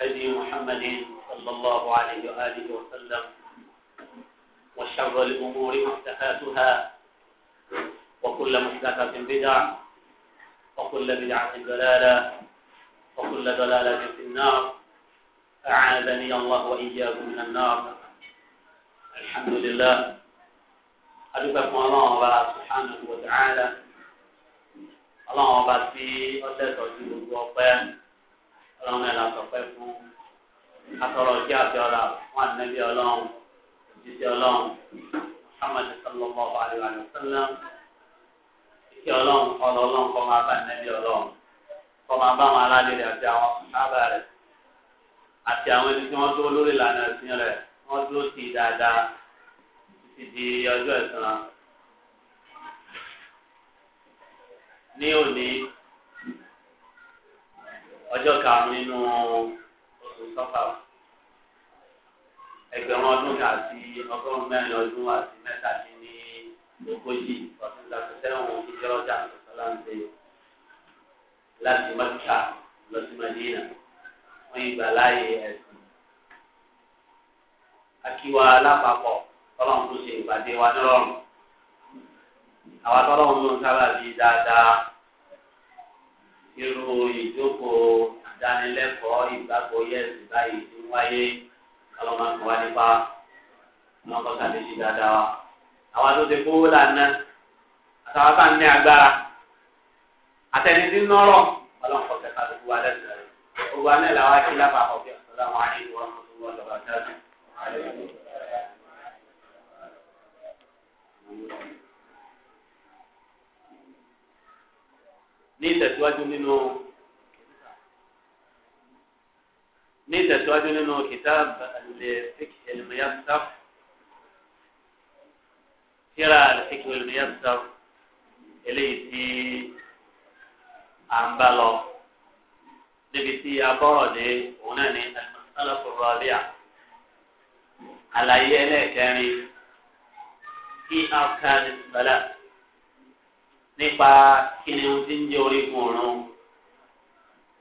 هدي محمد صلى الله عليه وآله وسلم وشر الأمور محدثاتها وكل محدثة بدعة وكل بدعة ضلالة وكل ضلالة في النار أعاذني الله وإياكم من النار الحمد لله أجبك الله سبحانه وتعالى الله أبا في أدوكم الله ọlọ́run ẹ̀la sọ̀pẹ́ fún atọ́rọ̀ ọjọ́ àti fún ànábì ọlọ́run jíjẹ ọlọ́run Muhammad sallallahu alayhi wa sallam ìkí ọlọ́run ọlọ́ ọlọ́run kọ́ máa bá ànábì ọlọ́run kọ́ máa bá àwọn aláàlè rẹ̀ àti àwọn sábà rẹ̀ àti àwọn ẹni tí wọ́n dúró lórí ìlànà ẹ̀sìn rẹ̀ wọ́n dúró sí i dáadáa títí di ọjọ́ ẹ̀san ní òní ọjọ́ karùn-ún nínú oṣù sọ́fà ẹgbẹ̀rún ọdún àti ọgọ́rùn-ún mẹ́rin ọdún àti mẹ́ta ní ní ogójì ọdún láti sẹ́wọ̀n ìjọba ọjà sọ́lá ń ṣe láti mọ́tíkà lọ sí Madina wọ́n yí gbà láàyè ẹ̀sìn. akíwa alápapọ̀ tọ́lọ́mù tó ṣe ìpàdé wa nírọ̀rùn àwa tọ́lọ́mù ló ń sábà bí dáadáa irú ìjókòó ìdánilẹ́kọ̀ọ́ ìgbàgbọ́ yẹ́sì báyìí ti ń wáyé kálọ́mà tó wá nípa ọlọ́kọ̀ọ́ta lè ṣe dáadáa wa. àwa tó ti kówó lànà àtàwọn tá ń ní agbára àtẹni tí ń nọ́rọ̀ ọlọ́kọ̀ọ́ tẹ̀ka tó kú wa lẹ́sìn rẹ̀. gbogbo anáìláwá kí lápapọ̀ bí ọ̀sán láwọn àyè ìwọ̀n tó wọ́n lọ́wọ́ ní ìtẹ̀síwájú nínú ní ìtẹ̀síwájú nínú kitab al-fiqh al-muyassar tírà al-fiqh al-muyassar eléyìí tí à ń bá lọ níbi tí a bọ̀rọ̀ dé òun náà ní al-mas'alatu ar-rabi'a àlàyé ẹlẹ́ẹ̀kẹrin kí afghanistan nípa kíni ohun tí ń jẹ orígun ọ̀run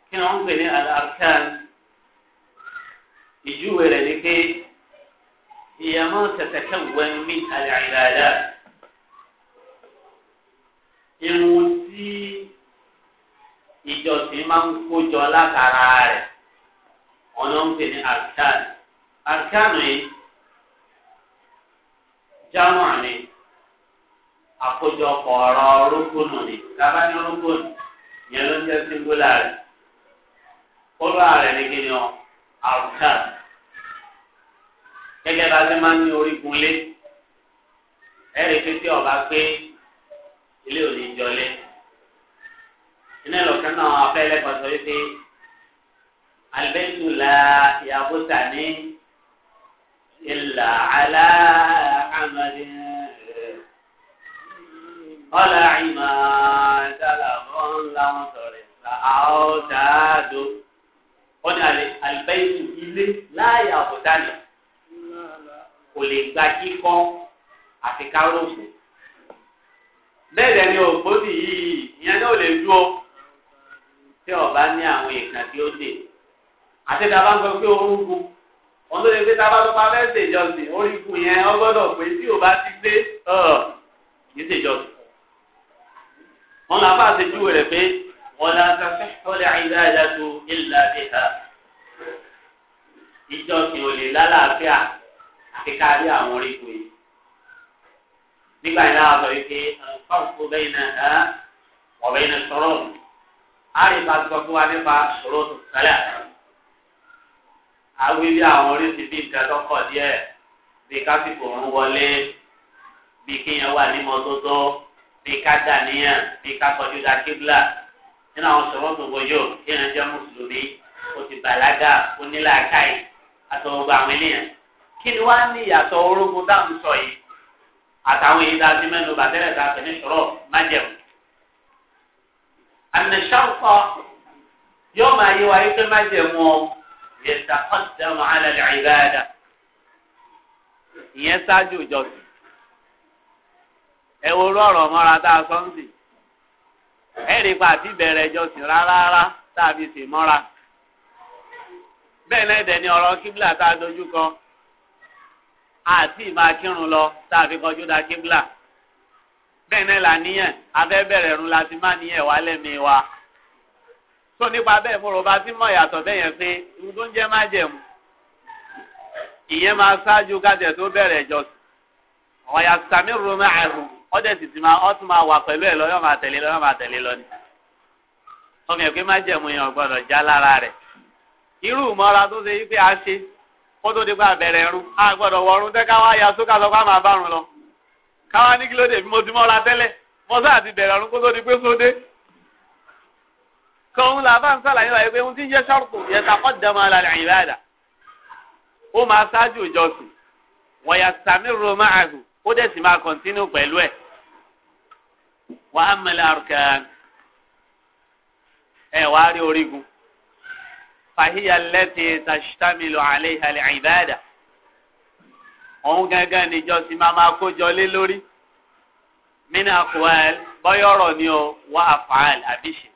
kí ni wọ́n ń pè ní al-arkan ìjúwe rẹ̀ ni pé ìyàmọ́ tẹ̀tẹ̀kẹ́ wẹ́n mí al-ibada irun tí ìjọsìn máa ń kójọ látara rẹ̀ ọ̀nà ń pè ní arkan arkan yìí jámọ̀ ni àkójọpọ̀ ọ̀rọ̀ rúgbònù ni kábà ní rúgbònù yẹn ló ń jẹ́ síngúlà rẹ̀ kóló rẹ̀ ní kí ni ọ àwùjá gẹ́gẹ́ bá ti máa ń ní orígun lé ẹ̀rí pété ọba pé ilé ò jọlé iná ìlọ̀kẹ́ náà abẹ́lẹ́ kan wípé albẹ́tù la ìyàwó tà ìlà alá àmàlẹ́ ọ̀là ìmọ̀ àdàlà wọn ńlá wọn sọ̀rọ̀ àọ́dàádó wọn ni àlùbẹ́yìí ilé láàyè àbùdánì kò lè gba kíkọ́ àti kárọ̀ọ̀fù bẹ́ẹ̀ lẹ́ni ògbóni yìí ìyẹn náà lè dúró tí ọba ní àwọn èèkàn tí ó dè àti tá a bá ń gbọ́ pé orúkú wọn tó lè gbé tá a bá tó pa mẹ́sẹ̀jọ́sìn oríkun yẹn ọgbọ́dọ̀ pé tí ò bá ti gbé ọ̀ ní sèjọ́sìn wọn là bá ṣe júwe rẹ̀ pé wọn là ká fẹ́ tọ́lẹ̀ àyíká ìdájọ́ ìlà bíhà ìjọsìn ò lè lálàáfíà àti kárí àwọn orígun yìí nígbà yìí láwọn sọ wípé fáwọn bẹ́ẹ̀ náà dá ọ̀bẹ yìí náà sọ̀rọ̀ àríwá sọ fún wa nípa sọ̀rọ̀ tó sálẹ̀ àwọn ibi àwọn oríṣi bíi nǹkan tó kọ̀ díẹ̀ bí kásìkò ń wọlé bí kéèyàn wà ní mọ́tótó bí ká dà níyàn bí ká kọjú da kíbla nínú àwọn sọ̀rọ̀ gbogbo yóò kí ẹ̀rọ jẹ́ mùsùlùmí o ti bàlágà o ní làákàyè àtọwọ́ gba àwọn eléyàn kí ni wàá ní ìyàtọ̀ orógun dáhùn sọ yìí àtàwọn èyí dáa mẹ́nu bàtẹ́rẹ̀ dáa fẹ́ ní sọ̀rọ̀ májẹ̀mú. àmì sọ́kọ̀ yóò máa yé wa yípe májẹ̀mú ọ yẹn sàkọ́ dàmú alẹ́ ìyẹn ṣáájú ìjọsìn ẹ wo orú ọ̀rọ̀ mọ́ra tá a sọ ń sìn ẹ rí pa àti ìbẹ̀rẹ̀ ìjọsìn rárá tá a fi sè mọ́ra bẹ́ẹ̀ náà dẹ̀ ni ọ̀rọ̀ kíbla tá a dojú kọ àti ìmáa kírun lọ tá a fi kọjú da kíbla bẹ́ẹ̀ náà làníyàn afẹ́ bẹ̀rẹ̀ run la ti máa níyàn wá lẹ́mìí wa tó nípa bẹ́ẹ̀ mo rò bá ti mọ̀ yàtọ̀ bẹ́ẹ̀ yẹn pé ohun tó ń jẹ́ má jẹ̀mú ìyẹn máa ṣáájú kájẹ̀ tó bẹ̀rẹ̀ ìjọsìn ọ̀yà sàmì rúmẹ́ àrùn ọdẹ sì ti máa ọtún máa wà pẹ̀lú ẹ̀ lọ́yọ́ máa tẹ̀lé lọ́yọ́ máa tẹ̀lé lọ ni. ọmọ ẹ̀kẹ́ má jẹ̀mú yẹn gbọ́dọ̀ já lára rẹ̀. irú ìmọ̀ra tó ṣe yí pé a ṣe kó tó di pé àbẹ̀rẹ̀ rú a gbọ́dọ̀ wọrun tẹ́ káwá ya sókà sọ pé a máa bárun lọ. káwá ní kí ló dé bí mo ti mọ́ra tẹ́lẹ̀ mo sáà ti bẹ̀rẹ̀ rún kó tó di pé sóde. kọ́hún làbá ń sàlàyé wáyé pé ohun tí ń jẹ́ ṣọ́ọ̀kù yẹn ta kọ́dàmọ́ alàlẹ́ ìbáàdà. ó máa ṣáájú ìjọsìn wọ̀yà sàmì máa hù ó dẹ̀ sì máa kọ̀ntínú pẹ̀lú ẹ̀ wà á mẹ́lẹ̀ àrùkàn ẹ̀ wà á rí orígun fàhíyà lẹ́tì tàṣítàmìlò àlẹ́ ìhàlẹ̀ àìbáàdà òun gángan níjọ́sìn máa máa kójọ lé lórí mínà àkùwẹ́l bọ́yọ̀ ọ̀rọ̀ ni ó wà àfààl àbíṣe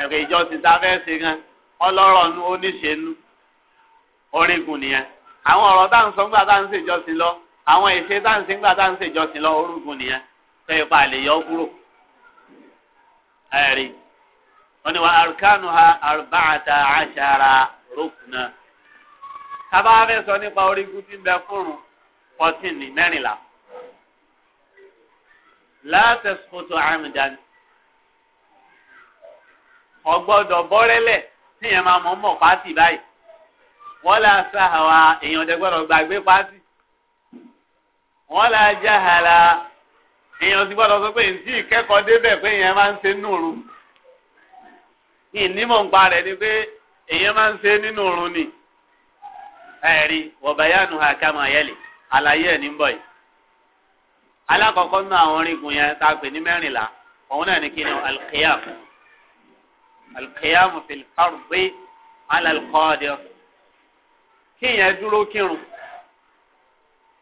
ẹ̀rọ ìjọ́sìn tá ṣe gan ọlọ́rọ̀ nu oníṣe nu orígun nìyẹn àwọn ọ̀rọ̀ tá à ń sọ ńgbà ń ṣèjọ́sìn lọ àwọn ìṣe tá ń ṣe ńgbà tá à ń ṣèjọ́sìn lọ orúgun nìyẹn. tó ipa àlè yọ kúrò ẹ̀rí wọ́n ní wa arkanu ha arba'ata ashara rukna sábà fẹ́ sọ nípa orígun tí ń bẹ fúnrun fourteen ní mẹ́rìnlá látẹ̀sífòtò àmìdánì ọgbọ́dọ̀ bọ́rẹ́lẹ̀ tíyẹn máa mọ̀ mọ̀ pàtì báyìí wọ́n là sáhàwá èèyàn tẹ́gbọ́dọ̀ gbàgbé pátì wọ́n là jáhàlà. èèyàn ti gbọ́dọ̀ sọ pé ntí ìkẹ́kọ̀ọ́ débẹ̀ pé èèyàn máa ń ṣe nínú òrùn ìnímọ̀ npa rẹ̀ ni pé èèyàn máa ń ṣe nínú òrùn ni ẹ̀rí wọ̀bẹ̀yánu àkàmọ̀ ayẹ́lẹ̀ àlàyé ẹ̀ ní bọ̀ yìí alákọ̀ọ́kọ́ nínú àwọn orígun yẹn tá a pè ní mẹ́rìnlá òun náà ní kíni alqiyam alqiyam fil fardhi ala alqadir kíyẹn dúró kírun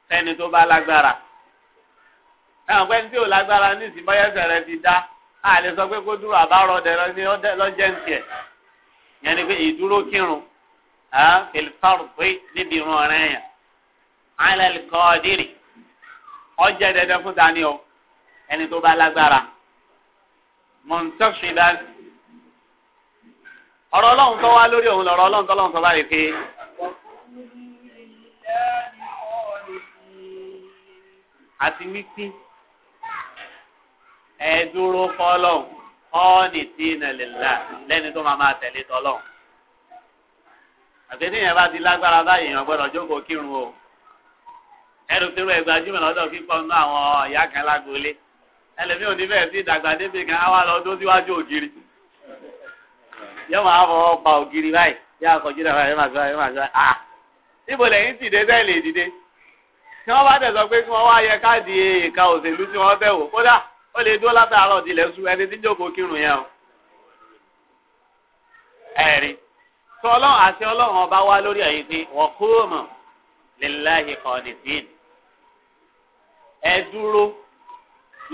fẹ́ni tó bá lágbára ẹ̀wọ̀n pẹ́ni tí ò lágbára ní ìsìn bọ́yẹ̀sẹ̀ rẹ ti dá a lè sọ pé kó dúró àbárọ̀ dẹ lọ́jẹ́ ń tiẹ̀ yẹn ni pé ìdúró kírun fèlifárò pé níbi irun ọ̀rẹ́ yẹn alẹ́ kọ́ ọ dírì ọjẹ́ dandan fún tani o ẹni tó bá lágbára mọ̀ntọ́sí bá ọ̀rọ̀ ọlọ́run tó wá lórí òun lọ́rọ̀ ọlọ́run tó tó bá rè pé. àti wípé ẹ dúró fọlọ́n ọ́ọ̀nì tí ìnàlélà lẹ́ni tó máa máa tẹ̀lé tọ́lọ́n. àti níyẹn bá ti lágbára báyìí èèyàn gbọ́dọ̀ jókòó kírun o. ẹrù tí irú ẹ̀ gbajúmọ̀ lọ́dọ̀ fífọ́ nínú àwọn ìyá kan lágboolé. ẹlẹ́mi ò ní bẹ́ẹ̀ sí ìdàgbà débi kan á wá lọ tó síwájú ògiri. yóò máa fọwọ́ pa ògiri báyìí yóò àkọ́jú náà yóò máa gbá yóò máa gbá à. Ah! níbo lẹ́yìn tìde tẹ́lẹ̀ dìde? tí wọ́n bá tẹ̀ pé kí wọ́n wá yẹ káàdì ìka òṣèlú tí wọ́n fẹ́ wò kódà ó lè dúró látàárọ̀ tilẹ̀ sùn ẹni tí jókòó kírun yẹn o. ẹ̀rí tó ọlọ́run àti ọlọ́run ọba wá lórí ẹ̀yìn pé wọ́n kúrò mọ̀ lillahi qanitin. ẹ dúró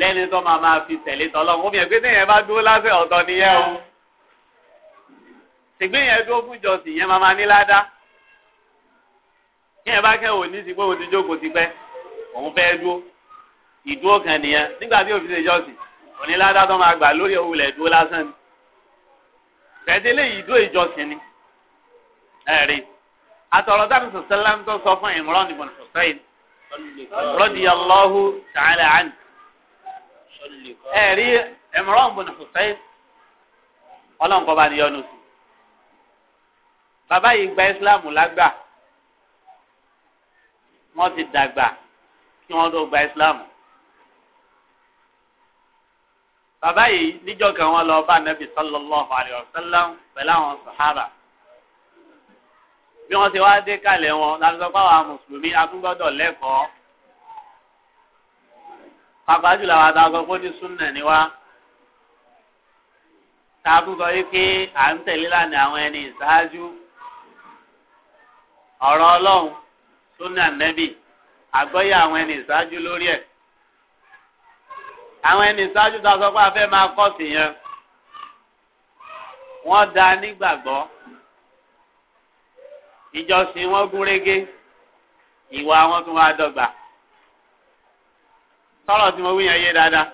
lẹ́ni tó máa máa fi tẹ̀lé tọ́lọ́run omi ẹ̀gbẹ́ tẹ̀yẹ bá dúró lásẹ̀ ọ̀tọ̀ nìyẹn o. ṣègbè yẹn dúró fún ìjọsìn yẹn máa máa ní ládàá. yẹn bá kẹ́ òní ti pé òun ti jókòó ti pẹ́ òun fẹ́ dúró ìdúró kan nìyẹn nígbà tí òfin ṣe jọ́sìn onílàdá tó máa gbà lórí òwúlẹ̀ ìdúró lásán ni tẹ̀sílẹ̀ ìdúró ìjọsìn ni ẹ̀rí àtọ̀rọ̀ dábì sọ̀sẹ́lá ń tó sọ fún Imran ibn Husayn radiyallahu ta'ala anhu ẹ̀rí Imran ibn Husayn ọlọ́nkọ́ bá níyọ́nù sí bàbá yìí gba Islam lágbà wọ́n ti dàgbà kí wọ́n tó gba Islam. bàbá yìí níjọ́ kan wọ́n lọ bá nàbì sallallahu alayhi wa sallam pẹ̀lú àwọn sàhábà bí wọ́n ti wá dé kalẹ̀ wọn láti sọ fáwọn mùsùlùmí atúgbọ́dọ̀ lẹ́kọ̀ọ́ pàápàá jùlọ àwọn àtàwọn kó ní súnà ni wá tààtú yìí pé à ń tẹ̀lé lánàá àwọn ẹni ìṣáájú ọ̀rọ̀ ọlọ́run súnà nẹ́bì àgbọ́yé àwọn ẹni ìṣáájú lórí ẹ̀ àwọn ẹni ṣáájú tá a sọ pé a fẹ́ máa kọ́ sí yẹn wọ́n da nígbàgbọ́ ìjọsìn wọn gún régé ìwà wọn tún wá dọ́gba sọ̀rọ̀ tí mo wí yẹn yé dáadáa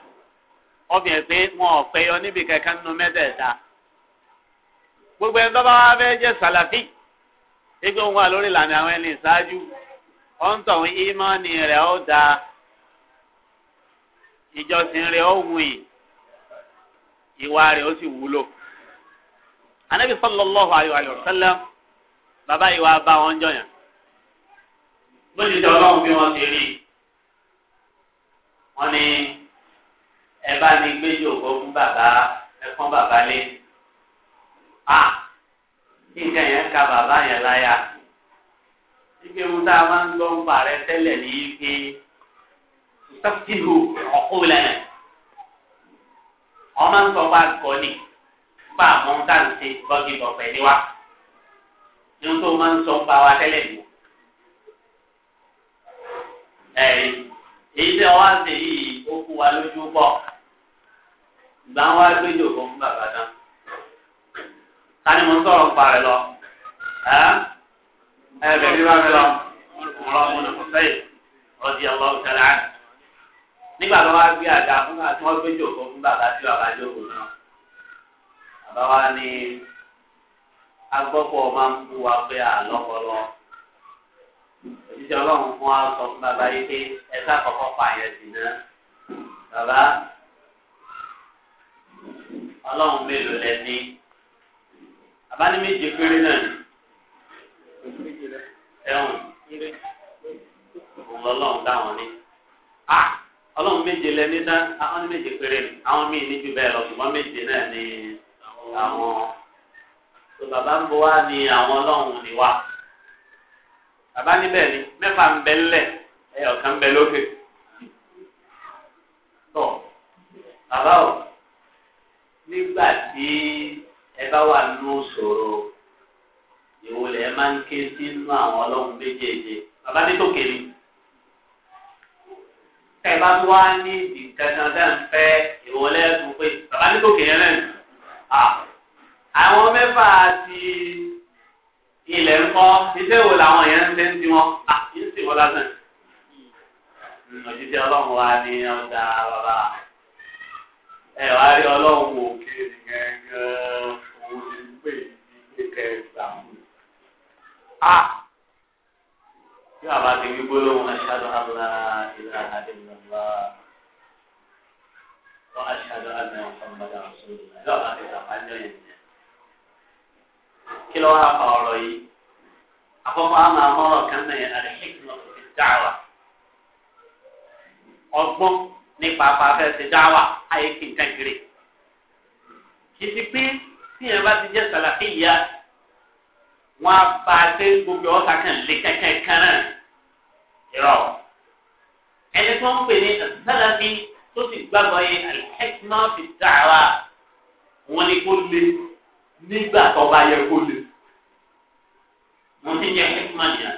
ọbẹ̀ pé wọn ò fẹ́ yọ níbi kankan nínú mẹ́tẹ̀ẹ̀ta gbogbo ẹni tó bá wá fẹ́ jẹ́ sàlàfí gbogbo wọn wà lórí ìlànà àwọn ẹni ìṣáájú ọ̀ǹtọ̀hún ìmọ̀ ni rẹ̀ ó dáa ìjọsìn rẹ̀ ó wuyì ìwà rẹ̀ ó sì wúlò anabi sallallahu alayhi wa sallam bàbá ìwà bá wọn jọyàn lójijì ọlọ́run bí wọ́n ti rí wọ́n ní ẹ bá ní gbéjì ògbó fún bàbá ẹ̀fọ́n bàbá lé a kí yẹn ka bàbá yẹn láyà ibi máa ń gbọ́ ń pa rẹ ní ike sọ́kìlù ọ̀kúlẹ̀ náà ọmọ ń sọ bá gbọ́ ni bá àwọn ohun tá à ń ṣe bọ́gì bọ̀bẹ̀ ni wá ní ohun tó máa ń sọ bá wa tẹ́lẹ̀ nù. ẹ̀rí èyí tí wọ́n á ṣe yìí ó kú wa lójú pọ̀ ìgbà wọn á gbé fún bàbá náà ká mo ń sọ̀rọ̀ nípa rẹ̀ lọ ẹ bẹ̀rẹ̀ bá mi lọ mo lọ mo lọ fún sẹ́yìn rọ́ọ̀dì ọlọ́ọ̀tẹ̀lẹ̀ àná. nígbà tó wá gbé àga fún àti wọn gbé jòkó fún bàbá tí jòkó náà bàbá wa ní agbọ́pọ̀ máa ń kú wa pé àlọ́pọ̀lọ́ òṣìṣẹ́ ọlọ́run fún wa sọ fún bàbá yìí pé ẹ̀ka àkọ́kọ́ náà bàbá ọlọ́run mélòó lẹ ní bàbá ní méje péré náà ẹ̀wọ̀n dáwọn ọlọ́run méje lẹ́ni dá àwọn méje péré ni àwọn míì ní ju bẹ́ẹ̀ lọ ṣùgbọ́n méje náà ni àwọn tó bàbá ń bọ wá ní àwọn ọlọ́run ni wá bàbá níbẹ̀ ni mẹ́fà ń bẹ ńlẹ̀ ẹyọ kan ń bẹ lókè tọ bàbá o nígbà tí ẹ bá wà nínú ṣòro ìwòlẹ̀ ẹ máa ń ké sínú àwọn ọlọ́run méjèèjì bàbá ní tòkè ni ẹ bá tó wá ní ìdì kankan dá ń fẹ́ ìwọlé tó pé bàbá ní kòkè yẹn lẹ́nu. àwọn mẹ́fà ti ilẹ̀ ń kọ́ iṣẹ́ wo làwọn yẹn ń ṣe ń ti wọn àti ń sì wọ́n lásán. Hmm, òjijì ọlọ́run wa ní ọjà bàbá ẹ wá rí ọlọ́run wò kí ènìyàn gan-an òun ti gbé ìdílé kẹta. yóò bá ti gbígbó lóhùn. àkọ́kọ́ àmà àmọ́rọ̀ kan náà àlẹ́kìnnà ti dáwà ọgbọ́n nípa afáfẹ́ ti dáwà ayé kí n kankiri kìsì pé tí yẹn bá ti jẹ́ sàlàfíyà wọn á bá a ṣe gbogbo ọ̀sà kan lé kankan kan náà ẹni tó ń pè ní sàlàfí tó ti gbàgbọ́ yẹ àlẹ́kìnnà ti dáwà wọn ni kò lè nígbà tó bá yẹ kó lè. mo ti jẹ hikma nìyà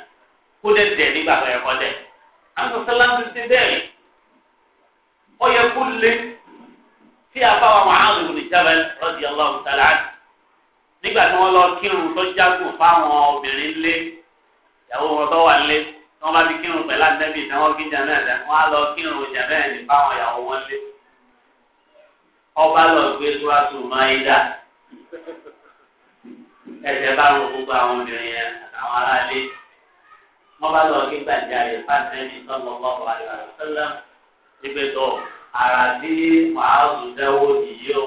kó dẹ̀ dẹ̀ nígbà tó yẹ kọ́ dẹ̀ àwọn sọláńtì ti bẹ́ẹ̀ ó kó lé tí a bá wa nígbà tí lọ kírun tó jágùn fáwọn obìnrin lé ìyàwó wọn tó wà lé tí bá ti kírun kí ẹdẹ á lọ kírun fáwọn ìyàwó wọn lé ọba lọ gbé tó ẹsẹ̀ bá wo gbogbo àwọn obìnrin yẹn àtàwọn aráalé wọ́n bá lọ kí gbàjáre fásitì sọ́nà ọgbọ́n àyọ̀ àlùfẹ́lẹ́ ìgbẹ́tọ̀ àrà tí màálù dẹ́wọ́ nìyí o.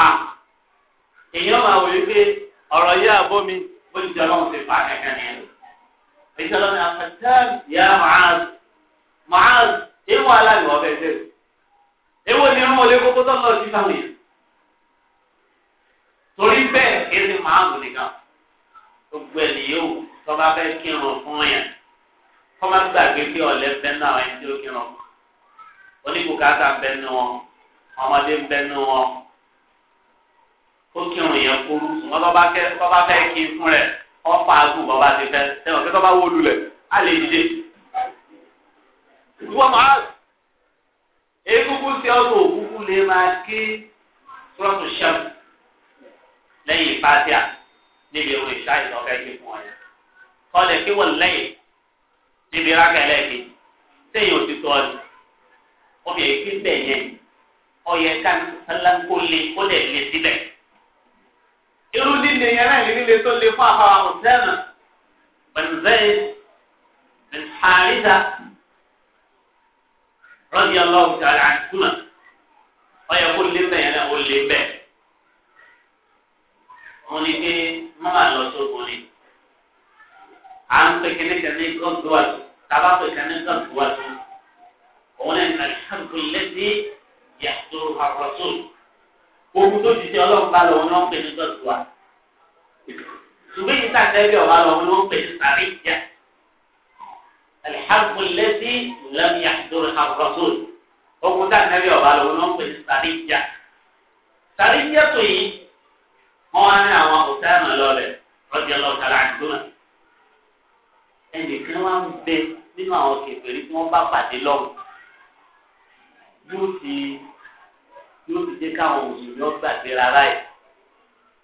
a èèyàn máa wòye pé ọ̀rọ̀ yìí àbọ̀ mi ó ti jọ lọ́wọ́ sí pa kankan ni ẹ̀. èyí lọ́nà àfẹ́tẹ́m yà màálù màálù ìwọ̀n aláìwọ̀ bẹ́ẹ̀ tẹ̀. èwo ni irun olè kókó tó lọ sí fáwọn torí bẹ́ẹ̀ kéde màálù nìkan gbogbo ẹni yóò tọ́ba fẹ́ kírun fún yẹn kọ́má gbàgbé pé ọ̀lẹ́ bẹ́ náà ẹni tí ó kírun oníbùkátà bẹ́ nu wọn ọmọdé bẹ́ nu wọn ó kírun yẹn kúrú wọn tọ́ba fẹ́ kí fún rẹ̀ ọ̀pá àgùn bọ́ba ti fẹ́ ẹ̀wọ̀n pé tọ́ba wó lulẹ̀ á lè dìde ìwọ màálù egungun sí ọdún òkúkú lè máa ké lẹ́yìn ìpàdé à níbi ìwé ìṣáyé lọ́fẹ́ gbé fún ọ̀yà. ọ̀lẹ̀ kí wọ́n lẹ́yìn níbi rákẹ́lẹ́ kejì sẹ́yìn òtítọ́ ni ọbẹ̀ yìí kí bẹ̀ yẹn ọyẹ kan alákó lé kó lẹ̀ lé sílẹ̀. irú líle yẹn náà yìí líle tó lé fún àfàwà ọ̀sẹ́nà bẹ̀nzẹ́yìn bẹ̀nsáàrídà rọ́díọ̀lọ́ọ̀tà àdúrà ọyẹ kó lé bẹ̀ yẹn náà ó lé bẹ́ẹ̀ wọn ni pé mọ́mà lọ sóbìnrin à ń pè kẹ́lẹ́ kẹ́lẹ́ gọ́gọ́wàtú tábà pè kẹ́lẹ́ gọ́gọ́wàtú òun náà ní alihamudulilẹ́sì yàtò àkọ́sùn ogun tó ti ṣe ọlọ́run bá lọ wọn náà pè ní gọ́gọ́wà ṣùgbọ́n yìí sàtẹ́bí ọ̀bá lọ wọn náà pè ní sàríjà alihamudulilẹ́sì lẹ́mí yàtò àkọ́sùn ogun sàtẹ́bí ọ̀bá lọ wọn náà pè ní sàríjà sàríjà tó yìí wọ́n wá ní àwọn ọ̀sán lọ́lẹ̀ lọ́jọ́ lọ́ta làǹdùnà. ẹnìkan wá ń bẹ nínú àwọn kèfèrí tí wọ́n bá pàdé lọ́rùn yóò ti yóò ti jẹ́ káwọn mùsùlùmí ọgbà gbéra láì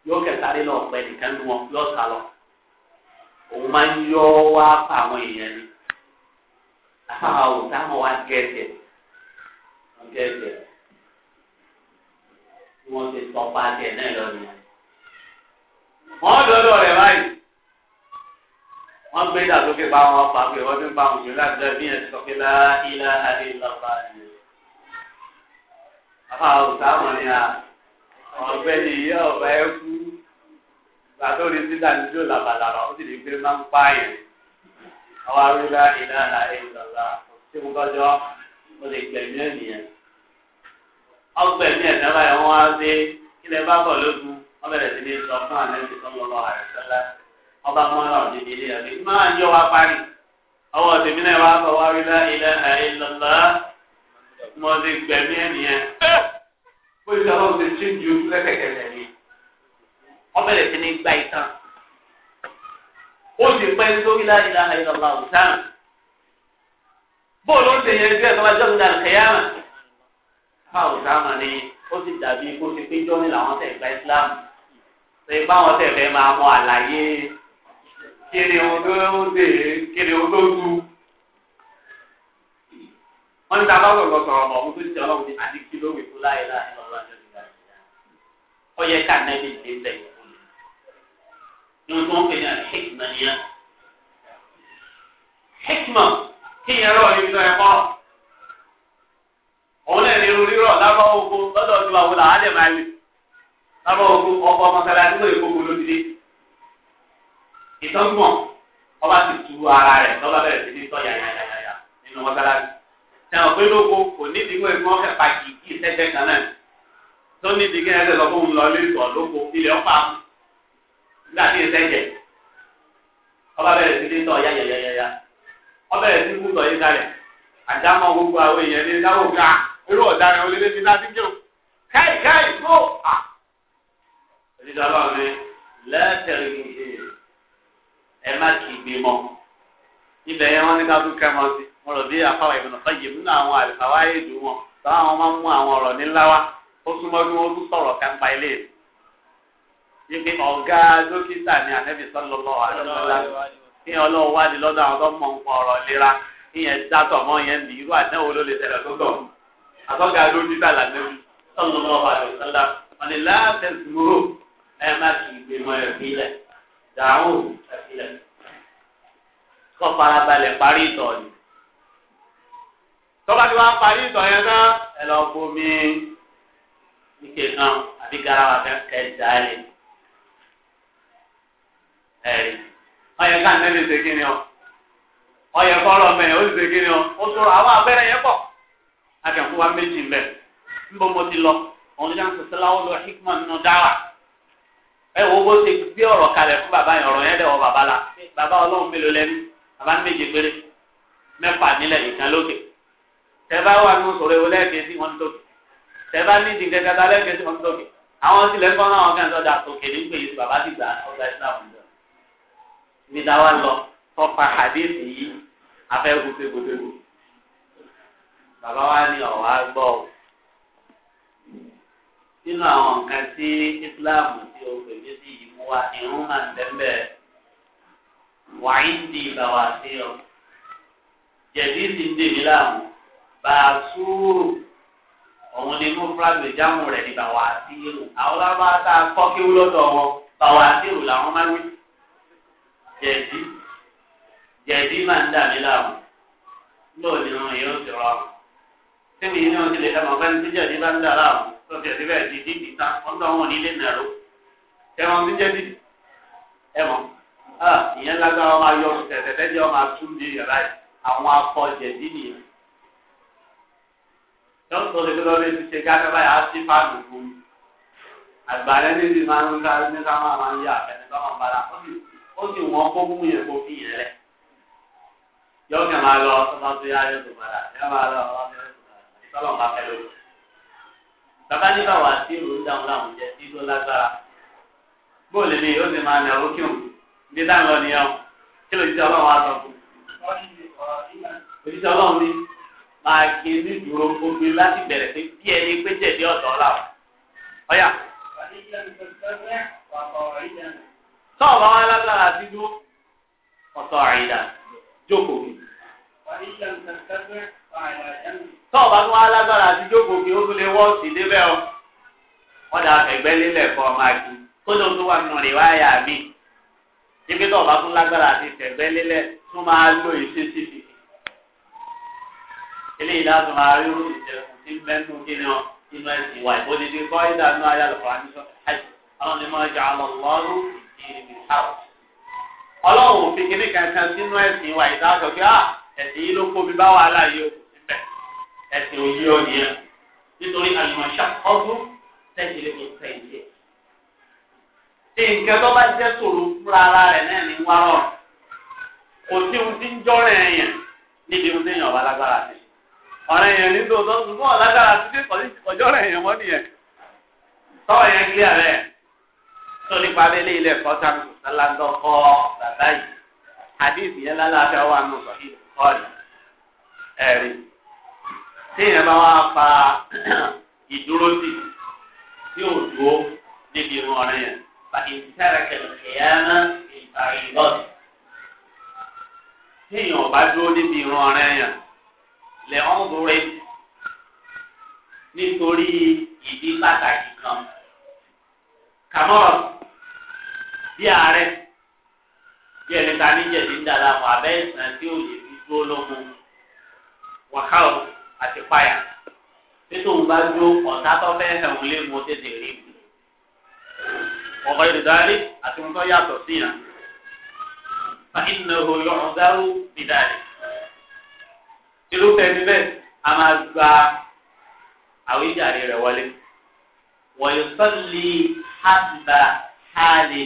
yóò kẹsàrí lọ pẹ nìkan ní wọn yóò sá lọ òun máa ń yọ wá pa àwọn èèyàn ni àfàwọn ọ̀sán wa gẹ̀ẹ́sẹ̀ gẹ̀ẹ́sẹ̀ wọ́n ti tọ́pa jẹ náà lọ́nìyàn wọ́n dọ́dọ̀ rẹ̀ báyìí wọ́n gbé dà sókè bá wọn fà pé wọ́n ti ń bá wọn jù láti bí ẹ̀ sọ pé láìlá adéńlọ́pàá ni. àfa òòtà wọn ni ọ̀gbẹ́ ni ìyá ọ̀bá ẹ kú gbàtọ́ ní títà ní tó làbàlàbà ó sì ní pé máa ń pààyàn àwọn arúgbó ìlà àìlọ́lá tí mo kọjọ́ mo lè gbẹ̀mí ènìyàn ọgbẹ̀mí ẹ̀dá báyìí wọ́n á dé kílẹ̀ bá bọ̀ lógun wọ́n bẹ̀rẹ̀ sí ní sọ fún àlẹ́bí sọ́mọ́lọ́ àrẹ́sẹ́lá ọba mọ́ra òní ní ilé ẹ̀mí máa yọ wá parí ọwọ́ tèmi náà wá bọ̀ wá rí lá ilẹ̀ àìlọ́lá mo ti gbẹ̀mí ẹ̀nìyẹn bó ti sọ̀rọ̀ ti ṣe ju lẹ́kẹ̀kẹ̀lẹ̀ ni wọ́n bẹ̀rẹ̀ sí ní gba ìtàn ó sì pẹ́ sórí lá ilẹ̀ àìlọ́lá òtán bóòlù ó ti yẹ ẹgbẹ́ tó bá kẹyàmà fáwọn òtán mà ní ó sì dàbí kó ti péjọ́ ní làwọn tẹ̀ gba ìsìlámù ṣe báwọn tẹ̀lé máa mọ àlàyé kiri ohun tó kiri ohun du. wọ́n ní sábà gbọ̀ngàn sọ̀rọ̀ mọ̀ ohun tó ti ọlọ́run ní àdìkí lórí fún láyé láyé lọ́wọ́ àjọ ìgbà ìgbà. ó yẹ ká nẹ́bí ìdí ń tẹ̀yìn fún mi. ní wọ́n tún ń pè ní nìyẹn. hikma kí ìyẹn ní ìtọ́ ẹ̀kọ́. òun náà ní irú rírọ̀ lábọ́ ogun lọ́dọ̀ tí wàá wọlé àádẹ́ bàbá ọkọ lóye ìtọ́gbọ̀n ọba ti tu ara lọ́ba bẹ̀rẹ̀ sí ní tọ́ yàyàyàyà nínú pé lóko kò ní ìgbọ́n kan náà tó ní ìdíkẹ́ lọ ilé lóko ọ̀pá nígbà tí ọba bẹ̀rẹ̀ sí ní tọ́ yàyàyàyà sí gbogbo àwọn èèyàn ní ìdílé ọlọ́run ní lẹ́tẹ̀rì nìyí ẹ má kì í gbé mọ́ ibẹ̀ yẹn wọ́n ní ká tún kẹ́ mọ́ sí mo rò bí afáwà ìbùnà fẹ́yìí nínú àwọn àlùfáwá èdè wọn táwọn àwọn máa ń mú àwọn ọ̀rọ̀ nílá wa ó súnmọ́ bí wọ́n tún sọ̀rọ̀ kápá ilé rẹ̀ yíké ọ̀gá dókítà ní ànẹ́bí sọ́lọ́lọ́ àdọ́lọ́lá kí ọlọ́run wá di lọ́dọ̀ àwọn tó mọ̀ ń pọ̀ ọ̀rọ̀ lera ìyẹn dátọ̀ mọ́ yẹn bí ẹ má kì í gbémọ ẹ̀fílẹ̀ dàáhùn ẹ̀fílẹ̀ kọ́ farabalẹ̀ parí ìtọ̀ ni tọ́ba tí wọ́n parí ìtọ̀ yẹn náà ẹ lọ bomi ike kan àbí garawa kẹ́kẹ́ jáde ẹ̀rí ọyẹ ká nẹ́ẹ̀mí ṣe kí ni ọ ọyẹ kọ́rọ̀ mẹ́rin ó ṣe kí ni ọ ó tó àwọn abẹ́rẹ́ yẹn pọ̀ akẹ́kọ̀ọ́ wa méjì ń bẹ̀ ń bọ́ mo ti lọ òun ní sáà lọ hikman nù dára ẹ wo bó ṣe gbé ọ̀rọ̀ kalẹ̀ fún bàbá yẹn ọ̀rọ̀ yẹn dẹ̀ wọ bàbá la bàbá ọlọ́run mélòó lẹ́nu bàbá ní méje péré mẹ́fà nílẹ̀ ìkan lókè tẹ́bá wà ní sọ̀rọ̀ ewu lẹ́ẹ̀kẹ́ sí wọn tókè tẹ́bá ní ìdìgẹ́ kẹta lẹ́ẹ̀kẹ́ sí wọn tókè àwọn tilẹ̀ kọ́ náà wọn kàn sọ́dà tókè ní pé yìí bàbá ti gbà ọ̀gá ìsìlámù lọ. ibi táwa lọ tọ́pa hadith yìí afẹ́ gbùsẹ̀gbùsẹ̀gbù bàbá wa ní ọ̀wá gbọ́ nínú àwọn nǹkan tí Islam tí o pè mí sí ìmú wa ìrún máa ń bẹ́ẹ̀ wàá di ìbáwá sí ọ jẹ̀bi ti ń dèmí láàmú bàásùrù òun ni mú fúlàgbé jámù rẹ̀ ní bàwá sí irú àwọn lábá tá a kọ́ kí wọn bàwá sí irú làwọn máa ń wí jẹ̀bi jẹ̀bi máa ń dàmí láàmú lóòdì wọn yóò ti rọrùn tí mi ní wọn ti lè dábàá fẹ́ni tí jẹ̀bi bá ń dà láàmú sọ̀tì ẹ̀sìn di dídì tán wọ́n tọ́ wọn nàró ẹ̀wọ̀n ti jẹ́ dídì ẹ̀wọ̀n ìyẹn lágbára ọmọ ayọ̀ tẹ̀tẹ̀tẹ̀ jẹ́ ọmọ atún di yàrá yìí àwọn afọ jẹ̀dí nìyẹn. dókítà olùkọ́ lọ́lẹ́ ti ṣe gáfẹ́ báyà á sí fáàlù fún mi àgbàlẹ́ níbi máa ń ká ní ká máa máa ń yá àfẹ́ni bá máa ń bára ó sì wọ́n kó mú yẹn kó fi yẹn lẹ̀ yọ̀ọ́kẹ́ máa lọ ọ̀sán tó yá yóò tó padà yọ̀ọ́ máa lọ ọ̀sán tó yá yóò tó padà ìtọ́lọ̀ máa fẹ́ lórí. bàbá ní báwa sí ìrù ń dáhùn láwọn jẹ sí tó lágbára bó lè ní yóò sì máa nà ó kíhùn ní dáhùn lọ nìyẹn kí ló jíjẹ ọlọ́run á sọ fún òjíṣẹ́ ọlọ́run ní máa kí ní dúró omi láti bẹ̀rẹ̀ pé bí ẹni pé jẹ̀bi ọ̀dọ́ làwọn ọ̀yà. bá wá lágbára dúró ọ̀tọ̀ jókòó. tọ́ ọba tó wá lágbára àti jókòó kí ó tún lè wọ́ọ̀sì débẹ̀ o wọ́n dà fẹ̀gbẹ́ lélẹ̀ fún ọmọ àti kó ló tó wà nù rí wáyà mi ibi tọ́ ọba tó lágbára àti fẹ̀gbẹ́ lélẹ̀ tún máa lo ìṣesí fi eléyìí láti máa rí irú ìjẹun tí mẹ́nu kí ni ọ inú ẹ̀sìn wa ìbòdìdì kọ́ ìdánù ayálùkọ́ àníṣọ́ àwọn ni mo jà lọ́lọ́rù ìdí ọlọ́run òfin kìnnìkan ẹ̀sìn òye ọ̀nìyàn nítorí àlùmọ̀ṣà ọdún tẹ̀sílẹ̀ kò tẹ̀sílẹ̀. ṣé nǹkan tó bá jẹ́ sòrò fúnra ara rẹ̀ náà ní wá kò sí ohun tí ń jọ́rọ̀ ẹ̀yàn níbi ohun lágbára sí. ọ̀rẹ́ yẹn ọ̀lágbára sí nìyẹn. tó nípa abẹ́lé ilẹ̀ bàbá yìí yẹn wà nù téèyàn bá wá fa ìdúró sí tí ò dúró níbi irun ọ̀rẹ́ yẹn bá ìtara kẹlẹ̀kẹ̀yàmá ìparí lọ́dì. téèyàn bá dúró níbi irun ọ̀rẹ́ yẹn lè ọ́n dúró nítorí ìdí pàtàkì kan. kàmọ́rọ̀ bí ààrẹ bí ẹni ta ní jẹ̀bi ń dàda fún abẹ́ ìsàn tí ò lè fi dúró lóhun wàhálà àti páyà títún ń bá ju ọ̀tá tó fẹ́ ẹ̀hún lé mo tètè rí mu. ọ̀rọ̀ ìdálé àti mo tọ́ yàtọ̀ sí yàn. fàìnà òyò ọ̀gáwó ìdálé. irúfẹ́ ẹni bẹ́ẹ̀ a máa gba àwíjàre rẹ̀ wọlé. wọ̀nyí sọ́ọ̀lì hàbà hàlè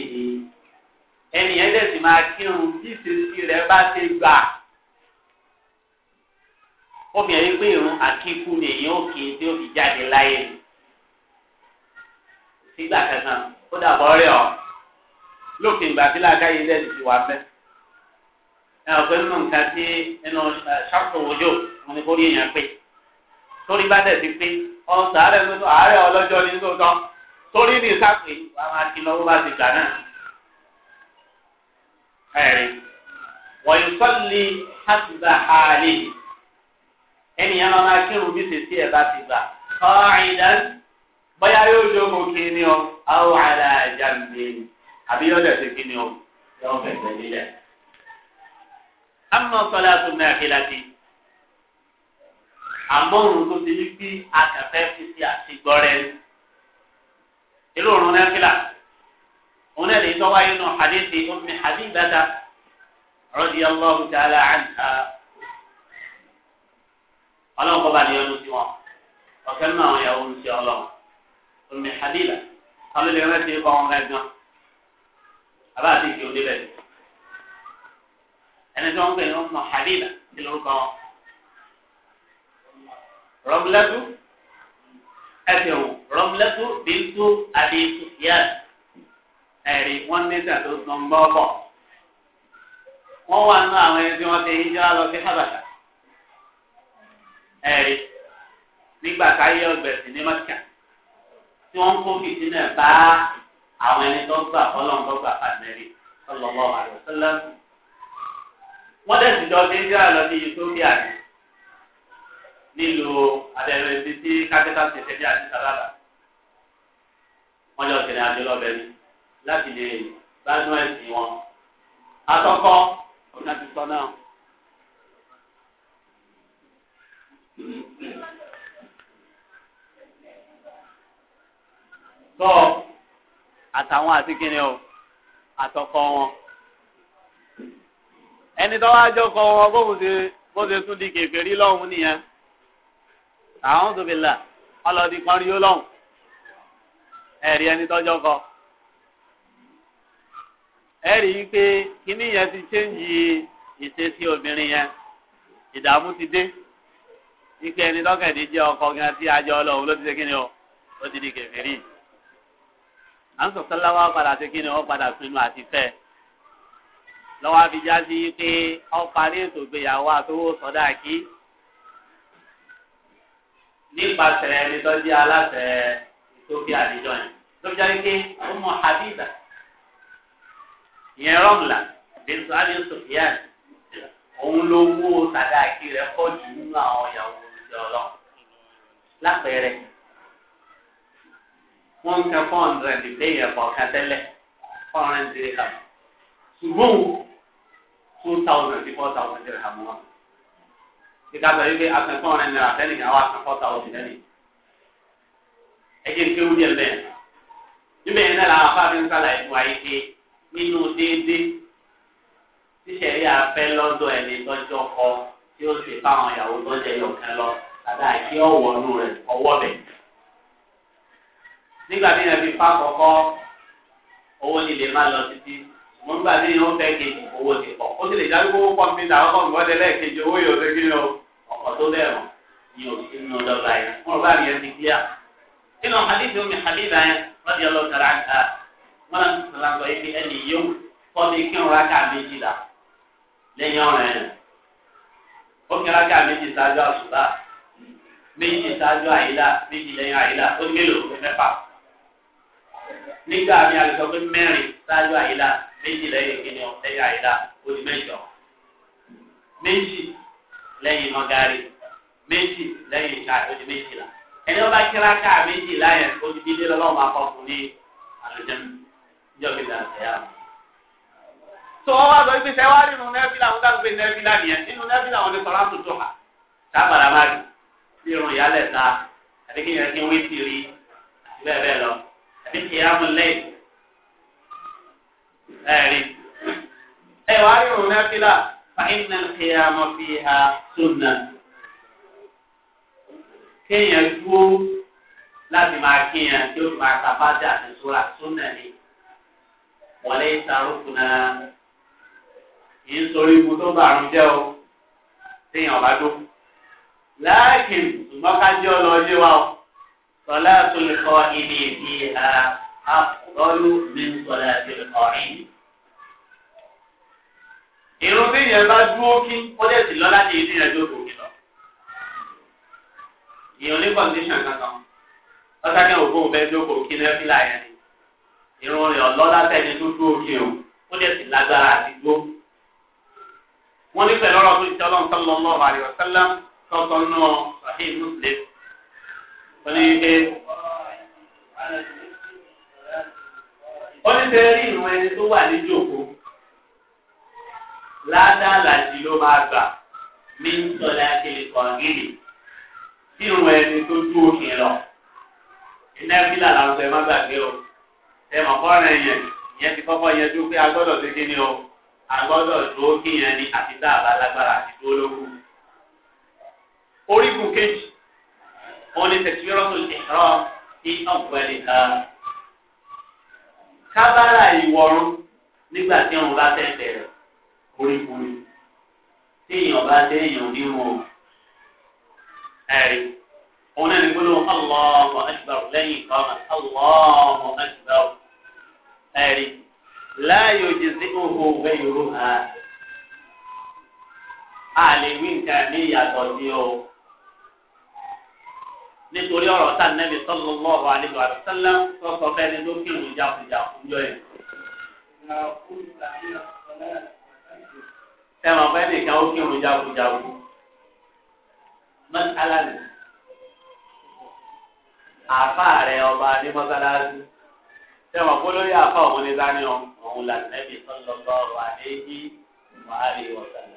ẹni yẹn dẹ̀ sì máa kírun bí ìṣesí rẹ̀ bá ti gbà obìnrin yìí pé irun àkíkú ni èèyàn òkè tí ó fi jáde láyé sígbà kankan ó dàbọ̀ rẹ̀ ọ́ lópin ìgbà tí làákàyè lẹ́nu ti wà fẹ́ ẹ ọ̀pẹ nínú nǹkan tí nínú ṣàkóso òjò òun ni kò rí èèyàn pé torí bá tẹ̀ pé ọ̀hún sàárẹ̀ nínú àárẹ̀ ọlọ́jọ́ ní tòótọ́ torí ní ìsàpè wàá máa kí lọ́wọ́ bá ti gbà náà ẹ̀rí wọ̀nyí sọ́ọ̀lì hàtìbà àlè yìí ẹnìyàn máa máa kírun bí sèse ẹ̀ bá ti gbà ọ̀rìndán bóyá yóò jókòó kí ni ọ àwọn aláàjà mi àbí yóò dẹ̀ kí ni ọ yóò fẹ̀fẹ̀ nílẹ̀. àmọ́ sọlá tó náà kí láti àmọ́ òun tó ti ní bí akẹ́fẹ́ fi sí àtigbọ́rẹ́ ìlú òun náà kílà òun náà lè tọ́wáyé nù hadithi Ummi Habibata radiyallahu ta'ala anha ọlọ́run kọ́ bá ní ọdún sí wọn ọ̀kẹ́ nínú àwọn ìyàwó ń ṣe ọlọ́run omi hadila kálọ́ lè rántí kọ́ wọn gángan àbá àti ìṣe òde bẹ̀rẹ̀ ẹni tí wọ́n ń pè ní ọmọ hadila ní lórúkọ wọn rọmlẹ́tù ẹsẹ̀ wò rọmlẹ́tù bíntu àti sùfìyàn ẹ̀rí wọ́n ní sàtó sọ̀nbọ́bọ̀ wọ́n wà nínú àwọn ẹni tí wọ́n ti ń jẹ́ àlọ́ sí habata ẹ̀rí nígbà táyé ọ̀gbẹ̀sìn ní mọ́tíkà tí wọ́n ń kó fìdí náà bá àwọn ẹni tó gbà fọlọ́n tó gbà pàdánù ọlọ́wọ́ àlùfẹ́lẹ́. wọ́n tẹ̀sí jọ sí ìdíra lọ sí Ethiopia ní nílùú abẹ́rẹ́ ibi tí capital city ní Addis Ababa. wọ́n jọ sìnrìn àjò lọ́bẹ̀ ni láti lè gbádùn ẹ̀sìn wọn. àkọ́kọ́ ọ̀nà ti sọ náà. tọ́ àtàwọn àti kíni o àtọkọ wọn ẹni tó wáá jọ kọ wọn bóun ṣe bó ṣe tún di kèfèrí lọ́hùn nìyẹn àwọn tòbílà ọlọ́dí kan rí ó lọ́hùn ẹ̀rí ẹni tọ́jọ́ kọ ẹ̀rí yìí pé kíní yẹn ti ṣéǹjì ìṣesí obìnrin yẹn ìdààmú ti dé wípé ẹni tọ́kẹ̀dé jẹ́ ọkọ gan tí ajọ́ ọlọ́run ló ti ṣe kíni o ó ti di kèfèrí yìí à ń sọ̀tọ́ láwọn padà sí kí ni wọ́n padà pinnu àti fẹ́ lọ́wọ́ abijá sí pé wọ́n parí ètò ìgbéyàwó àtọwọ́ sọ́dá kí nípasẹ̀ ẹni tó jẹ́ aláṣẹ ìtòkè àdìjọ yẹn tó jẹ́ pé ó mọ Habiba ìyẹn rọ́mùlà bíntu ali sofiyan òun ló wó sàdáàkì rẹ̀ kọ́ jù nínú àwọn ìyàwó ìjọ lọ lápẹẹrẹ wọ́n ń kẹ́ four hundred léèyàn kọ̀ọ̀kan tẹ́lẹ̀ four hundred dirham ṣùgbọ́n two thousand four thousand dirham wọn. ìka sọ wípé akẹ́ four hundred naira tẹ́lẹ̀ kí àwọn akẹ́ four thousand tẹ́lẹ̀. ẹ jẹ́ ní kéwú díẹ̀ bẹ́ẹ̀. níbẹ̀ yẹn náà làwọn afáàfin ń sálà ìfún ayé pé nínú déédéé tíṣẹ̀rí afẹ́ lọ́dọ̀ ẹni tọ́jọ́ kọ tí ó sì fáwọn ìyàwó tọ́jọ́ yọ̀ọ̀kan lọ nígbà tí yẹn fi pa kọ̀ọ̀kọ́ owó ni lè máa lọ títí mo nígbà tí yẹn ó fẹ́ kejì owó ti pọ̀ ó sì lè dájú owó pọ̀ ọkọ̀ mi wọ́n tẹ́lẹ̀ kejì owó yóò fẹ́ kí ni o ọkọ̀ tó bẹ̀rù ni o ti nu dọ́gba yẹn mo rò bá mi yẹn ti kíá nínú hadith omi hadith yẹn lọ́dí ọlọ́tara nǹka wọn náà ti sọ̀rọ̀ àgbọ̀ ibi ẹni yóò kọ́ mi kí n ra ká méjìlá lẹ́yìn ọ̀rẹ́ yẹn ó kí n ra ká méjì ṣáájú àṣùbà lẹ́yìn àyílà nígbà mi a lè sọ pé mẹ́rin ṣáájú àyílá méjì lẹ́yìn kíni ọ lẹ́yìn àyílá ó di mẹ́jọ méjì lẹ́yìn mọ́gàrí méjì lẹ́yìn ṣáà ó di méjìlá ẹni wọn bá kíra káà méjìlá yẹn ó di bílé lọ́wọ́ máa kọ́ fún ní àlùjẹ́nu níjọ́ bí làǹtẹ̀ yà wọ́n tó wọ́n wá sọ pé sẹ́wá nínú nẹ́fìlà wọn dágbé nẹ́fìlà nìyẹn nínú nẹ́fìlà wọn ní sọ̀rọ̀ àtúntò hà sábàrà bí irun ìyálẹ̀ àti kí bí kìámù lẹ́yìn ẹ̀rí. ẹ wàá rí òun náà fílà fàínà kìámù fi ha sunna. kéèyàn dúró láti máa kéèyàn tí ó máa tàbájà àti sóra sunna ni wọ́n lè sàrúkú náà kì í sọrí ibu tó bá àrùn jẹ́ o téèyàn bá dó. láàkìn ṣùgbọ́n jẹ́ ọ lọ wa o. صلاة القائم فيها أفضل من صلاة القائم irun bí yẹn bá dúró kí ó dẹ̀ sì lọ láti ìdí yẹn jókòó lọ. ìyẹn ní kọ́ndíṣàn kankan lọ́sà kí ògbó òbẹ́ jókòó kí náà fi láyẹn ni. irun rẹ̀ ọ̀lọ́lá tẹ̀lé tó dúró kí o ó dẹ̀ sì lágbára àti gbó. wọ́n ní pẹ̀lú ọ̀rọ̀ tó ti ọlọ́run sọ́lọ́ lọ́wọ́ àríwá sẹ́lẹ̀m tọ́tọ́ náà sàhíì mùsùlùmí wọ́n ní ike. wọ́n ní sẹ́yìn rí ìwọ̀n ẹni tó wà ní jòkó ládàlàjì ló máa gbà ní sọlá kele kọ̀ọ̀gìlì tí ìwọ̀n ẹni tó dúró kì í lọ. iná fílà làwọn ọ̀sẹ̀ má gbàgbé o ẹ mọ̀ kọ́rin yẹn ìyẹn ti kọ́kọ́ yẹn dúró pé a gbọ́dọ̀ ṣe kí ni o agbọ́dọ̀ tó kíyàn ní àti tá a bá lágbára àti tó lókù. orígun kejì òun ni takbiratul ihram fi awwaliha. kábàárà ìwọ̀run nígbà tí òun bá fẹ́ bẹ̀rẹ̀ kúrikúri tí èèyàn bá dé èèyàn nínú ẹ̀rí òun náà ní gbólóhùn Allahu akbar lẹ́yìn ìfọ̀nà Allahu akbar ẹ̀rí láàyò jìzí òhò wẹ́yìn rúhà. a lè wí nǹkan ní ìyàtọ̀ sí o nítorí ọ̀rọ̀ tá nẹ́bi sallallahu alaihi wa sallam sọ̀sọ̀ bẹ́ẹ̀ ni ló kírun jáfùjà fúnjọ yẹn. Ẹ̀wọ̀n bẹ́ẹ̀ nìkan ó kírun jáfùjà fún. Mọ́n alálẹ̀. Àfa rẹ̀ ọba ní mọ́sálásí. Ẹ̀wọ̀n kó lórí àfa òun ní sáni ọ̀hún là nẹ́bi sallallahu alaihi wa sallam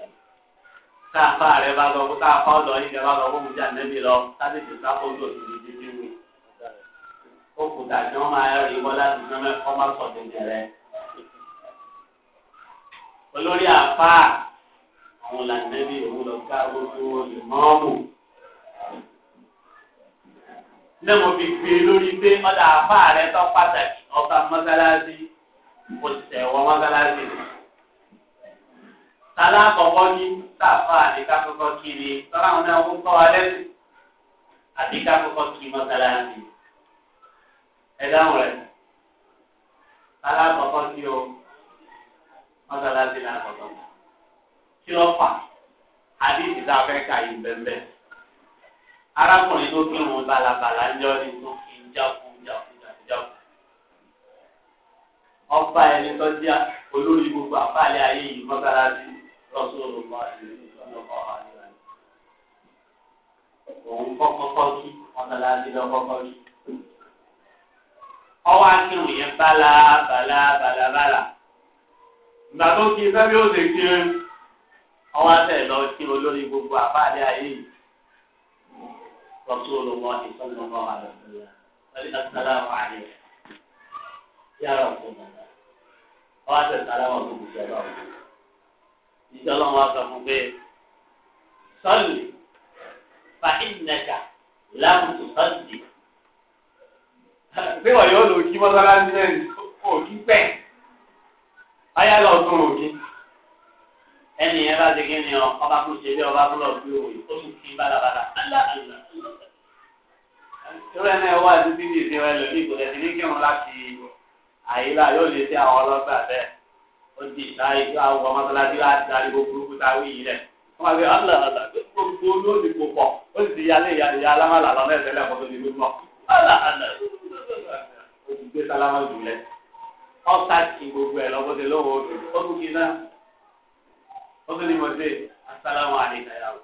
tá a fa rẹ bá lọ tá a fa ọdọ yìí rẹ bá lọ fún ìjà nẹbi lọ láti fi sáfọdù òsì títí wí. òkúta tí wọn máa rí wọn láti fún ẹ kọ́ máa sọ tẹ̀lé rẹ. olórí àfa àwọn làǹdẹ́bí òun lọ ká gbogbo ìmọ̀ọ́mù. ní mo fi gbé e lórí pé ọ̀dà àfa rẹ tó pàtàkì ọba mọ́sálásí òṣìṣẹ́ wọ mọ́sálásí rẹ tala kọ̀kọ́ ní sáfà àdìgá kọ̀kọ́ kiri lọ́la àwọn náà ń kọ́ alẹ́ sí àdìgá kọ̀kọ́ kiri mọ́sálásí ẹ dáhùn rẹ̀ tala kọ̀kọ́ kí o mọ́sálásí náà kọ̀kọ́ kí ló fà àdìsí tá a fẹ́ ka yìí bẹ́ẹ̀ arákùnrin tó kí wọn balabala ń jọ ní tó kí ń jáku jáku jáku jáku ọba ẹni tó olórí gbogbo àbálẹ ayé yìí mọ́sálásí. رسول الله صلى الله عليه وسلم òun kọ́kọ́ kọ́jú ọ̀tàlá àdìbẹ́ kọ́kọ́ jù. ọwọ́ akínwó yẹn bala bala bala bala. ìgbà tó kí sẹ́bí ó lè kí ẹ ọwọ́ àtẹ̀ lọ kí olórí gbogbo àbáàdé ayé yìí. lọ́sùn olùwọ́ ìsọ́nù ọmọ àlọ́sọ̀lá lórí asàlá wà ní ìjọ ọlọ́run wa sọ fún pé sọ́ọ̀lì fa ìnẹ̀ka láàmùtò sọ́ọ̀lì. pé wọ́n yóò lò kí mọ́sálásí náà òkí pẹ́ báyà lọ tún òkí. ẹnì yẹn bá ti kí ni ọba kún ṣe bí ọba kún lọ bí òòyì ó tún kí bálabàlà. ìrọ̀ ẹ̀ náà wà bíbí ìsinmi ẹ̀ lòdì kò tẹ̀sí ní kírun láti àyílá yóò lè ṣe àwọn ọlọ́gbà bẹ́ẹ̀ ó di ìta ìgbà àwọn ọmọdélájú àdáyé burúkú tá a wí yìí rẹ̀ wọ́n máa fi ọ̀là ọ̀là gbogbo olóòdì kò pọ̀ ó sì ti yálé ìyá alámàlà lọ́nà ẹ̀sẹ̀ lẹ́kọ̀ọ́ tó ti lú mọ́ ọ̀là ọ̀là ó ti gbé sálámà jùlẹ̀ ọ̀tá kí gbogbo ẹ̀ lọ́wọ́ ti lọ́wọ́ òdò ó tún kí náà ó tún ní mo dé asálámà àdéhà ìyàwó.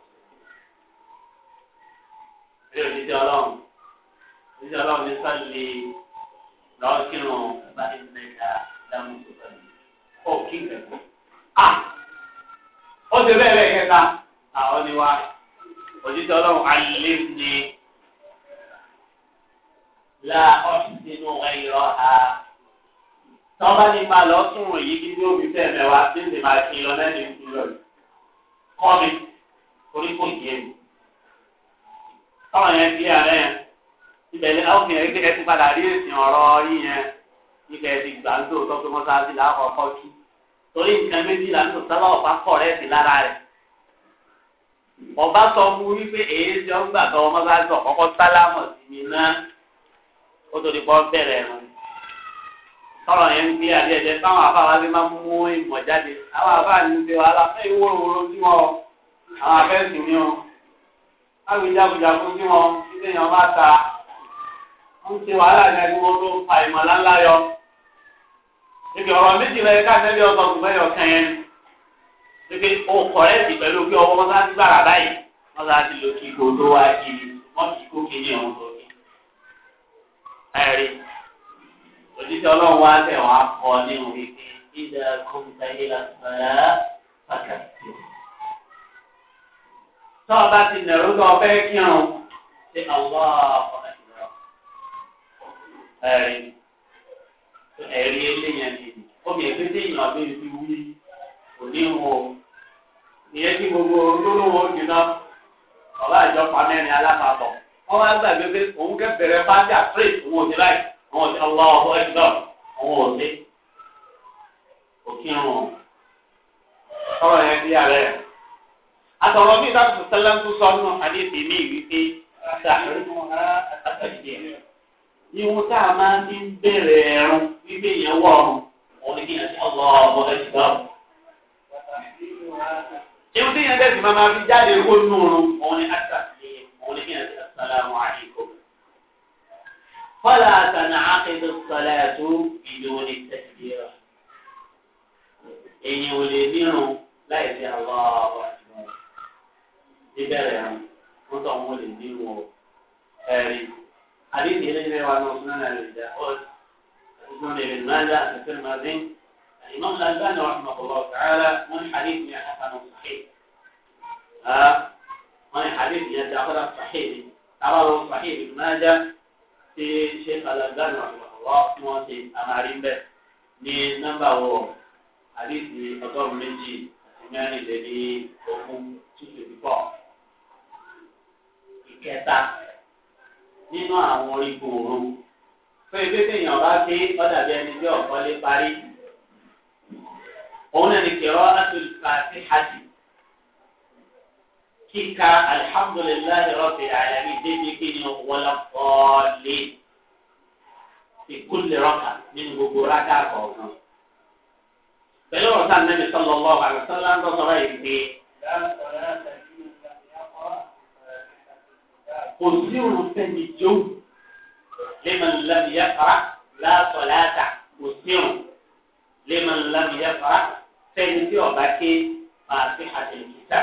ilé òjijì ọlọ́run òjijì ọlọ́run ní sọ́ọ̀lì lọ́ọ́kìrùn-ún bá ti ń òkì kẹ̀kọ́. À ó ti bẹ́ẹ̀ bẹ́ẹ̀ kẹta àwọn ni wa òjijì ọlọ́run alẹ́ ni la ọ́fíìsì inú ẹ̀yọ́ ha tọ́ba ní ma lọ tún wọ̀n yí kí bí omi fẹ́ mẹ́wàá tí ń lè máa fi lọ lẹ́nu ìlú lọ yìí kọ́ mi orí kò yé mi. táwọn yẹn fi àárẹ̀ yẹn ibẹ̀ ni àwọn ènìyàn gbé ẹtú padà rí èsì ọ̀rọ̀ yíyẹn ibẹ̀ ti gbà ń tòótọ́ pé mọ́sáàsì làwọn ọkọ̀ tú torí nǹkan méjì là ń tò sábà ọ̀pá kọ̀ rẹ̀ sí lára rẹ̀ ọba sọ fún wípé èyí ṣe ń gbàgbọ́ ọmọ bá sọ kọ́kọ́ sálámọ̀ sí mi náà ó tó di pọ́ bẹ̀rẹ̀ ẹ̀rọ ni sọ̀rọ̀ yẹn ń gbé àdé ẹ̀jẹ̀ fáwọn afáwa bí máa ń mú ìmọ̀ jáde àwọn afáà ní ṣe wàhálà fẹ́ ìwòròwòrò sí wọn o àwọn afẹ́sì ni o láwùjọ jagunjagun sí wọn títí èèyàn bá ta ń ṣe wàhálà ní ẹni wọn tó fa ìmọ̀ níbi ọ̀rọ̀ méjì rẹ̀ ká nẹ́bí ọgbà ògùn mẹ́rin ọ̀kan yẹn níbi òkọ̀ rẹ̀ sì pẹ̀lú pé ọwọ́ mọ́tà ti gbàrà báyìí mọ́tà ti lò kí kò tó wá kí wọ́n fi kó kéde ọ̀hún tó kí. ẹ̀rí òjijì ọlọ́run wá tẹ̀ wá kọ ní òwe pé ìdá kọ́ńtà yìí la sọ̀rọ̀ tọ́ ọ ti nẹ̀rú tó ọ fẹ́ kírun ṣe àwọn ọ̀pọ̀ ẹ̀rí. ẹ̀rí eléyàn ni omi ẹ̀gbẹ́ téèyàn abẹ́ ti wí kò ní wọ ìyẹn tí gbogbo olólùwọ̀ òjì náà ọ̀la ìjọba mẹ́rin alápapọ̀ wọ́n wá gbàgbé pé òun kẹ́ bẹ̀rẹ̀ bájà pé òun ò ní láì òun ò ní ọlọ́ ọ̀bọ̀ ẹ̀dọ́ òun ò ní òkín ọ̀rọ̀ yẹn bí ààrẹ àtọ̀rọ̀ mi ìdáàbò sẹ́lẹ̀ ń tún sọ àdéhùn mi wípé àtàkùn ihun tá a máa fi ń bẹ̀rẹ̀ ẹ̀rùn wípé èèyàn wọ̀ ọ̀run òun ni kíyàn sí ọlọ́ọ̀bọ̀ ẹ̀sìn náà. ihun tí yẹn bẹ́ẹ̀ sì máa máa fi jáde owó nínú oorun òun ni àṣà òun ni kíyàn sí asàlámù àdìgbò. kọ́lá àtànà àkẹ́dọ̀ sọlá ẹ̀tọ́ ìlú ní tẹ̀síra. èèyàn ò lè nírun láì sí ọlọ́ọ̀bọ̀ ẹ̀sìn náà. bíbẹ̀rẹ̀ ẹ̀rùn ó tọ̀ حديث إليه وعن عثمان بن داود عثمان بن ماجه الترمذي الإمام الألباني رحمه الله تعالى من حديث من حسن صحيح ها من حديث من يتأخذ صحيح عرض صحيح بن ماجه في شيخ الألباني رحمه الله مواسي أمارين به من نمبر حديث أطول من جي يعني الذي يقوم تسوي بفعل الكتاب nínú àwọn orígun òru fún ibi tí èèyàn bá gbé ọ̀dàbí ẹni tí ọ̀pọ̀ lè parí òun náà ní kẹrọ àtúntà sí hajj kíka alihamudulilayi rọbì alami débi kí ni wọlọpọọlẹ ìkúlẹ rọkà nínú gbogbo rákà kọ̀ọ̀kan pẹ̀lú ọ̀sán nẹ́bí sọlọ́lọ́ àgbàsọ́lá ń tọ́ yìí pé kò sí òun sẹ́ni tó lẹ́mọ̀n lábìyá fara láàtọ̀ láàtà kò sí òun lẹ́mọ̀n lábìyá fara sẹ́ni tí ọba ké fàáfin àtẹnukìtà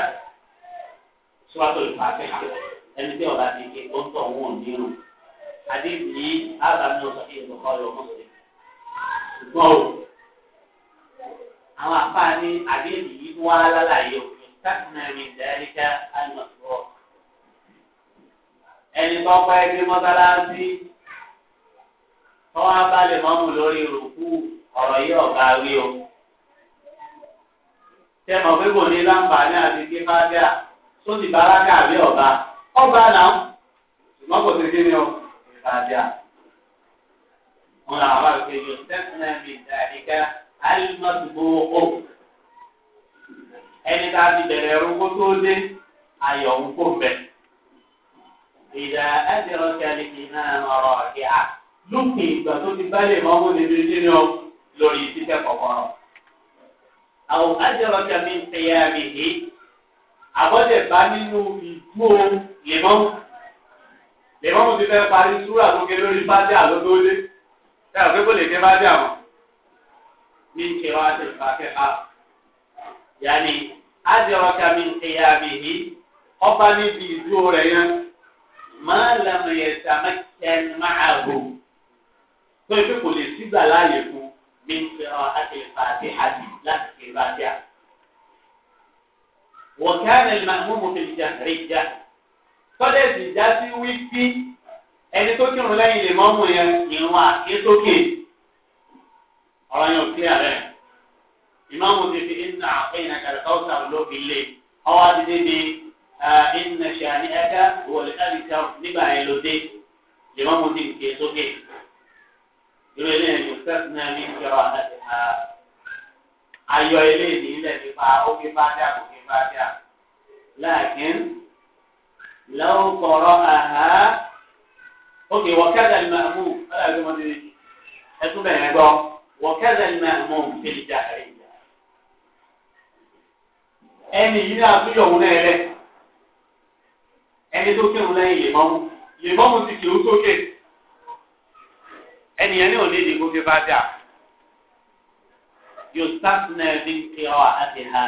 síwájú ìfàáfin ẹni tí ọba ti ké tó ń tọ̀ wọ́n nírun àdéhùn yìí ábàámi ọ̀sán ìdókòwò ọmọ sọ̀rọ̀ ṣùgbọ́n o àwọn afáàní àdéhùn yìí wọ́n òfin sákìnnà mi dáríkà àlùmọ̀tò ọ̀sán. ẹni tó pẹ́ dé mọ́sálásí tọ́wọ́ abalẹ̀ mọ́mù lórí ìrùkú ọ̀rọ̀ yìí ọba rí o. tẹ pé kò ní láǹfààní àti kí fáfíà tó bá rákà rí náà kò kí ni o fáfíà. wọn là wà pé yóò tẹ́sán ẹ̀mí ìdáríkà alimọ́sibó o. ẹni tá a ti bẹ̀rẹ̀ ẹ̀rú kó dé ayọ̀ bẹ̀rẹ̀. ìdá ẹ̀dẹ̀rọ̀ kẹ́lí kì náà ọ̀rọ̀ ọ̀kẹ́ à lókè ìgbà tó ti bá lè mọ́ owó níbi nínú ọ lórí títẹ̀ kọ̀kọ́rọ̀. àwọn ẹ̀dẹ̀rọ̀ kẹ́lí ẹ̀yà mi hì àbọ̀dẹ̀ bá nínú ìdúró lèmọ́ lèmọ́ mo ti fẹ́ parí súrà tó ké lórí bájẹ́ àlódóde ẹ̀ ọ̀gbẹ́ kò lè ké bájẹ́ àwọn ní ìṣèwà àti ìfàkẹ́ ha yàní ẹ̀dẹ̀rọ̀ kẹ́lí ẹ̀yà mi hì ọba níbi ìdúró rẹ̀ máa lànà ẹ̀sà mẹ́kẹ́ni máa rò tó ife kò lè sígbà láàyè fún mi ń fi hàn àtẹ̀lẹ̀ fàdé àdì láti fi bá díà. wọ́n ká ní màmúmù fèlì jà rí jà tọ́lẹ̀sì já sí wípé ẹni tó kírun lẹ́yìn lè mọ́mú yẹn ìrún àkétókè ọ̀rọ̀ yẹn ò kílẹ̀ rẹ̀ ìmáàmù ti fi ń nà àpẹ́yìn àkàlẹ́ káwọ́sà ló lé ọwọ́ adídé ni ìnà ṣàní ẹ̀ka wọlé káríkà nígbà yẹn ló dé lèmọ́mù ti ń ké e sókè irú eléyìí kò sẹ́sìnà ní ìjọba àti ha ayọ eléyìí nílẹ̀ nípa ókè bá dà ókè bá dà láàkín lọ́wọ́ kọ̀ọ̀rọ̀ àhá ókè wọ́kẹ́dà ni màá mú ọ̀là ìgbìmọ̀ ti ẹtún bẹ̀rẹ̀ gbọ́ wọ́kẹ́dà ni màá mú ìpèlè jà rẹ̀ ẹni yìí náà tún yọ̀ wọn náà rẹ̀. ẹni tó kírun lẹ́yìn lèmọ́mù lèmọ́mù ti kì í sókè ẹnìyẹn ní òní ìdìbò fi bá dà yóò sásùnà ẹbí kí ọ àti ha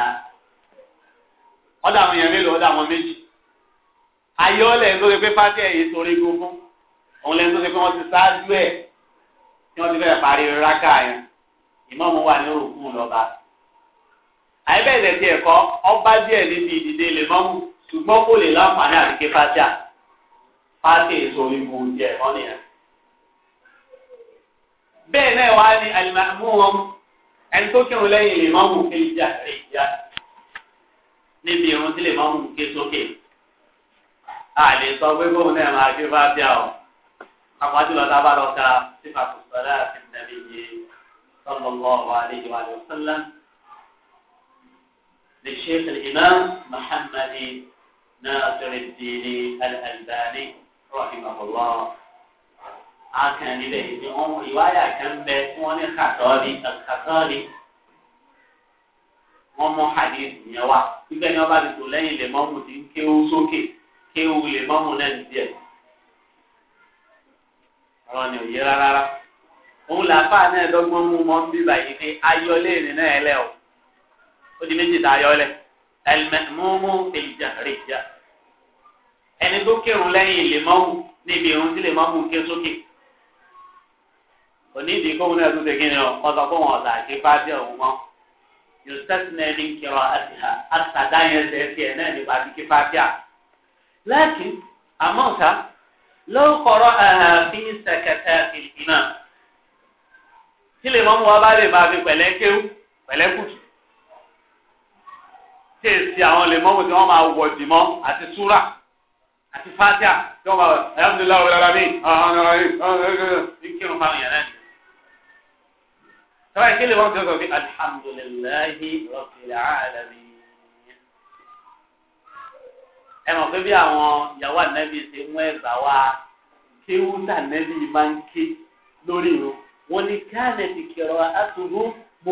ọ̀dà àwọn èèyàn mélòó àwọn méjì ayọ́lẹ̀ tó ṣe pé fáti ẹ̀yìn gbogbo òun lẹ́nu tó pé wọ́n ti sáájú ẹ̀ wọ́n ti fẹ́ parí rákà yẹn wà ní òkú lọ́ba tiẹ̀ kọ́ díẹ̀ níbi ìdìde ṣùgbọ́n kò lè láǹfààní àdìgé fájà fájà èso ibu jẹ ẹ̀kọ́ nìyẹn. bẹ́ẹ̀ náà wá ní àlìmọ́ wọn ẹni tó kírun lẹ́yìn lè máa mú kéjì jà rè já níbi irun tí lè máa mú ké sókè àlè sọ pé bóun náà máa gbé fájà o àwọn àjùlọ tá a bá lọ ka sífà tó láti nàbí yé sallallahu alayhi wa sallam. للشيخ الإمام محمد ناصر الدين الألباني رحمه الله أكن إليه بهم رواية كان بيتون الخطابي الخطابي wọ́n mọ hadith yẹn wá nígbà yẹn wọ́n bá dìbò lẹ́yìn lè mọ́mù tí ń kéwú sókè kéwú lè mọ́mù náà ń díẹ̀ ọ̀rọ̀ ni ò yé rárá òun làáfà náà dọ́gbọ́n mú mọ́ ń bíbà yìí pé ayọ́lé ìrìn náà ẹlẹ́ o ó di méjì tá ayọ́lẹ̀ alimẹ́mọ́mọ́ ìjàrìjà ẹni tó kírun lẹ́yìn lèmọ́mù níbi irun tí lèmọ́mù ké sókè onídìí kóhun náà tún ṣe kí ni ọ ọsọ fún wọn ọ̀sà àti fábí ọ̀hún mọ́ yòsẹ́sìnà ẹni kírọ àtìhà àtàdáyẹn ṣẹ̀ṣì ẹ̀ náà nípa àti kí fábí à. lẹ́kìn àmọ́ ọ̀sà lọ́wọ́ kọ̀rọ̀ àhàfin sẹ̀kẹ̀tẹ̀ ìlú náà tí lèmọ́mù wa bá lè máa fi pẹ̀lẹ́ kéwú pẹ̀lẹ́ kùtù tí èsì àwọn lè mọ́mù tí wọ́n máa wọ̀ dì mọ́ àti súrà àti fájà tí wọ́n máa wọ̀ alhamdulilayi wa rárá mi ọ̀hún ọ̀hún ìkírun fáwọn yàrá ni. tọ́lá ìkéle wọn ti sọ pé alhamdulilayi rabbil alamin. ẹ mọ̀ pé bí àwọn ìyàwó ànábì ṣe mú ẹ̀sà wá kéwú tànábì máa ń ké lórí ìrún wọn ni káàdì ti kẹrọ àtúrú mo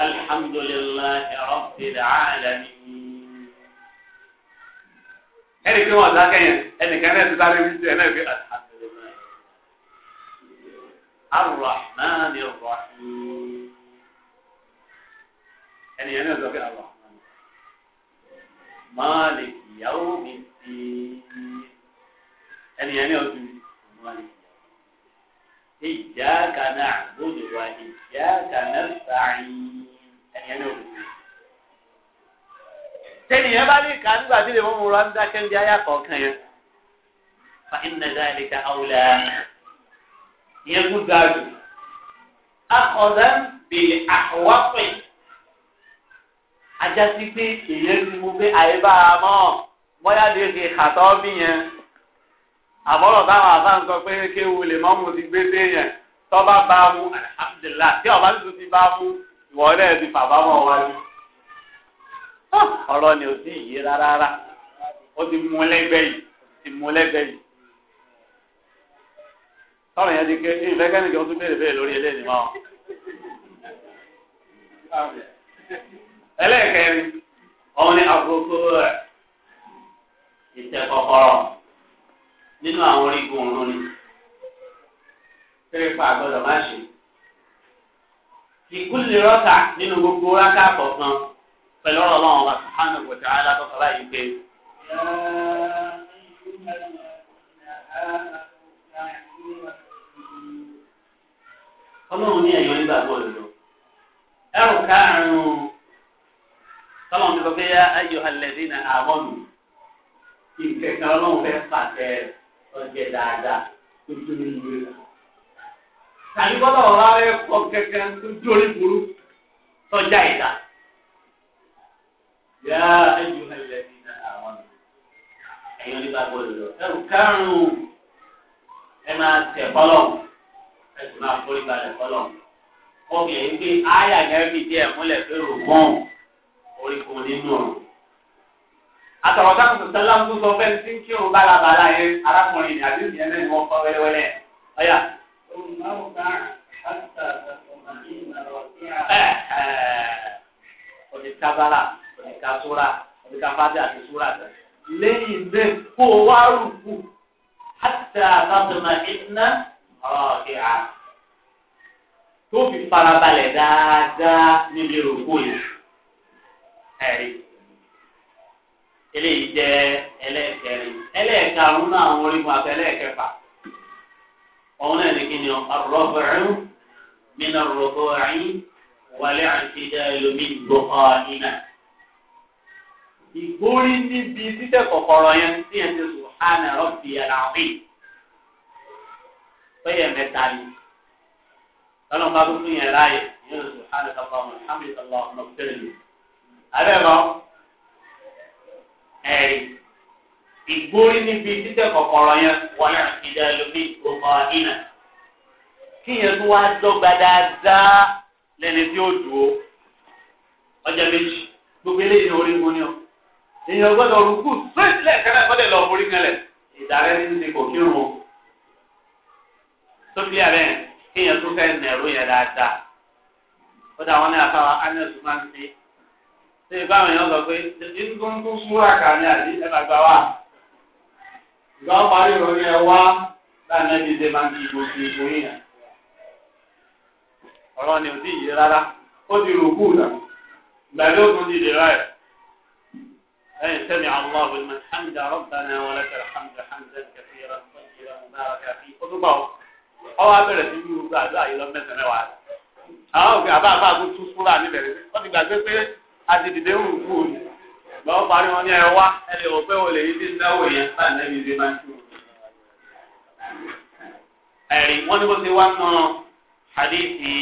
alhamdulillahi rabbil alamin. ẹnì kí wọn dákẹ́ yẹn ẹnì kan náà ti sáré wí sí ẹ náà fi alhamdulillahi arrahmani rahim. ẹnì yẹn náà sọ pé arrahmani maliki yawmi ddin ẹnì yẹn náà sọ pé maliki iyyaka na'budu wa iyyaka nasta'in ẹ̀yẹ́ ní olùkọ́. tẹ́nìyàn bá ní ìka nígbà tí lè mọ́ mu rán dákẹ́ ń di ayá kọ̀ọ̀kan yẹn fa inna dhalika awla yẹn kú dáadù akọ̀dán bèlè àwọ̀pẹ̀ ajá sí pé èyẹ ti mú pé àyè bá a mọ̀ bóyá lè fi kàtọ́ bí yẹn àbọ̀rọ̀ táwọn àbá ń sọ pé kéwu lè mọ́ mu ti gbé dé yẹn tọ́ba bá mu alhamdulillah tí ọba tuntun ti bá mu ìwọ náà ti bàbá mọ̀ wájú. Ah, ọ̀rọ̀ ni ò sí yìí rárá ó ti mú lẹ́gbẹ̀ẹ́ yìí ó ti mú lẹ́gbẹ̀ẹ́ yìí. sọ̀rọ̀ yẹn ti ké ìfẹ́ kẹ́nìkan ó tún béèrè béèrè lórí eléyìí mọ́. ẹlẹ́ẹ̀kẹrin ọ̀hún ni àkókò rẹ̀ ìtẹ̀kọ̀kọ̀rọ̀ nínú àwọn orígun ọ̀run ni pérépà gbọ́dọ̀ má ṣe ìkúlè rọ́tà nínú gbogbo rákà kọ̀ọ̀kan pẹ̀lú ọ̀rọ̀ ọlọ́run ọba subhanahu wa ta'ala tó kọ́ báyìí pé. ọlọ́run ní ẹ̀yọ́ nígbàgbọ́ òdodo ẹrù kárùn-ún tọ́lọ́run ti ayọ̀ alẹ́ dínà àwọn nù ìkẹ̀kẹ́ ọlọ́run fẹ́ pàtẹ́ rẹ̀. ọjẹ dáadáa tó tóbi ìwé rẹ tàbí bọ́lá ọ̀rọ̀ rẹ kọ kẹkẹ tó jórí burú tọ́jà ìdá. yá ẹyọ ẹlẹ ní àwọn ọmọ ẹyọ nípa gbọ́dọ̀ lọ ẹ máa bọlọ ẹ sì máa forí balẹ̀ díẹ̀ múlẹ̀ orí kan nínú àtàwọ̀tà kùtù sẹ́lá ń sọ fẹ́ tí ń kírun bálabàlá yẹn arákùnrin ní àbí ìyẹn mẹ́rin wọn kọ́ wẹ́lẹ́wẹ́lẹ́ ọ̀yà. òdìkà bàlà òdìkà sóra òdìkà fàdé àti sóra lẹ́yìn bẹ́ẹ̀ kó o wá rúkú hàtà àtàtàmà ìdínà ọ̀kìá tó fi farabalẹ̀ dáadáa níbi rògbò yẹn ẹ̀rí eléyìí jẹ ẹlẹ́ẹ̀kẹrin ẹlẹ́ẹ̀karùn-ún náà àwọn orígun àti ẹlẹ́ẹ̀kẹfà òun náà ní kí ni arọ́bìnrin mina rọ̀bọ̀ ẹ̀yìn wàlẹ́ àti ìdá ẹlòmíì gbọ́kọ̀ iná. ìgbórí níbi títẹ̀ kọ̀kọ̀rọ̀ yẹn tí ẹ̀ ń tẹ̀sù hánà rọ́bì ẹ̀láwìn fẹ́yẹ̀ mẹ́ta ni lọ́nà bá tó fún yẹn láàyè yẹn tẹ̀sù hánà tàbí ọmọ ẹ̀rí ìgbórí níbi títẹ̀ kọ̀kọ̀rọ̀ yẹn wọlé ìdá lómi ọmọ ìnà kíyẹn tó wá dọ́gba dáadáa lẹ́ni tí ó dùn ó ọjà méjì gbogbo eléyìí ní orí wọn ni ọ èèyàn gbọ́dọ̀ rúkú straight lẹ́ẹ̀kan náà gbọ́dọ̀ lọ forí kan lẹ ìdàrẹ ní ti kò kírun o tóbi àrẹ kíyẹn tó fẹ́ nẹrú yẹn dáadáa ó dà wọn ní àtàwọn anẹsùn máa ń ṣe ṣe báwọn èèyàn sọ pé ìdúgbòǹkú súra kàní àbí ẹ̀fàgbà wà. ìgbà wọn parí ìròyìn ẹ wá láàrin ẹbí ṣe máa ń kí gbogbo ìgbò yìnyín. ọ̀rọ̀ ni ò tí ì yé rárá ó ti rò kú nà ìgbà yóò tún ti dè ráì. أي سمع الله لمن حمد ربنا ولك الحمد حمدا كثيرا طيبا مباركا فيه خذوا أو أبرة في يوم بعد لا يلمس نوعا أو كعبا بعض الصورة عن بره قد يبقى àti dìde wù kú ni lọ́wọ́ parí wọn ní ẹ wá ẹ lè wọ pé wọlé yìí ti náwó yẹn bá nẹ́bí ṣe máa ń tún. ẹ̀rí wọ́n ní kó ṣe wá mọ́ àdéhìí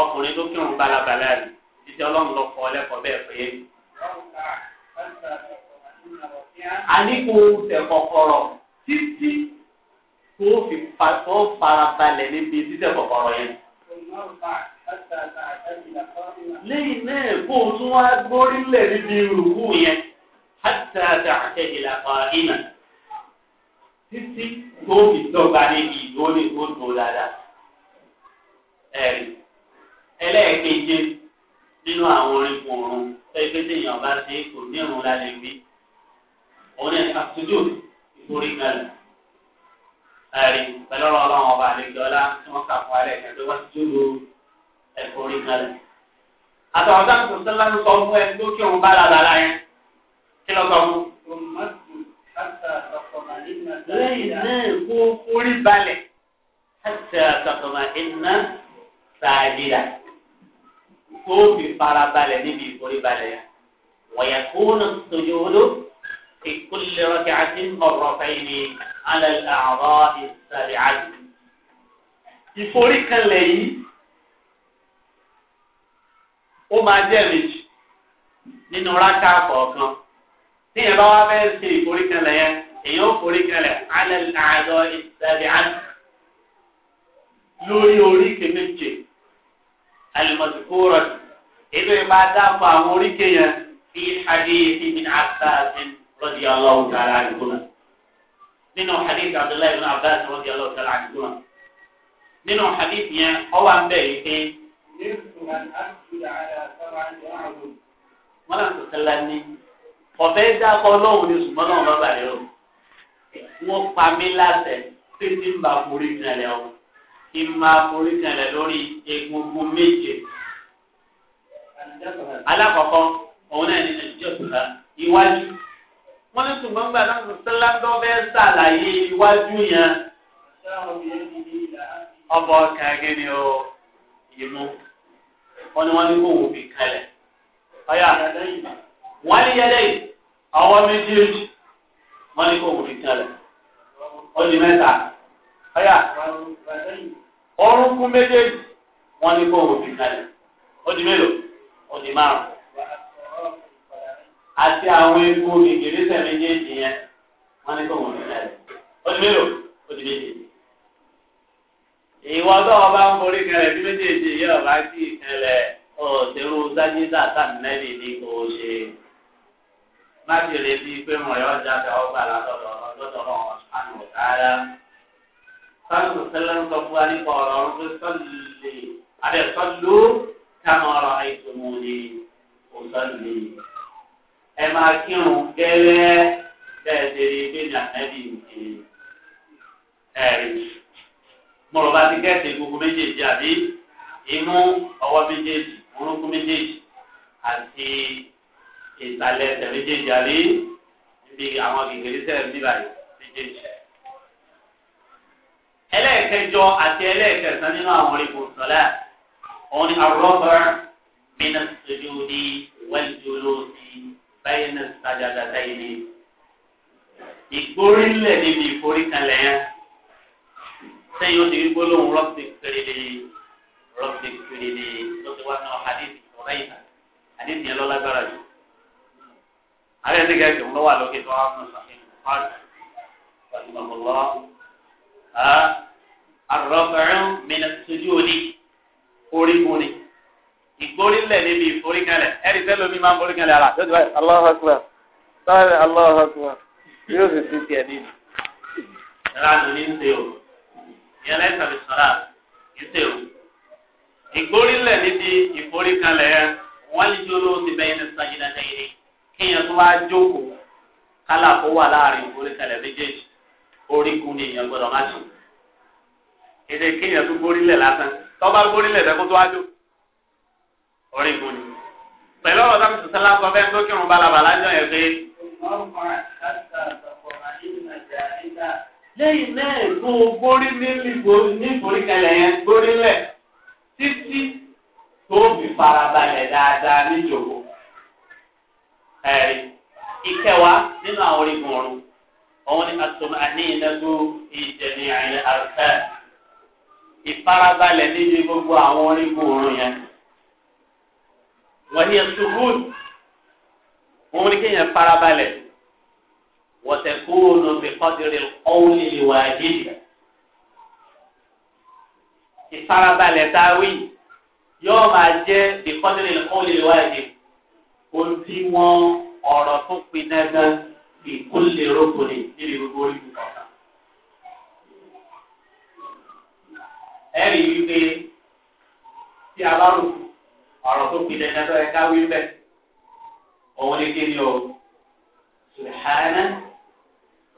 ọkùnrin tó kírun balabala rẹ̀ títí ọlọ́run lọ kọ́ lẹ́kọ̀ọ́ bẹ́ẹ̀ pé. àníkù tẹ̀kọ̀kọ̀rọ̀ títí tó fi farabalẹ̀ níbi títẹ̀kọ̀kọ̀rọ̀ yẹn lẹ́yìn náà kó o tún wá gbórí lẹ̀ níbi rúwú yẹn hátà dàtẹ́ ìlàpá ìmọ̀ títí tó fi dọ́gba níbi ìdúró ní tó dùn dáadáa. ẹ̀rí ẹlẹ́ẹ̀keje nínú àwọn orin kùnrùn pẹ́ẹ́pẹ́ téèyàn bá ṣe kò ní ìrùn lálẹ́ gbé òun ní àtúndò ìforí kalẹ̀ ẹ̀rí pẹ̀lú ọlọ́run ọba àlejò ọlá tí wọ́n kà fún alẹ́ ìkẹ́tọ́ wá sí tó lóru ẹ̀fọ́rí kalẹ̀. àtàwọn sáà tó sẹ́lá ló sọ fún ẹ ló kí òun bá la lára yẹn kí lọ sọ fún. lẹ́yìn náà kó orí balẹ̀ àti àtàkùnmá iná sàájìlá kó fi fara balẹ̀ níbi ìforí balẹ̀ yẹn. ويكون السجود في كل ركعة مرتين على الأعضاء السبعة. ìforí kalẹ̀ yìí ó máa jẹ́ méjì nínú rákà kọ̀ọ̀kan tí yẹn bá wá fẹ́ ṣe ìforíkẹlẹ̀ yẹn èèyàn ó foríkẹlẹ̀ alẹ́ àádọ́ ìtẹ̀lẹ̀ àti lórí oríkè méje alimọ̀tìkúrọ̀ ètò ìbá dáàbò àwọn oríkè yẹn fi hadithi min abbas radiyallahu ta'ala anhu nínú hadith abdullahi ibn abbas radiyallahu ta'ala anhu nínú hadith yẹn ọwọ́ à ń bẹ̀ yìí pé wọ́n lọ sọ̀tẹ́ la ní ọ̀fẹ́ dákọ̀ ọlọ́run ní ṣùgbọ́n náà bàbá rẹ̀ o wọ́n pa mí láṣẹ pé tí ń bá forí kanlẹ̀ o kí n máa forí kanlẹ̀ lórí egungun méje. alákọ̀ọ́kọ́ òun náà ní nàìjíríà iwájú wọ́n ní ṣùgbọ́n gbà náà sọ̀tẹ́ la dọ́ bẹ́ẹ̀ sàlàyé iwájú yẹn ọbọ̀ kàgé ni o. ìmú ni wọn ní kó wò mí kalẹ̀ ọyà ya ní yẹlẹ yìí àwọn méjèèjì wọn ní kó wò mí kalẹ̀ ọdún mẹ́ta ọyà orúnkún méjèèjì wọn ní kó wò mí kalẹ̀ ìwọ tó ọba ń borí kẹlẹ bí méjèèjì yẹ ọba sí ìkẹlẹ ọ̀ọ́dẹ́rù sájídà sàmìlẹ́lì ní kò ṣe má ti lè fi pé wọn yọ ọjà tẹ ọgbà látọ̀dọ̀ ọlọ́dọ̀ ọ̀hún àná ọ̀tàrà sọ́nù sẹ́lẹ̀ ń sọ fún wa nípa ọ̀rọ̀ ọ̀run pé sọ́lì abẹ́ sọ́lù kámọ́ ọ̀rọ̀ àìsùnmù ni kò sọ́lì ẹ máa kírun gẹ́lẹ́ bẹ́ẹ̀ ṣe rí mọ̀rọ̀ bá ti kẹ́sì egungun méjèèjì àbí inú ọwọ́ méjèèjì orúnkún méjèèjì àti ìsàlẹ̀ ẹsẹ̀ méjèèjì àbí ibi àwọn gègèrè sẹ́ẹ̀ níbà méjèèjì. ẹlẹ́ẹ̀kẹjọ àti ẹlẹ́ẹ̀kẹsàn nínú àwọn orígun sọ̀lá òun ni àrọ́bà mìíràn ṣojú ní wẹ́ẹ̀dì olóòtú báyìí náà ṣàjàdá táyé ní. ìgbórílẹ̀ níbi ìforíkanlẹ̀ yẹn sẹ́yìn ó ti rí gbólóhùn rọ́bì kéré rọ́bì kéré ló ti wá náà hadith ọ̀rẹ́ ìta hadith yẹn ló lágbára jù. ààrẹ ti gẹ̀ẹ́sì ń lọ́wọ́ àlókè tó wá fún ìsàkín fáàlì ìmọ̀mọ̀lọ́ àrọ́bẹ̀rún mìíràn sojú òní orígun ni ìgbórílẹ̀ níbi ìforíkalẹ̀ ẹ̀rí sẹ́lómi máa ń foríkalẹ̀ ara yóò ti báyìí Allahu Akbar sáré Allahu Akbar yóò sì ti tiẹ̀ níbi. ìlànà ní ń ṣe o ìyẹn lẹ́sẹ̀ mi sọ̀rọ̀ ìṣe o. ìgbórílẹ̀ níbi ìforíkalẹ̀ yẹn wọ́n lè jóló ti bẹ́yìn ní sàgídà lẹ́yìn kéèyàn tó wá jókòó kálá kó wà láàrin ìforíkalẹ̀ méjèèjì orígun ni èèyàn gbọ́dọ̀ má sùn. èdè kéèyàn tó gbórílẹ̀ lásán tó bá gbórílẹ̀ lẹ́kọ́ tó wá jó orígun ni. pẹ̀lú ọ̀rọ̀ sábà sọ̀tẹ́ lásán fẹ́ tó kírun balabala jọ yẹn pé. lẹ́yìn náà tó gbórí ní ìforíkalẹ̀ yẹn gbórí lẹ̀ títí tó fi farabalẹ̀ dáadáa níjòkó. ẹ̀rí nínú àwọn orígun ọ̀run òun ni àtùmọ̀ àníyànjú ìjẹ̀ni àìlẹ̀ àrùtẹ́ ìfarabalẹ̀ níbi gbogbo àwọn orígun ọ̀run yẹn. wọ́n kéèyàn farabalẹ̀. وتكون بقدر القول لواجبها ìfarabalẹ̀ tá a wí yóò máa jẹ́ ìkọ́dúnrún ìlẹ̀kọ́ lè wáyé òǹtí wọn ọ̀rọ̀ tó pin dandan ìkúlẹ̀ rògbòdì níbi gbogbo orí kọ̀ọ̀kan. ẹ̀rí wípé tí a bá rò ọ̀rọ̀ tó pin dandan tó yẹ ká òun ni kí ni o sùhánà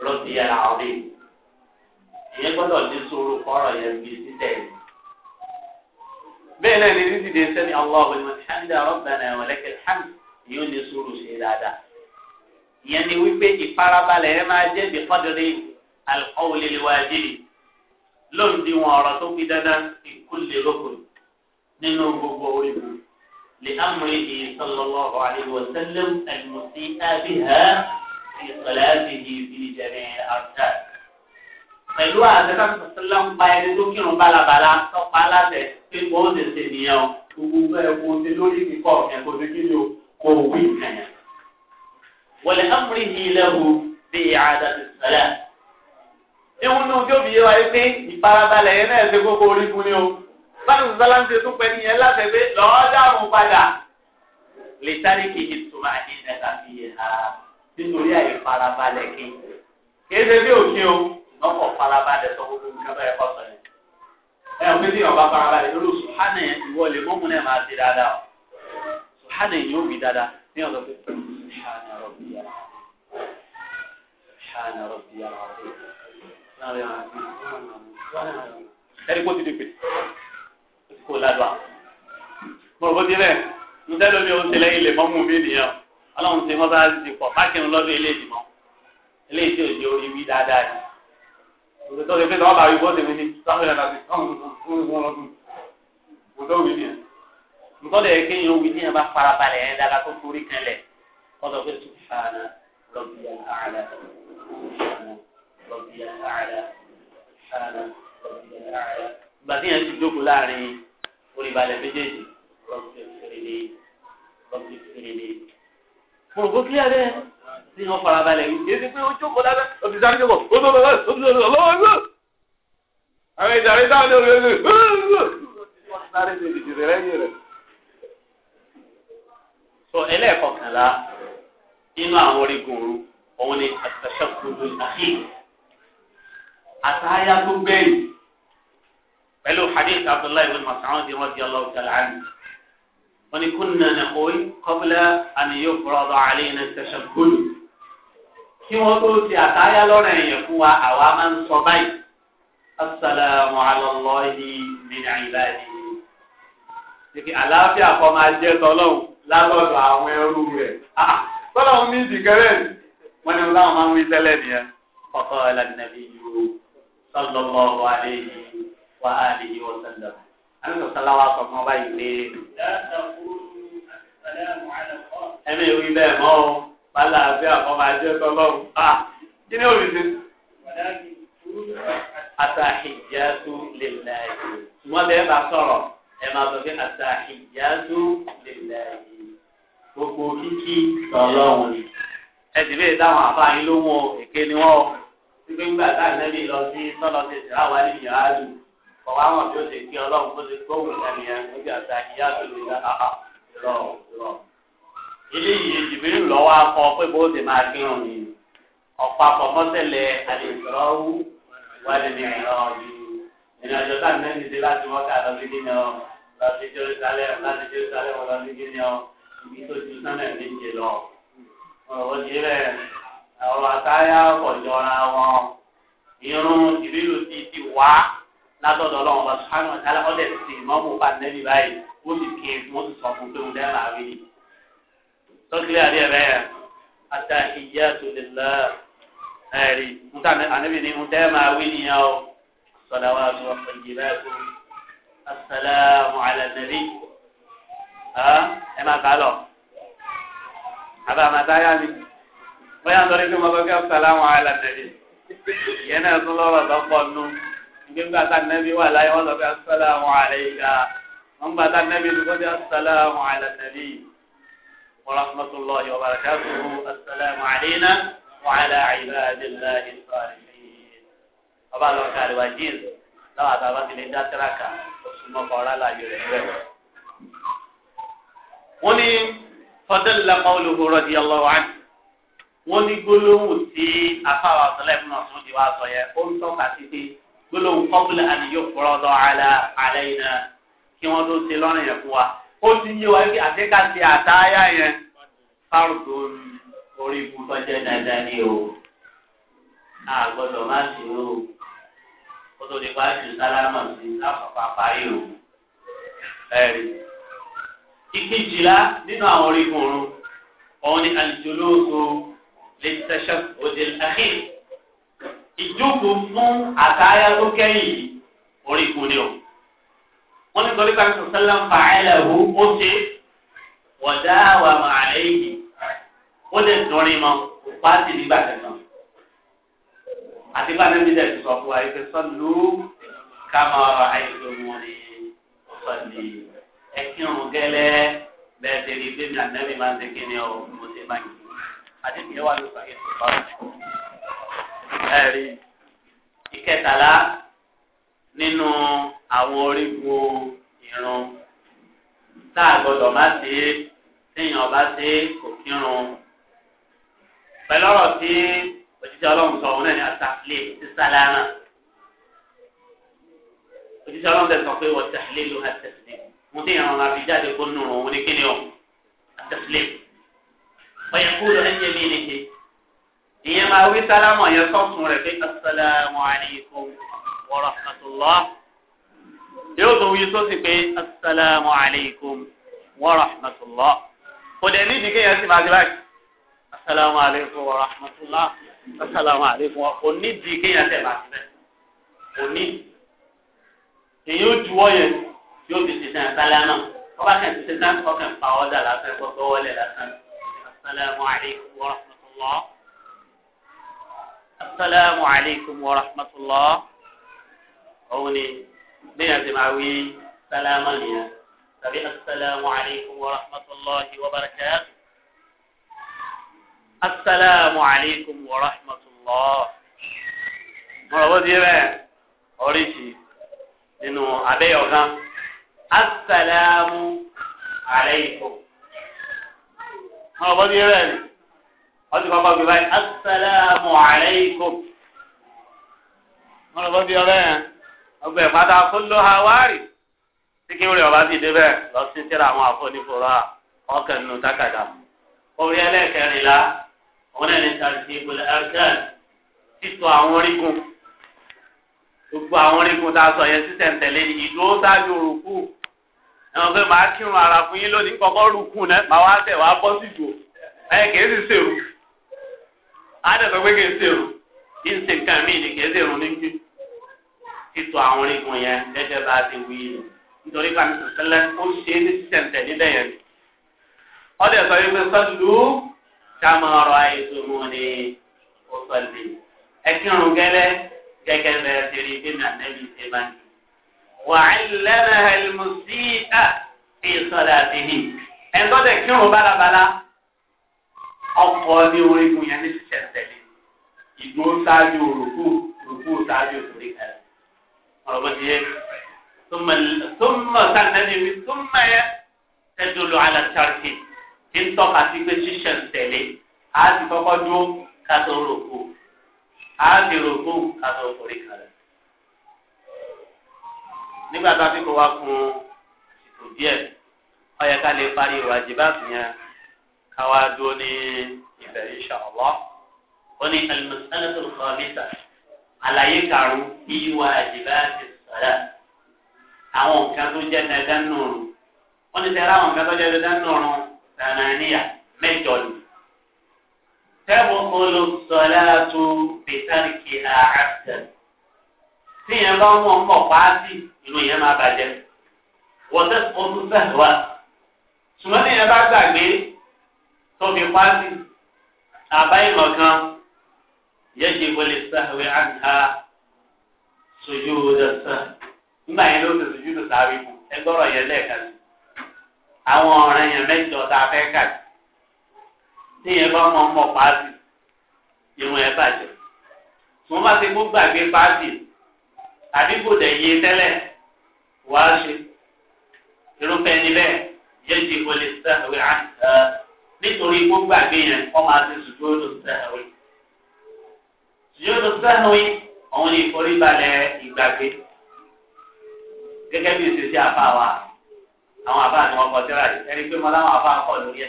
rọ́bì yàrá ọ̀dẹ́ ìyẹn gbọ́dọ̀ ní sùúrù kọ́rọ̀ yẹn bí títẹ̀ yìí. bẹ́ẹ̀ náà ni dídìde sẹ́ni Allahu liman hamida rabbana wa lakal hamd yóò ní sùúrù ṣe dáadáa. ìyẹn ni wípé ìfarabalẹ̀ ẹ máa jẹ́ bí qadri al-qawli al-wajib wọn ọ̀rọ̀ tó fi dandan fi kulli nínú gbogbo orígun li amrihi sallallahu alayhi wa sallam al في صلاته في جميع الأركان pẹ̀lú àtẹ́ká sọ̀tẹ́lá ń pa ẹni tó kírun bálabàlá tọ́pa aláṣẹ pé kò ó tètè nìyẹn o gbogbo ẹ̀kọ́ ti lórí kíkọ́ ẹ̀kọ́ tó kí ni o kò wí kànyà. wọlé amúrí yìí lẹ́hu bí àdá ti sẹ́lẹ̀. ewu ní ojú òbí yẹ wáyé pé ìfarabalẹ̀ yẹn náà ṣe gbogbo orí fún ni o. báyìí sọ̀tẹ́lá ń ṣe tó pẹ́ nìyẹn láti ẹgbẹ́ lọ́ọ́ dáhùn padà. lè sáré kejì tó máa ní ẹ̀ nítorí àyè farabalẹ̀ kí kí ṣe bí òkè o lọ́kọ̀ farabalẹ̀ sọ gbogbo nǹkan bẹ́ẹ̀ kọ́ sọ yẹn. ẹ ò pété ọba farabalẹ̀ lórí sùhánà yẹn ìwọ lè mọ́mú náà máa ṣe dáadáa o sùhánà yẹn yóò wí dáadáa ní ọ̀dọ̀ pé sùhánà rọ̀bìyà sùhánà rọ̀bìyà ẹni kó ti di pè kó ládùá. mo rò bó ti rẹ̀ ń tẹ́lẹ̀ mi ò ń tẹ̀lé ilé mọ́mú mi nìyẹn o ọlọ́run ti mọ́sálásí ti pọ̀ mákìrún lọ́dún eléyìí mọ́ eléyìí tí òjò orí wí dáadáa ni òṣèlú tó ṣe pé tọ́wọ́ bá wí bó ṣe wí ní sọ́kùnrin náà ti sọ́kùnrin ntọ́lẹ̀ yẹ kéèyàn wí ní ẹ̀ma farabalẹ̀ ẹ̀ dára tó forí kan lẹ̀ ọ̀dọ̀ pé subhana rabbiya ala subhana rabbiya ala subhana rabbiya ala. ìgbà tí yẹn ti jókòó láàrin oríbalẹ̀ méjèèjì rabbi firili rabbi firili mo rò kó kílíà bẹ́ẹ̀ tí wọ́n fara balẹ̀ yìí èyí ti pé ó jókòó lábẹ́ òbí sáré jókòó ó tó lọ́wọ́ ó tó lọ́wọ́ lọ́wọ́ àwọn ìdàrí dáhùn lórí ẹni wọ́n sáré ṣe ìdìrì rẹ̀ yìí rẹ̀. sọ ẹlẹ́ẹ̀kọkànlá nínú àwọn orígun òun ni àtàṣà gbogbo àhìn àtàyà tó gbẹ̀yìn pẹ̀lú hadith abdullahi bin mas'ud radiyallahu ta'ala anhu wọ́n ní kúnnà ní orí kọ́bílẹ̀ àníyàn fúrọ́dọ̀ àlẹ́ iná tẹ̀sán kúlù. kí wọ́n tó ti àtàyà lọ́rọ̀ ẹ̀yẹ̀ fún wa àwa máa ń sọ báyìí. asalaamu alayhi min ibadihi. ṣèkì àlàáfíà kọ́ máa jẹ́ tọ́lọ́hùn lálọ́dọ̀ àwọn ẹrú rẹ̀. Ah, tọ́lọ́hùn mi dìgẹ́rẹ́ wọ́n ní láwọn máa ń wí tẹ́lẹ̀ nìyẹn. ọ̀kọ́ ẹ̀ lànà bí yòó sọ́lọ́lọ́ wa alẹ́ sọ̀tàlá wa sọ fún ọ báyìí pé. ẹ̀mí ìwé bẹ́ẹ̀ mọ́ o bàlá àbí àkọ́mọ ajé tọ́lọ́run a ah, kí ni òrìṣẹ́. atahijatu lillahi ṣùgbọ́n bẹ́ẹ̀ bá sọ̀rọ̀ ẹ̀ máa sọ pé atahijatu lillahi gbogbo kíkí tọ́lọ́run ni ẹsì bẹ́ẹ̀ táwọn afáàyín ló wọ èké ni wọ́n gbígbé ńgbà tá ànábì lọ sí sọ́lọ́ ti sèrà wà ní ọwọ́ àwọn tí ó ti pín ọlọ́run kó ti gbóhùn sẹ́ni ẹ̀ níbi àtà ìyá tó ti dá àhà rọ rọ. ilé yìí jìbìrì lọ́wọ́ akọ pé bó ti máa kí hàn mí ọ̀pápọ̀ mọ́tẹ́lẹ̀ àlèkùrọ́wù wálé ní ìrọ̀ yìí ìrìnàjò táwọn náà ti di láti wọ́n ká lọ sí kí ọ lọ sí Jerusalem láti Jerusalem lọ sí kí ọ ibi tó ju sánà méje lọ. ọ̀rọ̀ ti ọ̀rọ̀ àtàyà látọ̀dọ̀ ọlọ́run ọba sùpánù ọ̀tálá ọ̀dẹ̀ ti ìmọ̀mù pa nẹ́bí báyìí ó sì ké wọ́n sì sọ fún pé mo dẹ́rẹ́ máa rí i. tọ́kílẹ̀ àdé ẹ̀rẹ́ yẹn ata ìyá tó lè lọ ẹ̀rí níta ànábì ni mo dẹ́rẹ́ máa rí nìyẹn o sọ̀dọ̀ wa sọ ọ̀yẹ̀ báyìí kú asalaamu ala nabi ẹ máa bá lọ àbá àmàtáyà mi bóyá nítorí pé mo sọ pé asalaamu ala nabi ìyẹn náà tún lọ́rọ̀ tó nù ìgbéǹgbà tá nẹ́bí wà láyé wọ́n sọ pé asálàmù àlẹ́yìká wọ́n gbà tá nẹ́bí tó kọjá asálàmù àlẹ́nẹ́bí warahmatullahi wabarakatuhu asálàmù àlẹ́yìná wàhálà àyíbáyàdìlá ìsọ̀rìmíyìn. ọba lọ ká àríwá jíìz láwọn àtàwọn ti lè dá tíráàkà oṣù mọ́kànlá láàyè rẹ̀ rẹ̀. wọ́n ní fọdẹ́lá qawluhu radiyallahu anhu wọ́n ní gbólóhùn tí afáwà sọlẹ́ fún ọ̀sán ti wá ó ń tọ́ka sí gbólóhùn kọ́bùlà àníyó kúrọ́dọ̀ àlẹ́ iná kí wọ́n tó ṣe lọ́rùn yẹn fún wa. ó ti yé wa wípé àtẹ́ká ti àtàyà yẹn fárùkù orí ikú tọ́jẹ́ dáadáa ní o. a gbọ́dọ̀ má ṣe o kó tó di pàṣẹ sálámà sí lápapà parí o. ẹ̀rí ìkejìlá nínú àwọn orígun òun òun ni àlùjọ lóòótọ́ lè tẹ̀sán òde àkíyè ìjókòó fún àtàyà tó kẹ́yìn orí kúni o wọ́n ní sọ́lé kan sọ́sẹ́lá ń fa ẹ̀lẹ́ wo ó ṣe wọ̀dá wà máa lẹ́ yìí ó lè dọ́rin mọ́ kó pa á sì nígbà tẹ̀sán àti bá mi nílẹ̀ sọ fún wa ìfẹ́ sọ́lú ká máa ra àìsàn wọn ni sọ́lí ẹ kírun gẹ́lẹ́ bẹ́ẹ̀ ṣe ni bẹ́ẹ̀ mi àná mi máa ń ṣe kí ni mo ṣe máa àti ìyẹn ló sọ yẹn tó bá wọn ẹ̀rí ìkẹtàlá nínú àwọn orígun ìrun tá a gbọdọ̀ má ṣe é téèyàn bá ṣe é kò kírun pẹ̀lú ọ̀rọ̀ tí òjijì ọlọ́run sọ òun náà ní àtàlẹ́ ti sálára òjijì ọlọ́run tẹ̀ sọ pé wọ́n tẹ̀lé ló ha tẹ̀lé mo ti yàn àfi jáde kó nù òun ní kíni o àtẹ̀lé ọ̀yẹ̀kú ló ń yẹ mí nìyí ìyẹn máa wí sálámù yẹn sọ́kùn rẹ̀ pé asalaamu alaykum wa rahmatulah yóò tún wí sósì pé asalaamu alaykum wa rahmatulah kò dẹ̀ ní ìdíkẹ́ yẹn sì máa di báyìí asalaamu alaykum wa rahmatulah asalaamu alaykum wa kò ní ìdíkẹ́ yẹn tẹ̀ máa di bẹ́ẹ̀ kò ní èyí ó juwọ́ yóò ti ti sẹ́yìn sálámù wọ́n bá kàn ti sẹ́yìn sálámù ọkàn pa ọ́dà lásán kó wọlé lásán asalaamu alaykum wa rahmatulah. السلام عليكم ورحمة الله عوني بيا دماوي سلام عليا تبي السلام عليكم ورحمة الله وبركاته السلام عليكم ورحمة الله مرحبا ديبا أوريشي إنه أبي أغام السلام عليكم مرحبا ديبا wọ́n ti kọ́kọ́ bí báyìí asalaamu aleykum wọ́n lọ bọ́ bí ọbẹ̀ yẹn ọgbẹ́ ìpàdà kúló ha wárì tí kí wúlò ọba ti débẹ̀ lọ sí tíra àwọn àfọ̀nífọ̀rọ̀ à ọkàn nù tákàdá orí ẹlẹ́kẹrìnlá òun náà ní sàrìsì ìpìlẹ̀ ẹ̀kẹ́n títọ́ àwọn orígun gbogbo àwọn orígun tá a sọ yẹn sísẹ̀ntẹ̀lé ìdúró sáájú òrùkù ẹ̀wọ̀n pé màá kírun ara fún yín lónìí kọ́kọ́ rùkù náà màá wá tẹ̀ wá bọ́ síjò ẹ̀ kì í sì ṣèrú àádọ́sọ pé kìí ṣèrò kí n ṣe nǹkan míì ní kìí ṣèrò ní kí títọ àwọn orígun yẹn gẹ́gẹ́ bá a ti wí ni nítorí pé àmì sọ̀tẹ́lẹ̀ ó ṣe é ní sísẹ̀ǹtẹ̀ níbẹ̀ yẹn ni ọdẹ sọ wípé sọ́dù kàmọ́rọ̀ àìsùnmù ni ó sọ̀lì ẹ̀kírun gẹ́lẹ́ gẹ́gẹ́ bẹ́ẹ̀ ti rí bí nàìjíríà ṣe máa ń wà á lẹ́nu ẹ̀lmùsíà ìsọ̀dà àtìhì ẹ̀ńtọ́dẹ̀ kírun bálabàlá ọkọ ní orígun yẹn ní ṣẹṣẹlẹ ìgbó ṣáájú òrùkú òrùkú ṣáájú òsèré kan ọlọpàá ti yẹ túmọ̀ sànẹ́ni mi túmọ̀ yẹ ẹdùnlù alàtàkì kí n tọ́ka sí pé ṣíṣẹ̀ǹtẹ̀lé á ti kọ́kọ́ dún kátó òrùkú á ti òrùkú kátó òsèré kan nígbà tá a fi kó wa kun ìtò díẹ̀ ó lè parí ìwà jìbá fi káwá dúró ní ibẹ̀ ìṣàlọ́ ó ní alimusalatu kọ́mísà àlàyé kàrú ìwà àjìbá ti sọ̀rọ̀ àwọn nǹkan tó jẹ́ dandan nùrù wọ́n ti tẹ̀lé àwọn nǹkan tó jẹ́ dandan nùrù tànàníyà mẹ́jọ ni. tẹ́bùkúlù sọ̀láàtù bìtárìkì àhàtẹ̀ tíyẹn bá ń wọ̀n kọ̀ inú yẹn máa bàjẹ́ wọ́n tẹ́sí oṣù sẹ́wà ṣùgbọ́n bá gbàgbé tóbi pàṣẹ àbá ìmọ̀kan yẹ́jì wọlé sáwé àǹkà sojú ọ̀dọ̀sán nígbà yẹn ló ti sojú tó sáré kù ẹgbọ́rọ̀ yẹn lẹ́ẹ̀kan sí àwọn ọ̀ràn yẹn mẹ́jọ tá a fẹ́ kà sí tí yẹn bá mọ̀ mọ̀ pàṣẹ ìwọ̀n ẹ̀ bàjẹ́ mo má ti kó gbàgbé pàṣẹ àdínkù dẹ̀ yé tẹ́lẹ̀ wàá ṣe irúfẹ́ níbẹ̀ yẹ́jì wọlé sáwé àǹkà nítorí gbogbo àgbéyàn ọmọ àti sùjúdù sahwi sùjúdù sahwi òun ni ìforíbalẹ̀ ìgbàgbé gẹ́gẹ́ bí ìṣesí àfa wa àwọn àfa àti wọn kọ síra yìí ẹni pé mo láwọn àfa kọ lórí ẹ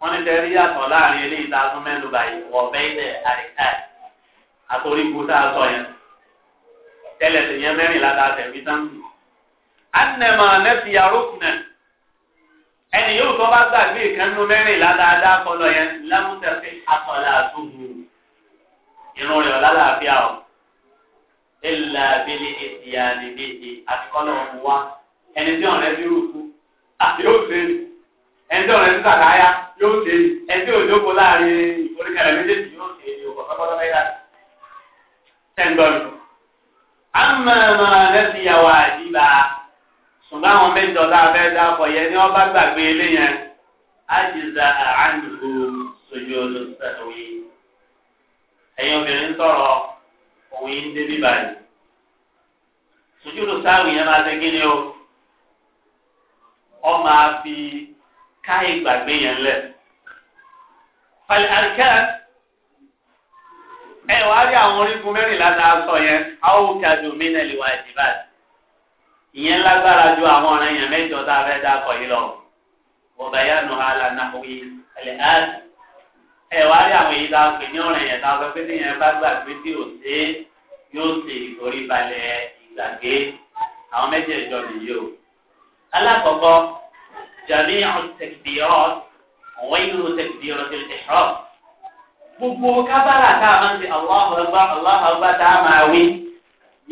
wọn ní tẹrí yàtọ̀ láàrin eléyìí tá a tún mẹ́nu báyìí wọ bẹyìlẹ àríkà àtòrí ikú tá a sọ yẹn tẹ́lẹ̀ tẹ́yẹ mẹ́rìnlá tá a tẹ fi tán. anamọ anẹsiyarokùnẹ ẹni yóò tó bá gbàgbé ìkànnú mẹ́rìnlá dáadáa kọlọ yẹn lámútẹ́fẹ́ àtọ̀là àtúgbò irun rẹ̀ ọ̀làlàáfíà o ẹ̀là abẹ́lé ìdíyà nìbejì àti kọ́lọ̀ ọ̀hún wa ẹni tí ọ̀rẹ́ bí rúkú yóò ṣe é ẹni tí ọ̀rẹ́ bí sàkáyà yóò ṣe é ẹni tí òjòkó láàrin ìforíkẹlẹ méjèèjì yóò ṣe é yóò kọ́ tọ́kọ́tọ́ mẹ́ta tẹ́ńdọ́nù. àmọ́ ẹ̀ma lẹ́sìn ṣùgbọ́n àwọn mẹ́jọ tá a fẹ́ dákọ̀ yẹn ni wọ́n bá gbàgbé ilé yẹn ájìzà àánìkú sojú olùsẹ̀wé ẹ̀yin obìnrin sọ̀rọ̀ òun yìí ń débí báyìí sojú olùsẹ̀wé yẹn máa ṣe kí ni o ọ máa fi ká ìgbàgbé yẹn lẹ̀ pàlẹ́ àríkẹ́ ẹ wàá rí àwọn orígun mẹ́rìnlá tá sọ yẹn àwọn àdùnmí náà lè wá ìdìbà yìí ìyẹn lágbára ju àwọn ọ̀ràn èèyàn mẹ́jọ tá a fẹ́ dá kọ̀ yìí lọ. wọ́n bá yá nù hàlà náà wí ẹ̀lẹ́ á ẹ̀ wá rí àwọn èyí tá a pè ní ọ̀ràn èèyàn tá a fẹ́ pé téèyàn bá gbà pé tí ò sí yóò ṣe ìtòrí balẹ̀ ìgbàgbé àwọn mẹ́jẹ̀ẹ̀jọ nìyí o. alákọ̀ọ́kọ́ jàmí gbogbo kábàrà tá a máa ń ṣe Allahu Akbar Allahu Akbar tá a máa wí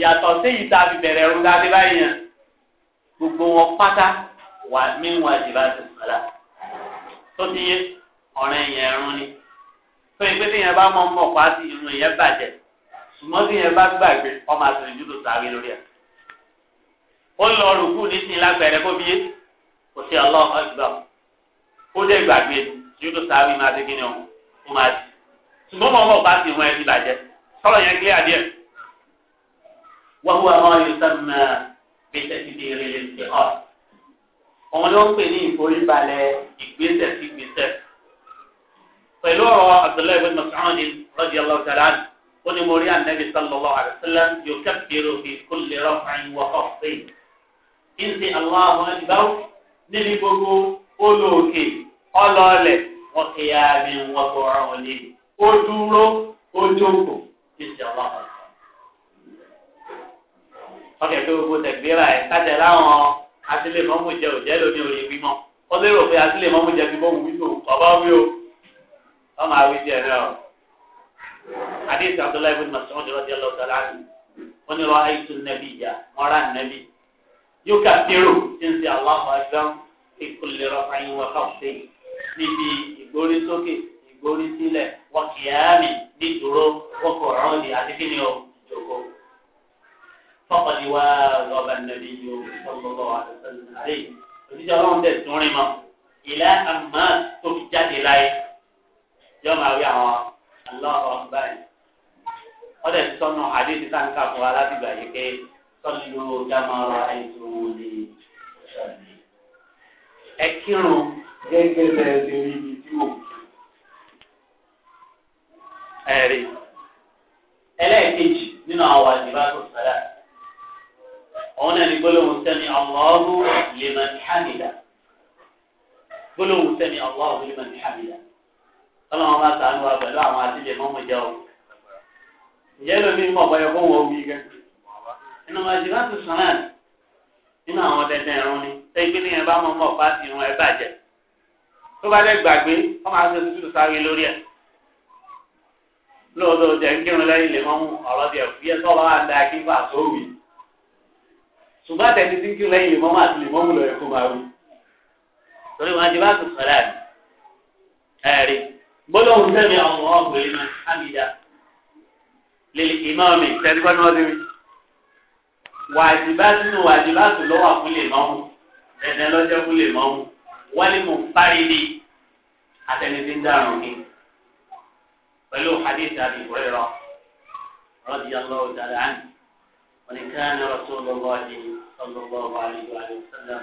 yàtọ̀ sí ìta bìbẹ̀rẹ̀ ẹ̀rú dáadé báyìí yẹn gbogbo wọn pátá wà mí wà jìbá ti sọlá tó ti yé ọ̀rẹ́ yẹn ẹ̀rún ni tó yẹ pé tí yẹn bá mọ̀ mọ̀ pa sí irun yẹn bàjẹ́ ṣùgbọ́n tí yẹn bá gbàgbé ọmọ àtúnyẹ̀ jù tó sáré lórí ẹ̀ ó lọ rùkú ní sin lágbẹ̀rẹ̀ kó bí yé kò sí ọlọ́ọ̀ ọ̀gbọ̀n ó dé gbàgbé jù tó sáré máa dé kíni ọ̀hún ó máa di ṣùgbọ́n mọ̀ mọ̀ pa sí irun ẹ̀ ti bàjẹ́ sọ̀rọ̀ gbèsè ti di ìrìnlẹ̀ ti ọ̀. òun ló ń pè ní ìforíbalẹ̀ ìgbésẹ̀ sí gbèsẹ̀. pẹ̀lú ọ̀rọ̀ Abdullahi bin Mas'ud radiyallahu ta'ala ó ní mo rí ànábì sallallahu alayhi wa sallam yukabbiru fi kulli raf'in wa khafdin. ìsì Allahu akbar níbi gbogbo olóòkè ọlọ́ọ̀lẹ̀ wọ́n kéya mi wọ́n tó ọ̀rọ̀ wọlé. ó dúró ó jókòó ìsì Allahu akbar ọkẹ pé gbogbo tẹgbẹrà ẹ kájẹ láwọn atilé mọmú jẹ òjẹ lómi òye wímọ ó lérò pé atilé mọmú jẹ fi bọ́ọ̀mù wíwò ọba wí o ọmọ àwí jẹ rẹ o hadith abdullahi bin masoud rọdí ọlọtọlá ni wọn ni wọn ayé tún nẹbi ìyá wọn rà nẹbi yóò kà kérò tí ń ṣe aláwọ ẹgbẹrún ìkùlẹ rọpàyìn wọn kà ṣe níbi ìgbórí sókè ìgbórí sílẹ̀ wọn kìí àmì nídúró wọn kò rán ni àti kí ni o jòkó. فقد واظب النبي صلى الله عليه وسلم عليه òṣìṣẹ́ ọlọ́run tẹ̀ tún rìn mọ́ ìlà àmà tó fi jáde láyé yọ máa wí àwọn aláwọ̀ báyìí wọ́n tẹ̀ sọ́nà àdéhùn sáńkà fún wa láti gbà yìí pé sọ́lù dámọ̀rọ̀ àìsàn òní ẹ kírun gẹ́gẹ́ bẹ́ẹ̀ ṣe rí ibi tí ò ẹ̀rí ẹlẹ́ẹ̀kejì nínú àwọn àdìbá tó sọ́dá. òun náà ní gbólóhùn sẹ́mi Allahu liman hamida gbólóhùn sẹ́mi Allahu liman hamida ọlọ́run bá sàánú wa pẹ̀lú àwọn àtijọ́ wọn gan ma jìbá tó sàn náà nínú àwọn dandan ẹ̀rún ni tẹ́gbẹ́ ní ẹ̀bá mọ̀ mọ̀ pàṣẹ ìrún ẹ̀ bàjẹ́ ma ṣùgbọ́n àtẹni tí kí lẹ́yìn lè mọ́mọ́ àti lè mọ́mú lọ ẹ̀kọ́ máa wí. torí wọn ti bá tún sọ̀rọ̀ àmì ẹ̀rí gbólóhùn sẹ́mi ọmọ ọ̀gbìn máa hábìdá lílì ìmọ̀ọ́mì tẹ́lifọ́n náà ti rí. wàjibá sínú wàjibá sùn lọ́wọ́ fún lè mọ́mú ẹ̀dẹ̀ lọ́jọ́ fún lè mọ́mú wálé mú fárídì àtẹni tí ń dáràn kí pẹ̀lú hadith àbí ìwé rọ rọ́díyàlọ́wọ́ dáadáa wọn ni káàní rọ́ṣọ́ lọ́wọ́ sọlọ́gbọ́ ọba àlejò àlejò sọ́dọ̀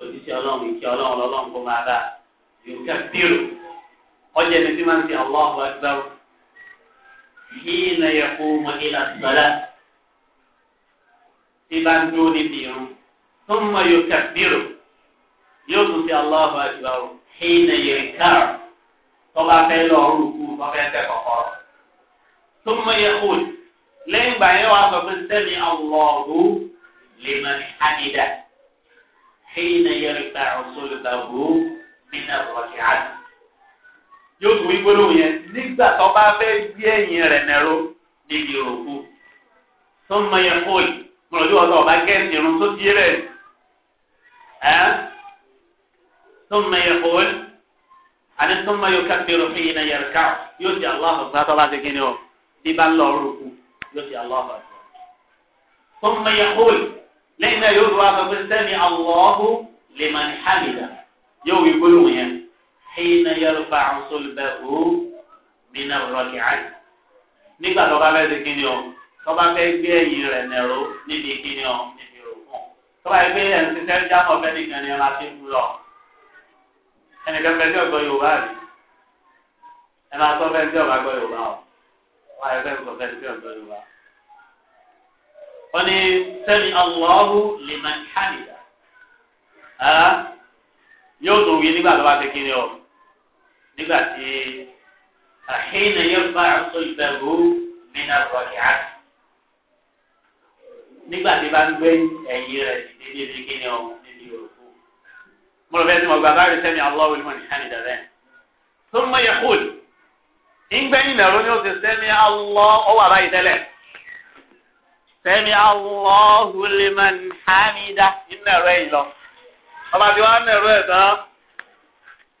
òtítí ọlọ́run ìkí ọlọ́run lọ́lọ́run kó máa bá yóò kẹ́ bírò ọjà ní bí máa ń fi Allahu akbar hina yaqumu ila salat tí bá ń dúró níbi irun tó ń mọ yóò kẹ́ bírò yóò tún fi Allahu akbar hina yarka'u tọ́ba fẹ́ lọ rúkú tọ́fẹ́ tẹ kọ̀kọ́rọ́ tó ń lẹ́yìn gbà yẹn wàá sọ pé sẹ́mi àwòrán لمن حمده حين يرفع صلبه من الركعات yóò tún wípé lóhùn yẹn nígbà tó bá fẹ́ gbé ẹ̀yìn rẹ̀ nẹ́rọ níbi òkú tó ń mọyẹ fóòlì mọ̀lọ́dún ọ̀tọ̀ ọba gẹ̀ẹ́sì irun tó ti rẹ̀ ẹ́ tó ń mọyẹ fóòlì àti tó ń mọyẹ kápẹ́rọ fún yìí náà yẹrẹ ká yóò ti aláhùn gbá tó bá ti kíni ọ bí bá ń lọ rúkú yóò ti aláhùn tó ń mọyẹ fóòlì. lẹ́yìn náà yóò wá sọ pé sẹ́mi Allahu liman hamida yóò wí gbólóhùn yẹn hina yorùbá àwùsọ̀lùbẹ̀ ó mina rọ̀kì àti nígbà tó bá fẹ́ ṣe kíni o tó bá fẹ́ gbé ẹ̀yìn rẹ̀ nẹ̀rọ níbi kíni o níbi òkun tó bá yẹ pé ẹ̀ ń ṣiṣẹ́ jámọ̀ fẹ́ nìkan ni ọ̀la ti mú lọ ẹnìkan fẹ́ tí ọ̀gbọ́ yorùbá rí ẹ máa sọ fẹ́ tí ọ̀gbọ́ yorùbá o wọ́n fẹ́ sọ fẹ́ tí ọ̀gbọ́ yorùbá o wọ́n ní sẹ́mi Allahu liman hamida yóò tó wí nígbà tó bá ti kiri o nígbà tí àhínà yẹn bá aṣọ ìbẹ̀rù mìíràn rọ̀kì á nígbà tí bá ń gbé ẹ̀yìn rẹ̀ níbi ibi kiri o níbi òkú. mo lọ fẹ́ sọ ọgbà bá rí sẹ́mi Allahu liman hamida rẹ̀ tó ń mọ yẹ kúl ìgbẹ́yìn náà ló ní ti sẹ́mi Allah ọwọ́ àbáyé tẹ́lẹ̀ sẹ́mi Allahu liman hamida nínú ẹ̀rọ yìí lọ. ọba tí wọ́n á nẹ̀rọ ẹ̀ tán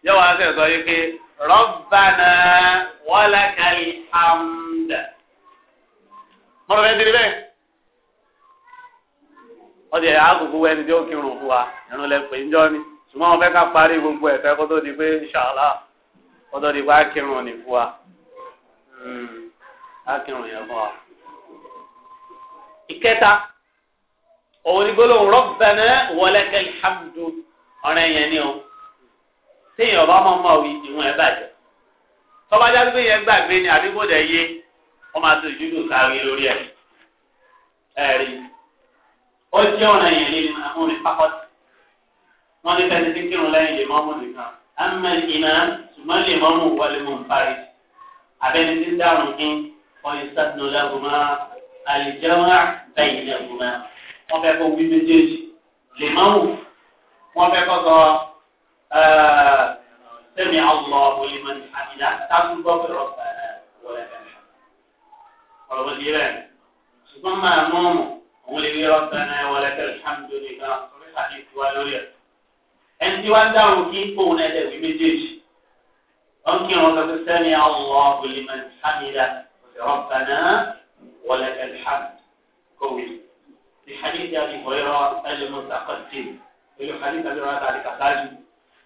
yóò wá sí ẹ̀sọ́ yìí pé Rabbana wa lakal hamd. mọ̀rọ̀ bẹ́ẹ̀ dirí bẹ́ẹ̀. wọ́n ti ẹ̀yà àgùkù wọ ẹni tí ó kírun fún wa ẹ̀rù lẹ pè ni ṣùgbọ́n wọn fẹ́ ká parí gbogbo ẹ̀fẹ́ kó tó di pé ṣàlá kó tó di pé á kírun fún wa. á hmm, yẹn fún wa ìkẹta òun ni gbólóhùn rabbana walakal hamdu ọ̀rẹ́ yẹn ni o téèyàn ọba máa máa wí ìwọ̀n ẹ̀ bàjẹ́ tọ́bajá gbé yẹn gbàgbé ni àdúgbò dẹ̀ yé wọ́n máa tó ìdúdú kárí lórí ẹ̀ ẹ̀rí ó jẹ́ ọ̀rẹ́ yẹn ní àwọn onípákọ́tì wọ́n ní fẹ́ẹ́ ti kírun lẹ́yìn lè mọ́mú nìkan àmọ́ ìná ṣùgbọ́n lè mọ́mú wọlé mọ́ ń parí abẹ́ni tí kí wọ́n yẹ sátìlélẹ́gùn máa. الجمع بينهما وبيكون في مجلس لموت وبيكون سمع الله لمن حمده تنظر ربنا ولك الحمد ولو ثم أمام ولي ربنا ولك الحمد لك صريحة والولي أنت وانت وكيف كون هذا في مجلس ممكن وقت سمع الله لمن حمده ربنا ولك الحمد قوي في حديث أبي هريرة المتقدم في حديث أبي هريرة عليك أخاجي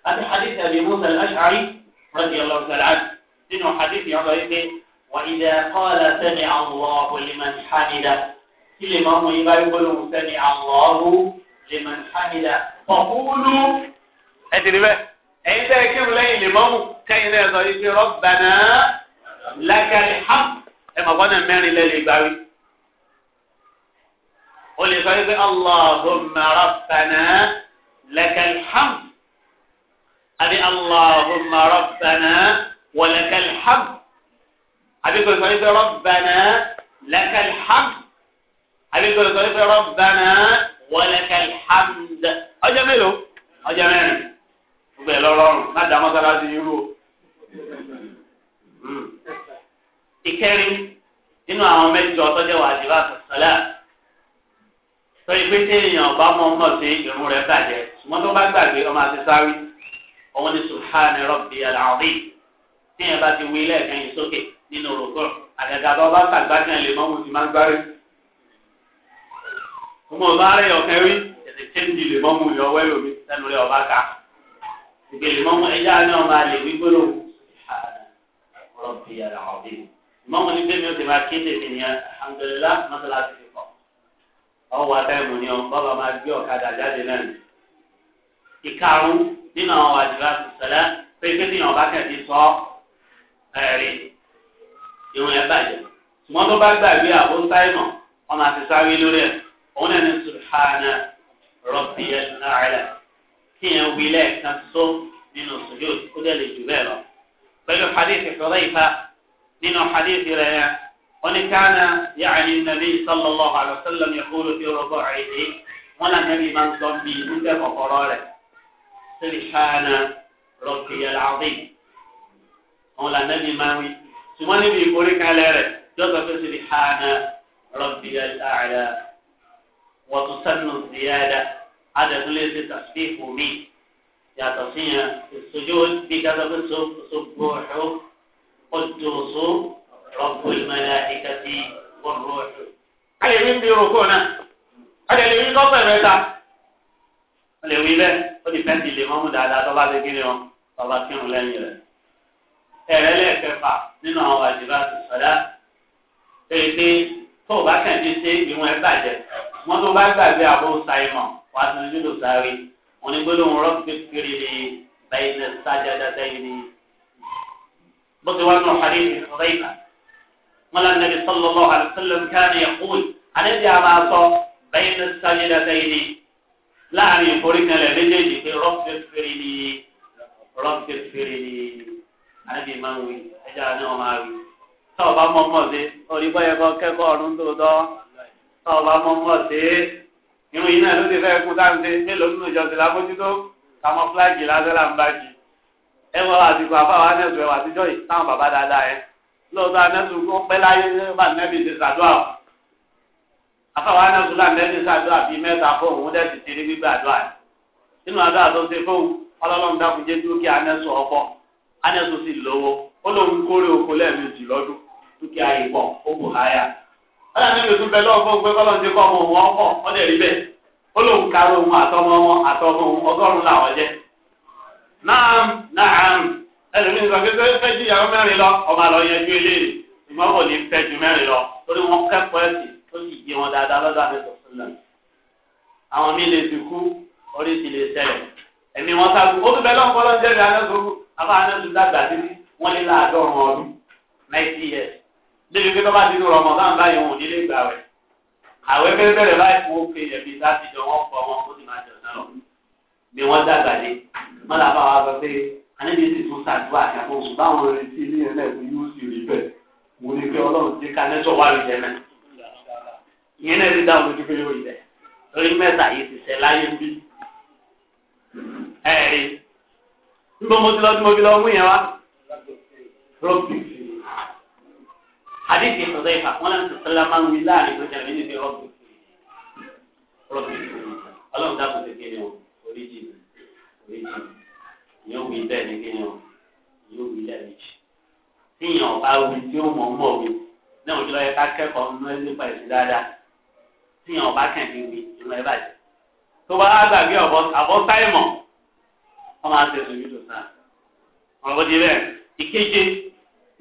هذا حديث أبي موسى الأشعري رضي الله تعالى عنه إنه حديث يعبر وإذا قال سمع الله لمن حمد كل ما هو يقول سمع الله لمن حمد فقولوا أدري بقى أنت إيه كيف لي لمامو كاين هذا ربنا لك الحمد ẹ mọ̀ fọ́nà mẹ́rin lẹ́lẹ́ gbà wí. o lè sọ wípé allahumma rabbana lakal hamd àbí allahumma rabbana wa lakal hamd àbí kò sọ wípé rabbana lakal hamd àbí kò sọ wípé rabbana wa lakal ọjọ́ mélòó ọjọ́ mẹ́rin gbogbo má dàá mọ́sálásí irú o. Hmm ìkẹrin nínú àwọn mẹ́jọ tọjọ wàjibá sọlá torí pé tí èèyàn bá mọ ọmọ sí irun rẹ̀ bàjẹ́ ṣùgbọ́n tó bá gbàgbé ọmọ àti sáré òun ni subhani rabbi al-azim tí èèyàn bá ti wí lẹ́ẹ̀kan yìí sókè nínú òrùkọ àgàgà bá bá sàgbájú ẹ lè mọ ohun máa gbárí ọmọ ọba rẹ ọkàn rí ẹsẹ kéńdì lè mọ ohun ìyọwẹ lómi lẹ́nu rẹ̀ ọba ká ìgbèlè mọ ohun mọ́mọ́ ní bẹ́ẹ̀ mi ò ti máa kéde mi ni alhamdulilá mọ́sálásí ti pọ̀ ọwọ́ àtẹ́mù ni ọ bọ́ba máa gbé ọ̀kadà jáde náà ni. ìkarùn nínú àwọn àdìrà sọ̀lẹ́ pé pé tí ìyànbá kẹ̀sí sọ ẹ̀rí ìrun ẹ̀ bàjẹ́ ṣùgbọ́n tó bá gbàgbé àbó sáìmọ̀ ọ̀nà àti sáré lórí ẹ̀ òun náà ní subhana rabbiyal a'la kí yẹn wí lẹ́ẹ̀kan tó nínú sùjúd ó dẹ̀ lè jù bẹ́ẹ̀ lọ pẹ̀lú من حديث رياء وان كان يعني النبي صلى الله عليه وسلم يقول في رضاعه وانا نبي من ظنبي عند فقراره سبحان ربي العظيم وانا نبي من ثم نبي يقول كالاره جزاك سبحان ربي الاعلى وتسن الزيادة هذا كل شيء تصفيه يا تصنيع السجود في كذا سبوحه قدوس رب الملائكة والروح على مين بيروكونا على اللي مين قصر بيتا على مين بيه ودي بنتي اللي مامو دعلا طبعا تكينيو طبعا كينو لن يلا ẹrẹ lẹ́ẹ̀kẹfà nínú àwọn àjìbá ti sọdá pépé tó o bá kàn ti ṣe ìwọn ẹ bàjẹ́ wọn tó bá gbàgbé àbò ṣàìmọ wà á tún ní gbọ́dọ̀ sáré wọn ní gbọ́dọ̀ wọn rọ pépé kiri ní báyìí ní sájà dáadáa yìí ní. بطي وانو حديث حذيفة ملا النبي صلى الله عليه وسلم كان يقول أنا ابي عباسة بين السجدتين لا يعني فرقنا لبجيجي في رب اغفرني رب اغفرني عن ابي مانوي اجانا وماوي tọ́ọ̀bá mọ́mọ́ sí orígbọ́ yẹ kọ́ kẹ́kọ̀ọ́ ọ̀run tó tọ́ tọ́ọ̀bá mọ́mọ́ sí irun yìí náà ló ti fẹ́ kú táǹtì mélòó nínú ẹ mọ àsìkò àfáwọn anẹsùn ẹwà àtijọ́ yìí táwọn bàbá dáadáa yẹn lọ́dọ̀ anẹsùn kó pẹ́ láyé bá nẹ́bí ti sàdúrà o àfáwọn náà nẹ́bí sàdúrà bíi mẹ́ta ti àdúrà nínú àdúrà tó ṣe ọlọ́lọ́run dákun jẹ́ dúkìá sì lówó ó lóun kórè oko lẹ́ẹ̀mejì lọ́dún dúkìá yìí pọ̀ ó háyà ọlọ́run ní naam naam ẹlòmíì sọ pé fẹ́ ju ìyàwó mẹ́rin lọ ọmọ àlọ́ yẹn ju eléyìí ìgbọ́n kò ní fẹ́ ju mẹ́rin lọ torí wọn kẹ́kọ̀ọ́ ẹ̀sìn tó sì yé wọn dáadáa lọ́dọ̀ àmẹ́sọ̀ sílẹ̀ àwọn míì lè ti kú orí ti lè ṣẹlẹ̀ ẹ̀mí wọn sá ó tún bẹ́ẹ̀ lọ́kọ́ lọ́jọ́ ìrìn anẹ́sọ̀ àbá anẹ́sọ̀ dàgbà títí wọ́n lé láàdọ́rùn ọdún ninety years débi pé tọ́ba ti rọmọ bá ni wọ́n dàgbà dé mọ́lá bá wa sọ pé anábì sì tún sàdúrà àkàtún sùn báwọn retí ilé yẹn náà yóò sì rí bẹ́ẹ̀ mo ní pé ọlọ́run ti ká nẹ́tọ̀ wà lóye náà ìyẹn náà ti dá òun dúpẹ́ lórí rẹ̀ lórí mẹ́ta yìí ti sẹ́ láyé ń bí ẹ̀rí nígbà mo ti lọ sí mo fi lọ mú yẹn wá rọ́bì àdìsí ìfọ̀sọ́ ìfà wọn láti sọ́lá máa ń wí láàrin ìfọ̀sọ́ ìfà rọ́bì rọ́bì ọlọ́run dákun ti kéde wọn méjì méjì yóò wí bẹ́ẹ̀ ní yóò wí lẹ́ẹ̀mejì tíyàn ọba wí tí ó mọ̀ mọ̀ wí náà ojú lọ́yẹ ká kẹ́kọ̀ọ́ nínú ẹ̀ nípa ìsìn dáadáa tíyàn ọba kẹ̀kẹ́ wí nínú ẹ̀ bàjẹ́ tó bá gbàgbé àbọ̀ sáìmọ̀ wọ́n máa tẹ̀sí ojú tó sáà ọ̀rọ̀ di bẹ́ẹ̀ ìkeje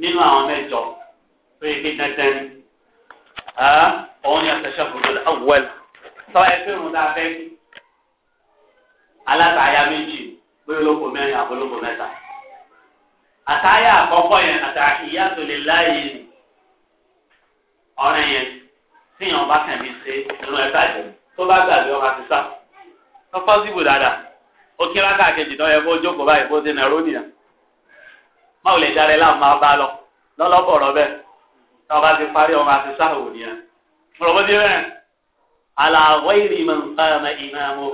nínú àwọn mẹ́jọ tó yẹ kí dandan ni ọ̀hún ni àtẹ̀sẹ̀ fòdò àwọn tọ́ ẹ fẹ́ràn dáa fẹ́ alátàáyá méjì bóyá olóko mẹ́rin àbí olóko mẹ́ta àtàáyá àkọ́kọ́ yẹn àtàhíyàtò lillahi ọ̀rẹ́ yẹn tíyàn bá kàn mí ṣe nínú ẹ̀ bàjẹ́ tó bá gbàgbé ọba ti sá tọ́kọ́ síbù dáadáa ó kí rákà kejì náà yẹ kó jókòó báyìí kó ṣe nàró nìyẹn máa lè darí láwọn máa bá lọ lọ́lọ́bọ̀rọ̀ bẹ́ẹ̀ tó bá ti parí ọba ti sá òun nìyẹn mọ̀rọ̀ bó ti rẹ̀ àlàwọ̀ ìrìmọ̀ nǹkan ìmọ̀ àmọ́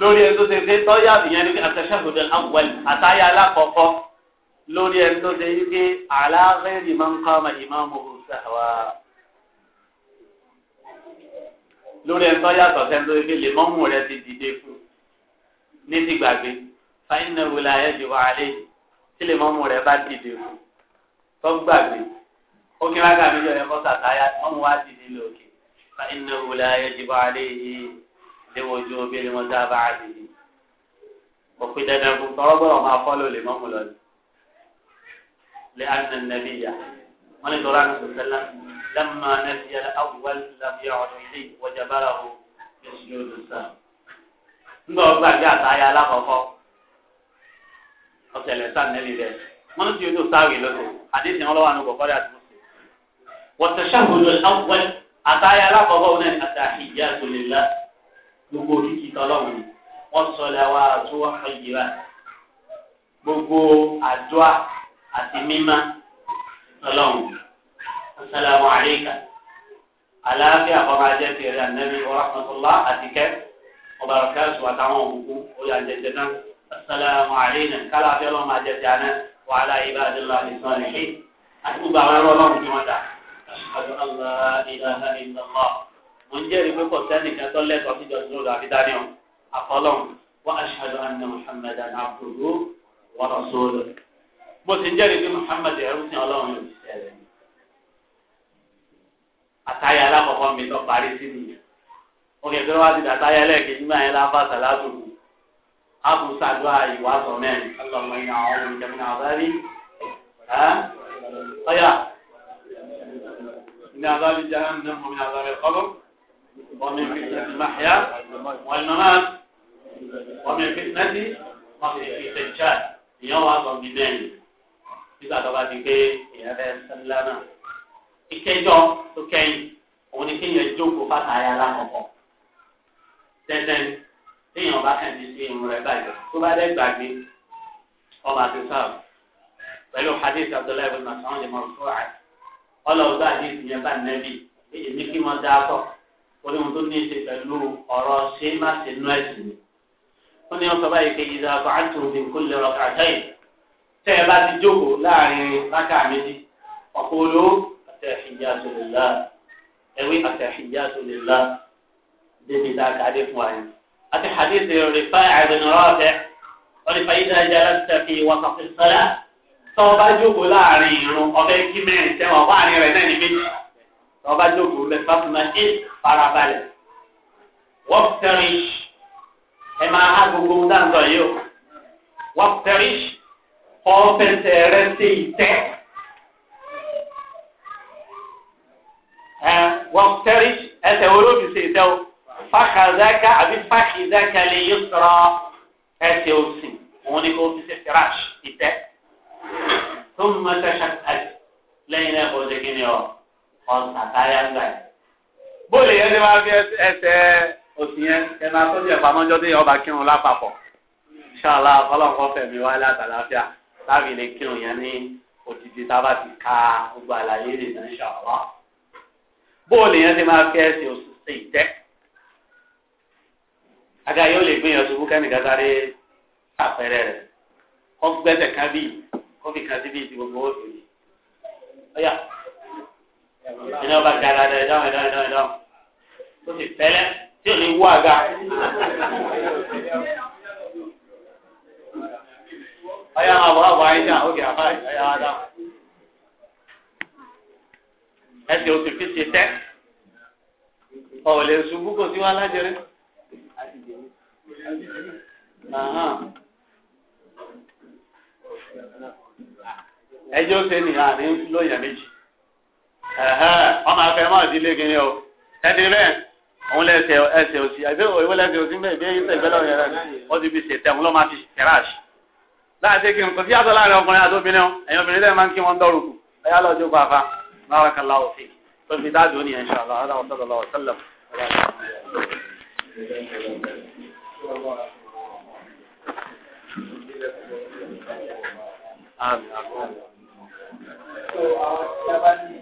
lórí ẹni tó ṣe pé tọ́yà ìyẹn ní àtẹ̀ṣẹ́hùn awwal àtàyà alákọ̀ọ́kọ́ lórí ẹni tó ṣe yí pé aláàrẹ́rì máa ń kọ́ ọmọ ìmáàmù sahwa. lórí ẹni tọ́yà tọ̀sẹ̀ tó ṣe pé lèmọ́mù rẹ ti dìde fún ní ti gbàgbé fáínà wùlà ẹ̀jẹ̀ wà lé tí lèmọ́mù rẹ bá dìde fún tó gbàgbé ó kí wákàtí méjì ọ̀yẹ́ sàtáyà ọ̀hún wá dìde lókè fáínà wùlà ẹ̀jẹ̀ wà lé yìí léwojú omi ni wọ́n dábà á di ni òfin dandan fún tọrọ gbọ́dọ̀ máa fọlọ lè mọmú lọ ni lè àná nàbí yá wọn ni tọrọ àti sọsẹlá lẹmọ nàbí yá awùwẹl nàbí yá ọdún ilé ìwọjà bára o yẹsùn yóò dùn sáà nígbà wọn gbàgbé àtàyà alákọọkọ ọsẹlẹ sáà nílì rẹ wọn ti yóò dùn sáàwì lọsẹ àdéhùn ọlọwà ní kọkọrẹ àti mọsẹ wọtẹsẹ àgbọdọ awùwẹl àtàyà alákọọkọ wọn ni àtàhìyà tó lè gbogbo kíkì tọ́lọ́run ni wọ́n sọ lẹ́wọ́ àti wọ́n fọ ìyíra gbogbo àdúrà àti mímá tọ́lọ́run asalaamu aleyka alaafee akọba ajẹsẹ rẹ anabi warahmatulah atikẹ ọbarakẹsu àtàwọn òkú olè àjẹjẹ náà asalaamu aleyna kálàfẹ́ ọlọ́mọ àjẹsẹ àná wàhálà ibadillah ìsọ̀rọ̀ ẹ̀hìn àti gbogbo àwọn ọlọ́run tí wọ́n dà. أشهد أن لا إله إلا الله mo ń jẹ́rìí pé kò sẹ́nìkan tó lẹ́kọ̀ọ́ sí jọ́sìn lọ́dọ̀ àfidáni ọ̀ àfọlọ́hún wa ashhadu anna muhammadan abduhu الله من mo sì ń jẹ́rìí pé muhammad ẹ̀rú sí ọlọ́run yóò ṣiṣẹ́ rẹ̀ ni. àtàyà alákọ̀ọ́kọ́ mi lọ parí sí nìyẹn ó kẹ́ fẹ́ wá sí àtàyà ẹlẹ́ẹ̀kejì máa ń láfa sàlátù kù أبو سعد وعيوا صومان اللهم إنا أعوذ بك من عذاب ها طيب من عذاب جهنم ومن عذاب القبر ومن فتنة المحيا والممات ومن فتنة مصير الدجال ìyẹn wà sọ bí mẹ́rin nígbà tó bá ti gbé ìyẹn fẹ́ sẹ́lá náà ìkẹjọ tó kẹ́yìn òun ni kéèyàn jókòó fàtàyà lákọ̀ọ́kọ́ tẹ́tẹ́ni téèyàn bá kàn ti sí irun rẹ̀ báyìí tó bá dẹ́ gbàgbé ọba ti sáàbù pẹ̀lú hadith abdullahi bin masoud mọ̀rùfọ́ àti ọlọ́ọ̀dọ́ àdéhùn yẹn bá nẹ́bí èyí ní kí wọ́n dá sọ̀rọ̀ wọ́n ní wọn tó ní ṣe pẹ̀lú ọ̀rọ̀ ṣé má ṣe nú ẹ̀sìn ni. wọ́n ní wọn sọ báyìí pé ìdá àbáàtò ní kó lè rọ kàjáì tẹ́ ẹ bá ti jókòó láàrin rákà méjì ọ̀pọ̀ olówó at-tahiyatu lillah ẹ̀wé at-tahiyatu lillah débi tá a kà á dé fún wa yẹn. àti hadith Rifa'i bin Rafi' wọ́n ní fàyídà jalasta fi waqti salat tọ́ tọ́ba jókòó bẹ fásitì máa ń farabalẹ̀ wọ́n tẹ̀rí ẹ máa há gbogbo ń dáńtọ̀ yìí o wọ́n tẹ̀rí kọ́ fẹsẹ̀ rẹ ṣe ìtẹ́ ẹ wọ́n tẹ̀rí ẹsẹ̀ olóòfin ṣe ìtẹ́ o fàkàzáka àbí fàkìzáka lè yí sọ̀rọ̀ ẹsẹ̀ òsì òun ni kò fi ṣe firash ìtẹ́ tó ń mọ ṣẹṣẹ àti lẹ́yìn náà kò ṣe kí ni ọ. ọ̀sán bóòlù yẹn fi ẹsẹ̀ òsì yẹn ẹnu atọ́jú ẹ̀ ọba kírun lápapọ̀ ṣáàlá ọlọ́nkọ́ fẹ̀mí wá látàláfíà láàbì lè kírun yẹn ní òtítì tábà ti ka gbogbo àlàyé rẹ̀ ní ṣàlá. bóòlù yẹn ti fi òsì sí ìtẹ́. yóò lè gbìyànjú àpẹẹrẹ kọ́ gbẹ́sẹ̀ ẹni ọba ti ara rẹ̀ dáhùn ẹ̀dáhùn ẹ̀dáhùn ẹ̀dáhùn ó sì tí ò ní wú àga. ọyá máa wọ àwọn àyíjà òkè àbáyé ọyá wa dáhùn. ẹsẹ̀ oṣù fi ṣe tẹ́ ọ̀lẹ̀ ṣubú kò sí wa lájẹrẹ. ẹjọ́ ṣe nìyà ní méjì ọmọ afẹ́ máa di ilé ni o ẹni bẹ́ẹ̀ òun lẹ́sẹ̀ ẹsẹ̀ òsì àbí òwe lẹ́sẹ̀ òsì bẹ́ẹ̀ bí ẹ̀yìn sẹ̀gbẹ́ lọ́wọ́ yẹn ó ti fi ṣètẹ̀ òun ló máa fi kẹ̀ráàṣì láti kí n kò sí àtọ́ láàrin ọkùnrin àti obìnrin ẹ̀yin obìnrin lẹ́yìn máa ń kí wọ́n dọ́rù kù ẹ̀yà lọ́jọ́ kó afa náírà kan láwọ̀ fi tó fi dáàbò ní ẹ̀ṣọ́ àlọ́ àdáwọ̀ sọ́dọ̀ lọ́wọ́ sọ́lọ̀ Amen. So, uh,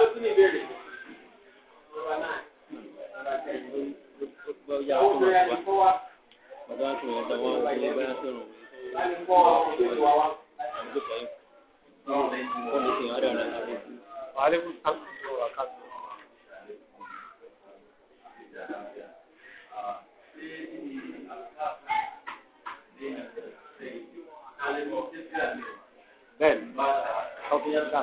ló tún ní ìbéèrè. Bẹ́ẹ̀ni, ọkùnrin yẹn ń kà.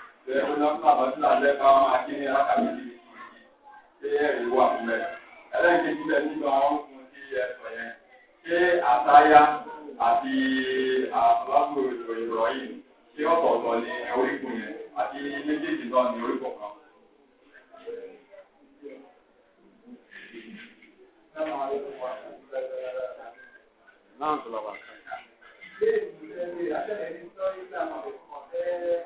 ṣe é wọn fún àbájúlá lẹ́ka máa kí ní alákàbíyí ṣé ẹ̀rí wà fún ẹ. ẹlẹ́ẹ̀kejì bẹ́ẹ̀ nínú àwọn ohun tí ẹ sọ yẹn ṣé àtayá àti àtúwájú ìrọ̀ yìí ṣé ọ̀tọ̀ọ̀tọ̀ ní orígun yẹn àti méjèèjì náà ní orígun kan. Náà ń sọ̀rọ̀ wá. Ṣé ìgbésẹ̀ ni àtẹ̀lẹ́ ní sọ́yìn náà máa fi kọ́ ẹ́?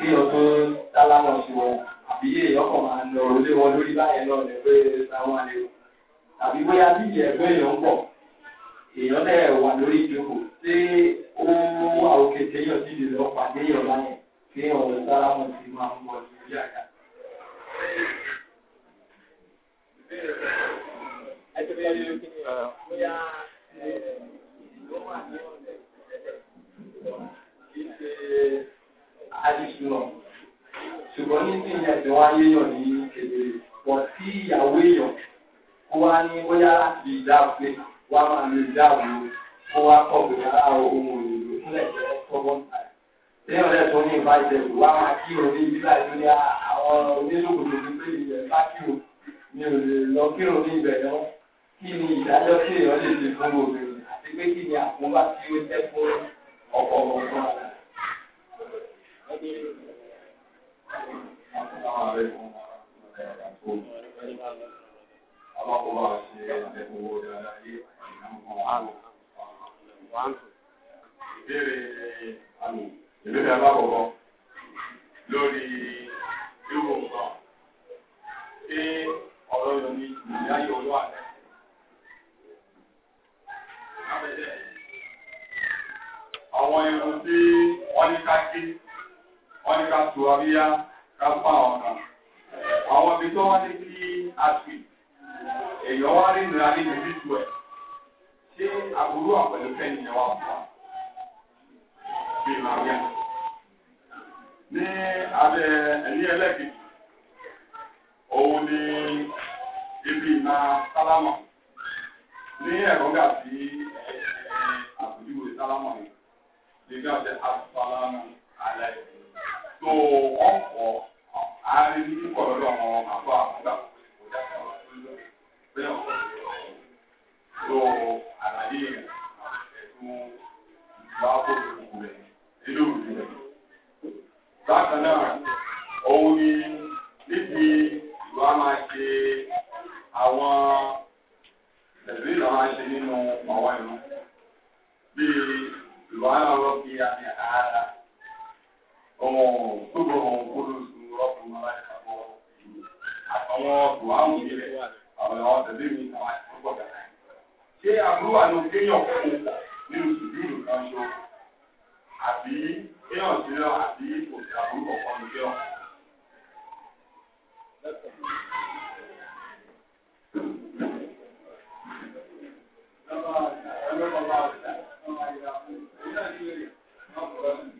kí èèyàn tó dálámọ̀ sí wọn àbí èèyàn kan máa lórí báyẹn náà lè pé táwọn àlè àbí bóyá ẹgbẹ́ èèyàn pọ̀ èèyàn wà lórí ìjókòó ó àwòkè téèyàn sì lọ pàdé èèyàn báyẹn kí dálámọ̀ ń lórí àga. àdìsúná ṣùgbọ́n nísìnyí ẹ̀sìn wá yéèyàn ní kedere pọ̀ sí ìyàwó èèyàn kó wá ní bóyá láti lè dá pé wá máa lè dá òun kó wá kọ́ bóyá àwọn ohun èlò fúnlẹ̀ jẹ́ tọ́gbọ́n tàyè. lẹ́yìn ọ̀rẹ́ tó ní ìbáṣẹ̀ wá máa kí o ní ìbílẹ̀ lórí àwọn oníṣòwò tó ti pé ìyẹn bá kí o mi ò lè lọ kí o ní ibẹ̀ náà kí ni ìdájọ́ tí èèyàn lè ṣe fún obìnrin àti pé kí ni àkóbá tí ó jẹ́ fún ọ̀pọ̀ ọ̀pọ̀ Ìbéèrè àmì ìbéèrè alákọ̀ọ́kọ́ lórí yóò nǹkan ṣé ọ̀rọ̀ yọ ní ìyáyọ̀ olú àlẹ́. Àwọn irun tí wọ́n ní ká kí wọ́n ní ká tu abíyá ká fún àwọn kan àwọn ibi tó wá ní kí a tù èèyàn wá rí nira níbi títù ẹ̀ ṣé àbúrò àpẹlẹfẹ nìyẹn wà fún wa bí màríà ní abẹ ẹni ẹlẹ́kìtì òun ni ibi ìmọ̀ sálámà ní ẹ̀rọ̀gà sí àpèjúwe sálámà yìí nígbà tí a sálámà alẹ́ yìí tó wọ́n kọ́ àárín ní kíkọ́ lọ́dọ̀ àwọn ọmọ àbọ̀ àwọn ìgbà kò dáná bẹ́ẹ̀ wọ́n tó àlàyé ẹ̀sùn ìgbà tó kù rẹ̀ nínú òbí rẹ̀. bákan náà òun ni níbi ìwà máa ṣe àwọn ìtẹ̀lé ìlànà máa ṣe nínú àwọn ìlú bíi ìwà àwọn ọlọ́bí àti àdáadáa gbogbo ọ̀hún kúrò sí ọ̀hún aláìka bọ̀ àtàwọn ọ̀dùn àwọn ìbílẹ̀ àwọn ọ̀hún tẹ̀lé mi àwọn àti gbogbo ọ̀gá. ṣé àbúrò àná kéèyàn kú nínú sùdúrù kan ṣo àbí kéèyàn sílẹ̀ àbí òsì àbúrò kọ̀ọ̀kan ní kéèyàn. Thank you.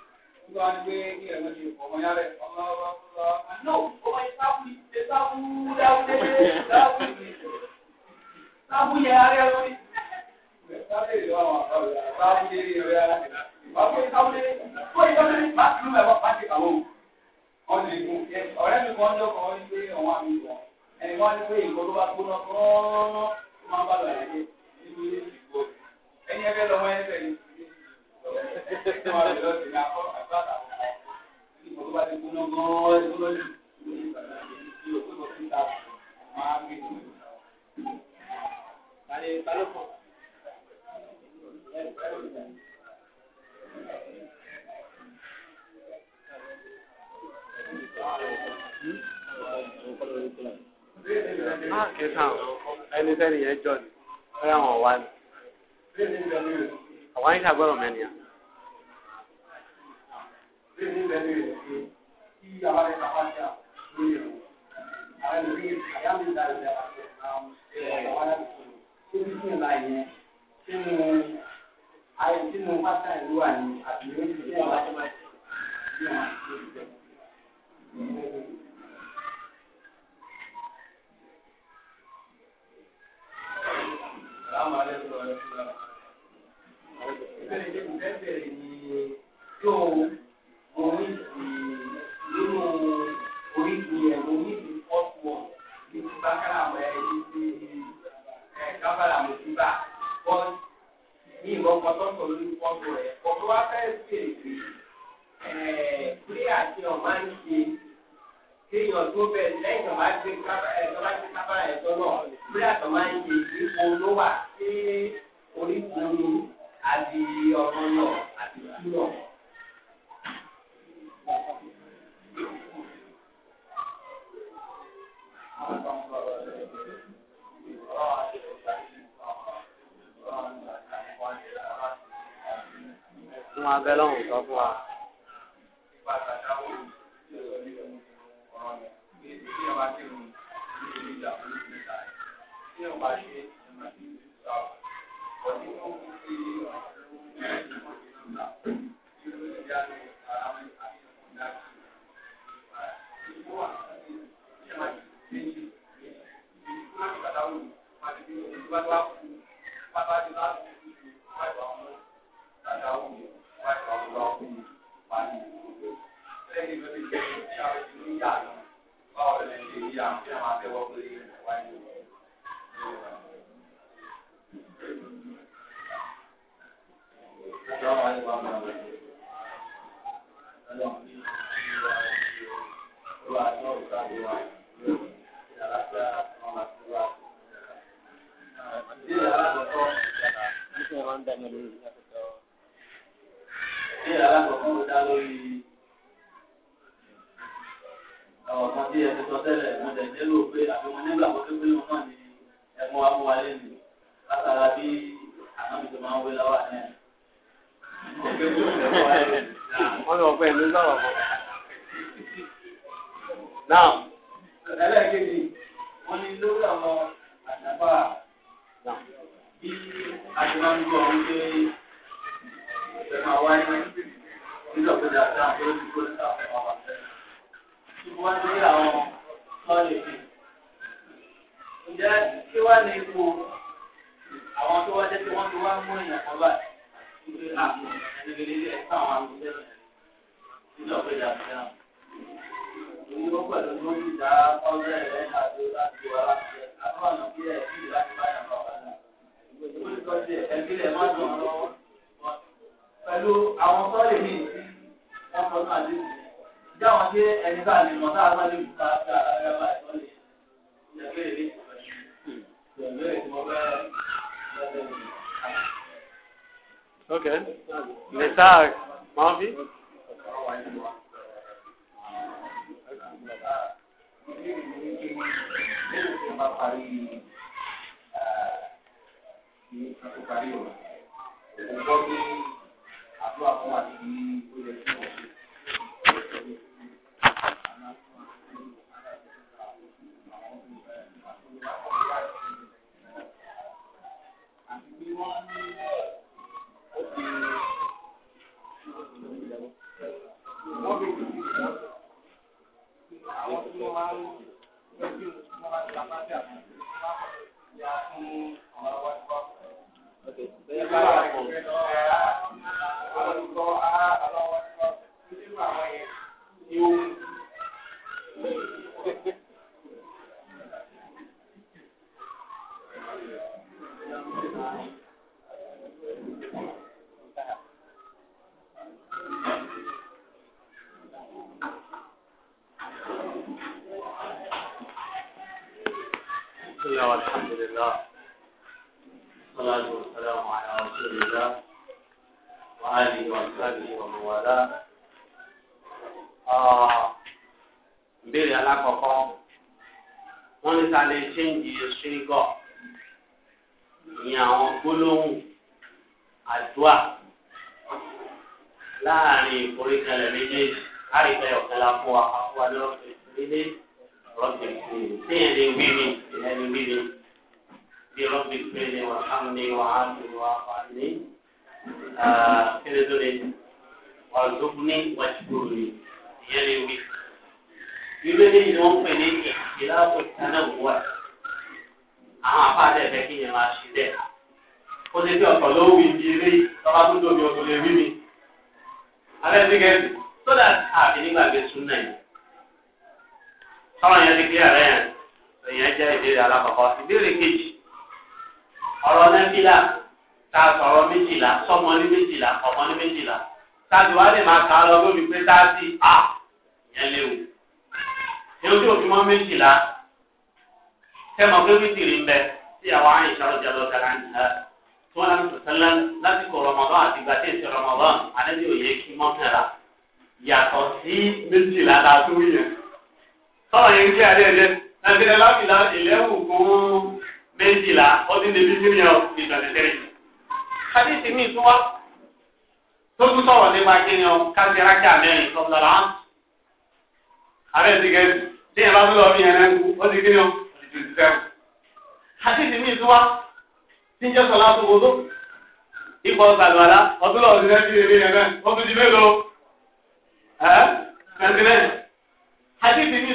tí wàá gbé ẹni wọ́n ní pé ìkọ́ ló bá bá lọ àyè nínú ilé ìgbò ẹni tẹ́ni yẹn jọ ni ẹ yà wá ni àwọn ayé ṣàgbọ́dọ̀ mẹ́ni bẹ́ẹ̀ lè ṣe kí àwọn ẹ̀ka pàṣẹ lórí ẹ̀wọ̀n. Àwọn ẹ̀mí àyà mi dá ilẹ̀ àti ẹ̀ka wọn láti sọ̀rọ̀. Ó bí sí ìlà yẹn tí mo ayé tí mo pàṣẹ ìlú wà ní àbíyó ti ṣe àwọn ẹ̀ka pàṣẹ bí wọ́n ti ṣe ìjọ. Assalamu alaikum warahmatullahi wabarakatuh. Ìbéèrè ìdíkùn fẹ́ bẹ̀rẹ̀ ni yóò. ní ìmọ̀ kọ́tọ́tọ̀ lórí fọ́tò rẹ̀ ọ̀tún wá fẹ́ sí èdè pé àti ọ̀ma ń ṣe kéèyàn tó bẹ̀ lẹ́yìn ọ̀ma ti kábà ẹ̀tọ́ náà pé àti ọ̀ma ń ṣe ipò ló wà sí orígun àbí ọ̀rọ̀ náà àti ìlú náà. fún abẹ́lọ́hùn sọ fún wa. Thank you. Bí alákọ̀ọ́kọ́ dá lórí ọ̀kan bí ẹni sọ tẹ́lẹ̀ mo dẹ̀ nílò pé àbí mo nígbà mo tó gbénu náà ni ẹ̀gbọ́n wa mú wa lé mi látara bí ànábi tó máa ń wé láwà náà. wọ́n lọ fẹ́ ló sọ̀rọ̀ fún náà. ẹlẹ́ẹ̀kejì wọ́n ní lórí àwọn àdàbà bí àjọyọ̀ ń gbé ìṣẹ̀mọ̀ wáyé nígbà tó dáa tó ń kó sáà fún wa tí wọ́n ní àwọn tọ́lẹ̀tì. Ǹjẹ́ kí wá ní ipò àwọn tó wá jẹ́ pé wọ́n ti wá mú èèyàn kan báyìí? Ìgbé àpò ẹni ilé ẹ̀ka àwọn àgbẹ̀ nílò ọ̀gbẹ́dà fẹ́ràn. Èyí ó pẹ̀lú lórí ìdá ọ̀rẹ́ rẹ̀ àti láti wà láti ẹ̀ àtúwà náà kí ẹ̀ sí bá yàn bàbá náà. Ìgbésí kọ́ jẹ́ àwọn ṣé ẹni bá lè mọ tá a bá lè mú ká ká ara bá ẹ̀kọ́ lè ìyàgbére lè ìyàgbére tí mo bá ok nisa maa fi. Thank you ní ìparí ọ̀la. tí wọ́n ní òkè wọ́n bẹ̀ kí wọ́n àwọn tí wọ́n máa ń fẹ́ kí wọ́n máa لله والحمد لله والصلاة والسلام على رسول الله وآله وأصحابه ومن والاه ìbéèrè alákọ̀ọ́kọ́ wọ́n ní sáré ṣéǹjì ṣírígọ̀ ìyẹn àwọn gbólóhùn àdúà láàrin ìforíkalẹ̀ méjèèjì láì bẹ́ẹ̀ ọ̀kẹ́lá fún wa fún wa رب اغفرني سيدي ويلي سيدي ويلي برب اغفرني وارحمني وعافني واعف عني كذلك وارزقني واشكرني يلي ويلي يبدو لي نوم في نيتي خلاف التنوع àwọn àpáàdé ẹ̀fẹ́ kí yẹn máa ṣe bẹ́ẹ̀. ó ti fi ọ̀pọ̀ lówó ibi eré tọ́ba tó tóbi ọ̀tọ̀ lè rí mi. alẹ́ ti gẹ̀ẹ́sì sódà àbí nígbàgbé súnà yìí táwọn yẹn ti kílẹ̀ rẹ̀ yẹn èèyàn jẹ́ ìbéèrè alákọ̀ọ́kọ́ ìbéèrè kejì ọ̀rọ̀ nẹ́fìlà tá a sọ̀rọ̀ méjìlá sọmọ ní méjìlá ọmọ ní méjìlá táàbí wàá lè máa kà á lọ lórí pé táàbí a yẹn léwu yóò tó fi mọ́ méjìlá kẹ́mọ̀ pé wítìrì ń bẹ tí àwọn àyìn sọ̀rọ̀ jẹ́ lọ́ọ́ tẹ̀lé àyìn náà tí wọ́n lọ́ọ́ sọ̀tẹ́lẹ̀ lásìkò Ramadan àti ìgbà tí èsì Ramadan àdébíyòye kí mọ́kànlá yàtọ̀ sí méjìlá láàtúwìyàn sọ́wọ́n yẹn ń jẹ́ adé ẹ̀jẹ̀ nàìjíríà láfìlà ìlẹ́wù fún méjìlá ọdún débi tí yẹn ìgbàlẹ̀ tẹ̀lé. hadith mi tún wá tó tún sọ̀rọ̀ nípa kíni ọ kájẹ́rá kí àmẹ́rin sọ́dọ̀ là ń. ààrẹ ti gẹ̀ tí yẹn bá tún lọ bí yẹn lẹ́nu ó ti kíni ọ ìdí ti sẹ́wọ̀n. hadith mi tún wá tí ń jẹ́ sọ̀lá tó ipò ọ̀sàlùwàlá ọdún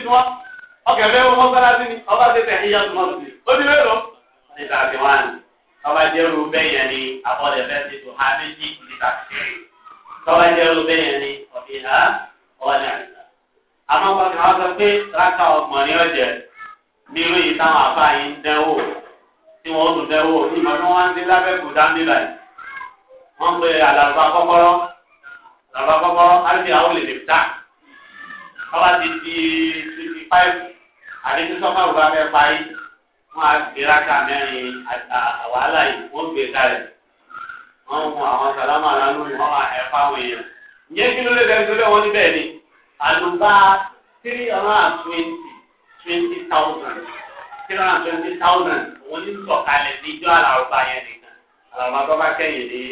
tí wọ́n ọkẹ́ fẹ́ wọ́n mọ́sálásí ni ọba ṣe tẹ̀sí yá tuma lóde ó ti lérò. ní tàbí wá ní ọba jẹ́rú bẹ́yẹn ni abọ́lẹ̀ fẹ́ ti tó ha méjì ní tàbí kẹrin tọ́ba jẹ́rú bẹ́yẹn ni ọ̀bí ha ọ̀lẹ̀ àgbà. àmọ́ pàṣẹ wọn sọ pé rákà ọgbọ̀n ní ọ̀jẹ̀ mi ló yìí táwọn afáyín dẹ́wò tí wọ́n tún dẹ́wò ìmọ̀ tí wọ́n ń dé lábẹ́kù dáńdé báyìí wọ́n pe àlàbà kọ́kọ́rọ́ àlàbà kọ́kọ́rọ́ ọba ti di fifty five àti sísọ́mọ́ ìwà fẹ́ parí wọ́n á gbé rákà mẹ́rin wàhálà yìí wọ́n gbé kalẹ̀ wọ́n mú àwọn sàlámà lánàá wọ́n á ẹ̀ fáwọn èèyàn. ìyẹn kí ló lè dẹ́nu tó lé wọn ni àlùbá three hundred and twenty twenty thousand three hundred and twenty thousand òun ní sọ̀kalẹ̀ níjọ́ àlàrúbá yẹn nìkan àlàrúbá tó bá kẹ́yìn ní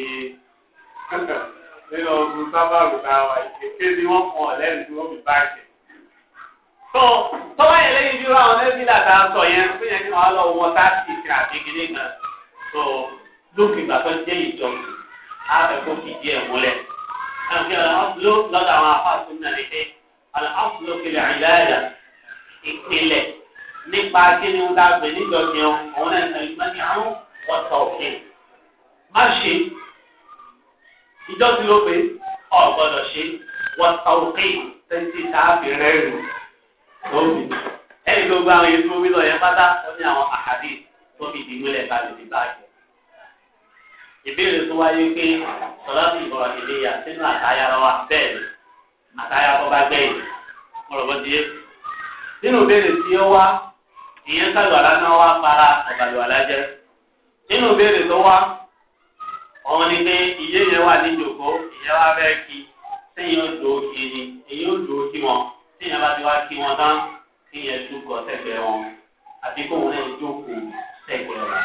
nínú ọdún sábà rúbá wa ìkékeré ni wọ́n fún ọ lẹ́nu tí wọ́n fi báàkì tó tọ́wọ́ yẹn lẹ́yìn bí wọ́n àwọn ẹbí làtà sọ yẹn fún yẹn kí wọ́n lọ wọ́n tá a ti kà kékeré kan tó lókè ìgbà tó jẹ́ ìjọ àfẹ́kọ́ fìdí ẹ̀ múlẹ̀. àti àlọ́ lọ́dọ̀ àwọn afáàtú náà ní pé àlọ́ kìlẹ̀ àyíláyà ìpìlẹ̀ nípa kíni ń dá gbé níjọsìn òun náà ní ìgbà ní àrùn wọ́tọ̀ òfin. má ṣe ìjọsìn ló pé ọ̀gbọ́dọ̀ ṣe wọ́tọ̀ òfin tẹ́tí tá a fi rẹ́rìn. tóbi ẹni gbogbo àwọn èyí tó wílọ yẹn pátá ó ní àwọn àhàdì tóbi ìdígbélé balẹ̀ ní báyìí. ìbéèrè tó wáyé pé sọlá ti ìbọ̀rọ̀ ìdí yà sínú àtàyà lọ́wọ́ bẹ́ẹ̀ ni àtàyà tó bá gbẹ̀yìn nínú ìbéèrè tí ó wá ìyẹn wá para nínú ìbéèrè tó wá ni pé ìyé yẹn wà ní ìjòkó ìyẹn wá fẹ́ kí sẹ́yìn ó kí ni èyí ó kí wọn. tí yẹn bá ti wá kí wọn tán kí yẹn dúkọ sẹgbẹ wọn àti kó wọn náà jókòó sẹgbẹ wọn.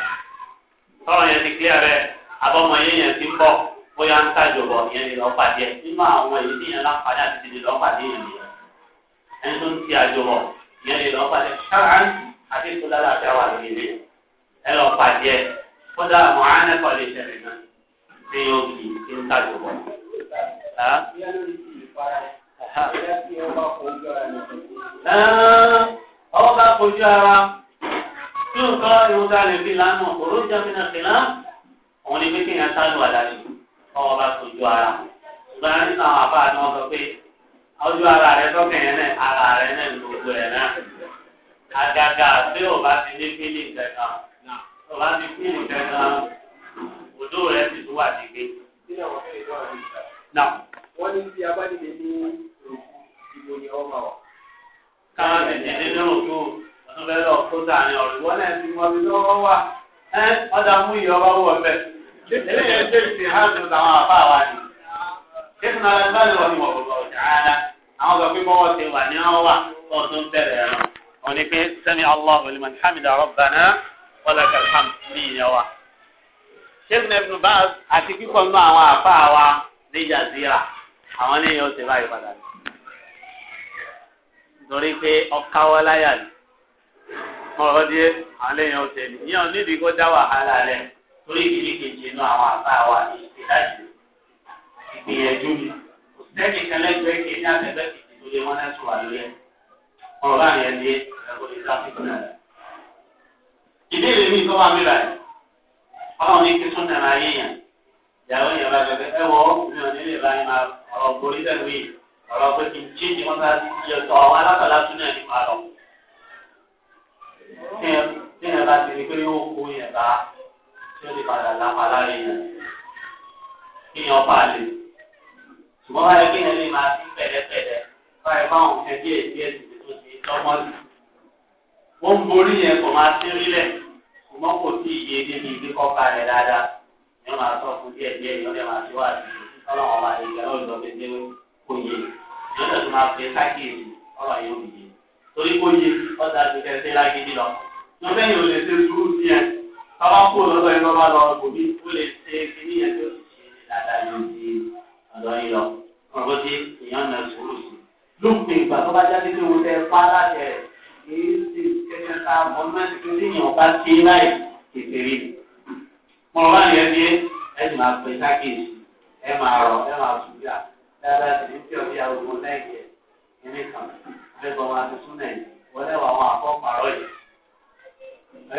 tọ́lọ̀ yẹn ti kílíà rẹ̀ abọ́mọ yẹn yẹn ti bọ̀ bóyá ń tàjọbọ̀ yẹn ni lọ́ọ́ pàdé nínú àwọn èyí tí yẹn láǹfààní àti tètè lọ́ọ́ pàdé yẹn ni ẹni tó ń ti àjọbọ̀ yẹn ni lọ́ọ́ pàdé ṣáàǹtì àti tó àti àwọn àgbègbè ẹ lọ́ọ́ pàdé kódà mọ̀ ọwọ́ bá kojú ara tí nǹkan irun tá a lè fi lánà òró jẹ́mínà fìlà òun ni pé kí èèyàn sálù àdáni ọwọ́ bá kojú ara ṣùgbọ́n a nínú àwọn àbá àná sọ pé ojú ara rẹ tọkẹ̀yẹ náà ara rẹ náà gbogbo rẹ náà àgàgà tí ò bá ti ní fílì kankan ò bá ti fílì kankan òdó rẹ ti tún wà ní wọ́n ní bí abájáde ní gbogbo ni ó máa wà. káwọn tètè nínú òtú ọdún bẹ́ẹ̀ lọ kó sàárín ọ̀rọ̀ ìwọ náà ti mọ ibi lọ́wọ́ wà ẹ́ ọ̀dà mú ìyọ̀ ọba wọ̀ bẹ́ẹ̀. eléyìí ṣe ti hàn ní àwọn àbá wa ni. kéfù náà lẹ́nu báyìí wọ́n ni wọ́n bọ̀ ọ̀jà ara àwọn sọ pé bọ́wọ́ ti wà ní àwọn ọdún bẹ̀rẹ̀ ẹ̀rọ. wọ́n ní pé sami allah liman hamida rabbana walakal hamd ní ìyẹn wa. sheikh ibn baz àti kíkọ́ nínú àwọn àbá wa ní jazira àwọn ní ìyẹn ó báyìí padà ní torí pé ọkáwọ́ láyà ni ọ̀rọ̀ díẹ̀ àwọn èèyàn ọ̀sẹ̀ ni ìyẹn nídìí kó dá wàhálà rẹ̀ torí ìdílé kejì inú àwọn àbá wa ní ìdájú ìgbìyànjú mi òsínẹ́kì kẹlẹ́gbẹ́ kejì àtẹ̀gbẹ́ kejì tó lé wọn lẹ́sùn wà lórí ẹ̀ ọ̀rọ̀ láàrin ẹni ẹ̀kọ́ lè dá fífún rẹ̀. ìbéèrè mi tó máa mìíràn ọlọ́run ní kí súnmọ́ ẹ̀rọ ayé yẹn ìyàwó yẹn bá gbẹgbẹ ẹ̀wọ̀ mi ò nílé báyìí máa ọ̀rọ̀ ọ̀rọ̀ pé kì í jí ni wọ́n bá ti yọ tọ́ àwọn alákọ̀ọ́lá tún náà nípa lọ. Tí ẹ bá ti rí pé yóò kó yẹn bá tí ó lè padà lápá lára yẹn. Kí ni ọba lè? Ṣùgbọ́n báyọ̀ kí yẹn lè máa sí pẹ̀lẹ́pẹ̀lẹ́ báyọ̀ báwọn ọ̀sẹ̀ díẹ̀ díẹ̀ sì ti tó ti lọ́mọ́ sí. Wọ́n ń borí yẹn kò máa sí rílẹ̀ ṣùgbọ́n kò sí iye débi ibi kọ́ rẹ̀ dáadáa. Ìyọ́n máa sọ fún díẹ̀ díẹ̀ ìyọ́n lè máa ṣe wá sí kò yé yóò tẹ̀sí máa fi sákìyèsí ọ̀rọ̀ yóò mi yé torí kò yé ọ̀dà ti kẹsẹ̀ lágídí lọ. lọ sẹ́yìn ò lè ṣe sùúrù sí ẹ tọ́wọ́ kó lọ́dọ̀ yìí lọ́ba lọ kò ní ó lè ṣe kíní yẹn tó ṣe dáadáa yóò di ọ̀dọ̀ yìí lọ. wọ́n bó ti èèyàn náà sùúrù sí. lópin ìgbà tó bá jáde pé wọ́n fẹ́ pa láṣẹ rẹ̀ kì í ṣe kẹ́kẹ́ ta mọ́mọ́tì tó ní ìyàn bá ṣe láì kékeré. mọ̀rọ̀ ẹ máa pẹ́ ẹ máa rọ̀ ẹ máa dáadáa sì ní tí ọdí lẹ́yìn ẹ̀ nílé kan lẹ́gbọ̀n máa ti sún lẹ́yìn wọlé wà wọn àkọ́ yìí.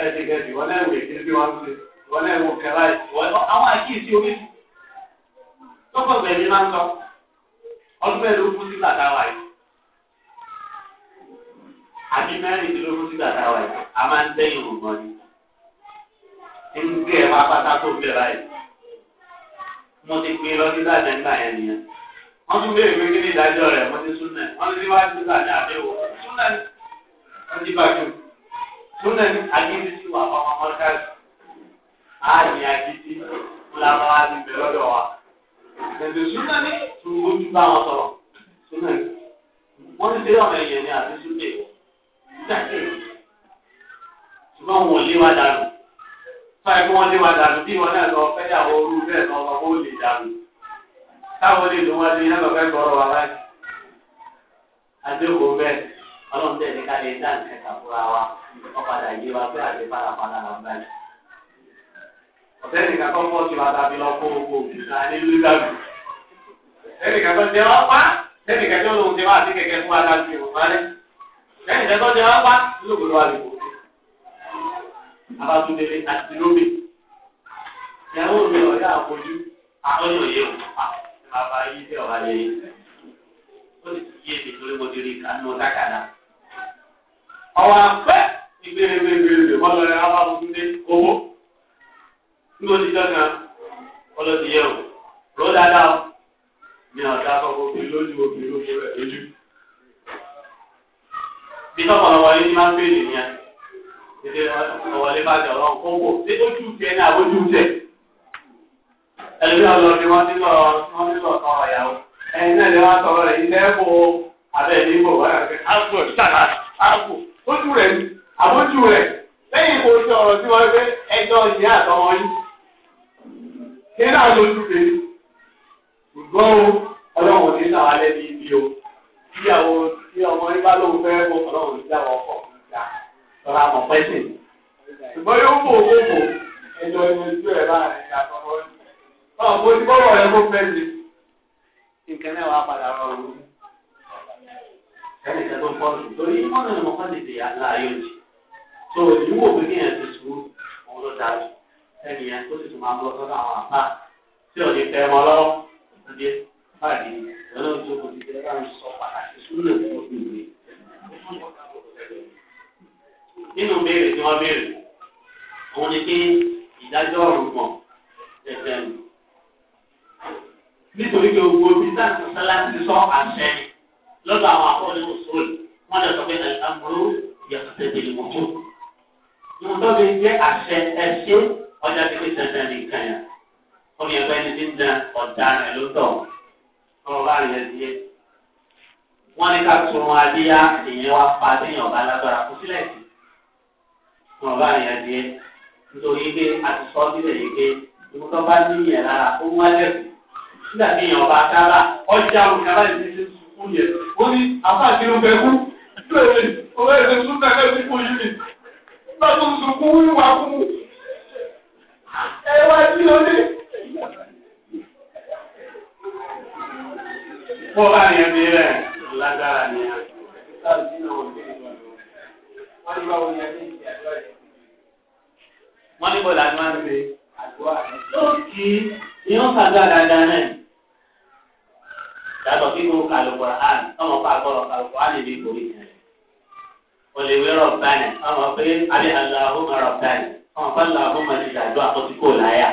ẹ ti gẹ̀ẹ́sì wọlé ìwé kiri bí wọ́n ti wọlé ìwò kẹlá àwọn àkíyèsí omi tọ́pọ̀ gbẹ̀mí máa ń ọdún mẹ́rin ló kú sí wa yìí àbí mẹ́rin ló kú sí wa yìí a máa ń tẹ́yìn ni máa gbé mo wọ́n tún béèrè pé kí ni ìdájọ́ rẹ̀ wọ́n ti súnà wọ́n ti wá sí ìlànà àdéhùn súnà ni wọ́n ti bàjọ́ súnà ni àdéhùn ti wà fọmọ mọ́tàlì ààyè àdìsí làwọn àdìbẹ̀ lọ́dọ̀ wa ẹ̀sìn súnà ni tún ojú bá wọn sọ̀rọ̀ súnà ni wọ́n ti dé ọ̀nà ìyẹn ní àti súnà ṣùgbọ́n wọn lé wa dànù fáyẹ̀ kí wọ́n lé wa dànù bí wọn náà lọ fẹ́yàwó táwọn olè ló wájú yẹn lọ́fẹ́ gbọ́rọ̀ wa láì. adéwò bẹ́ẹ̀ ọlọ́run tẹ̀ ní kálí dá nǹkan kàfúrà wa ọ̀padà yé wa pé àti parapara la ń báyìí. ọ̀sẹ̀ nìkan kọ́ pọ̀ sí wa tàbí lọ kó gbogbo òkúta ní lúdàbí. ẹnìkan tó jẹ́ wọ́n pa ẹnìkan tó lòun ti wá àti kẹ̀kẹ́ fún adájú ìwòmálẹ̀. ẹnìkan tó jẹ́ wọ́n pa lóògùn wa lè wò. àti ìyàwó mi àfojú àtọ́jú bàbá yìí tẹ̀ wá lé ó sì ti yé mi torí mo ti rí kánú dákàdá. ọwọ́ àpẹ́ ìgbèrègbèrègbèrè wọ́n lọ rẹ àwọn ọmọdé owó ní oníjọ́ kan ọlọ́dì yẹ o ró dáadáa o ní ọ̀dà àkọ́kọ́ obìnrin lójú obìnrin lójú rẹ̀ lójú. bí tọ́pọ̀ lọ́wọ́ yìí ní máa ń pè nìyẹn. Ìdílé ọ̀wọ́lé bá jọ̀ lọ́n kó wò. Ṣé ojú tẹ ní àbójú tẹ? ẹlòmí ọlọ ni wọn nílò wọn nílò ọkàn ọyàwó ẹyin náà ni wọn sọ̀rọ̀ rẹ ilé ẹ̀kọ́ abẹ ní wọn àti àpò ìtàlá àpò ojú rẹ àbójú rẹ lẹ́yìn kò sí ọ̀rọ̀ tí wọn gbé ẹjọ́ ìyá àtọmọ yìí kí náà lójú rẹ ṣùgbọ́n ọlọ́run ní sàwọn alẹ́ ní ibi o ìyàwó tí ọmọ yìí bá lóun fẹ́ kó ọlọ́run ní sàwọn ọkọ̀ nígbà lọ́la mọ̀ pẹ́sìn ṣùgbọ́n yóò fò owó fò ẹjọ́ ìmọ̀ ojú ẹ̀ láàrin àtọmọ yìí ọ̀pọ̀ oníbọ̀wọ̀ rẹ̀ kó fẹ́ le nǹkan náà wàá padà rọ òun ẹnì kan tó ń pọ̀ jù torí ọ̀nà ìmọ̀kàn lè dè aláàyò jì tó ìwò pé kí èèyàn ti sùúrù òun ló dáa jù ẹnì yẹn tó sì tún máa ń lọ sọ́dọ̀ àwọn àpá tí ò ní fẹ́ wọn lọ́wọ́ ọdẹ báyìí lọ́nà tó kò ti fẹ́ bá ń sọ pàtàkì sùúrù fún obìnrin nínú béèrè tí wọ́n béèrè òun ni pé ìdájọ́ ọ̀rùn pọ̀ ẹ̀fẹ̀ nítorí pé owó títà sọ́sálà ti sọ àṣẹ lọ́dọ̀ àwọn àkọọ́lẹ̀ òṣòlù wọ́n lè sọ pé àmúrú yàtọ̀ tẹ̀lé mọ́tò. Nǹkan mi jẹ́ àṣẹ ẹṣẹ́ ọjà tí kò dandan nìkan yẹn. Omi ẹ̀fọ́ ẹni tí ń da ọ̀dà rẹ̀ ló tọ̀. Ọ̀rọ̀ bá rẹ̀ di yẹ. Wọ́n ní ká tún wọn adíyá èèyàn wá pa déèyàn ọ̀gá lágbára kó sílẹ̀ sí. Ọ̀rọ̀ bá rẹ̀ di yẹ. Nítorí pé àtisọ́ sílẹ̀ yìí pé ìmúkọ́ bá níyẹn lára ó wọ́n lẹ́kùn nígbà tí èèyàn bá dára ọjà òkàlà ìdí ṣe sùkú yẹ ó ní àfáàkì ló bẹ kú lóore òwe èdè súnà lẹ́sìn kú yìí nígbà tó sùkú wíwá kú ẹ wá sí lórí. Bó bá yẹn bí rẹ̀ lágbára ni a. Wọ́n ní báwo ni máa ń ṣe àdúrà yẹn. Lóòkì ni wọ́n ṣàdúrà dáadáa náà. yàtọ̀ bíbu kàlùkùrọ̀ hàn ọmọ fún hàn ọmọ pé alẹ́ ọmọ fún kò láyà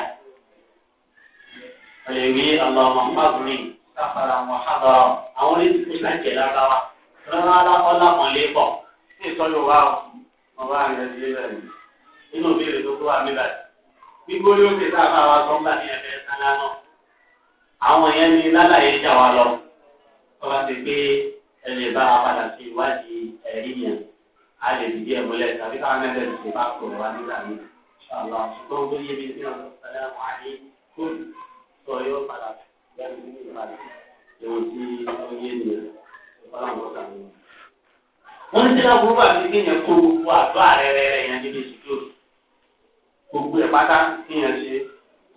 ọlọ́mọ káfàrà àwọn oníṣẹ́ tó rárá bọ̀ ní ìtọ́jú wa tó kó wa ti wa ní ẹ̀fẹ́ náà. àwọn yẹn ní lálàyé jà wá lọ tọ́ba ti pé ẹ lè bá a padà sí ìwádìí ẹ̀rí yẹn a lè dìde ẹ̀ mọ́lẹ̀ tàbí káwọn ẹ̀rẹ́ ti ṣe bá kò wá nígbà mi ṣàlọ́ ṣùgbọ́n tó yé mi sí ọ̀rọ̀ sọ́dọ̀ àwọn àyè kó sọ yóò padà yẹn ní ìbàdí ìwọ̀n tí ó yé mi ọlọ́run kọ́ta mi. wọ́n ní sílẹ̀ gbogbo àti kéèyàn kó gbogbo àtọ́ àrẹ́rẹ́ rẹ̀ yẹn níbi ìsìkúrò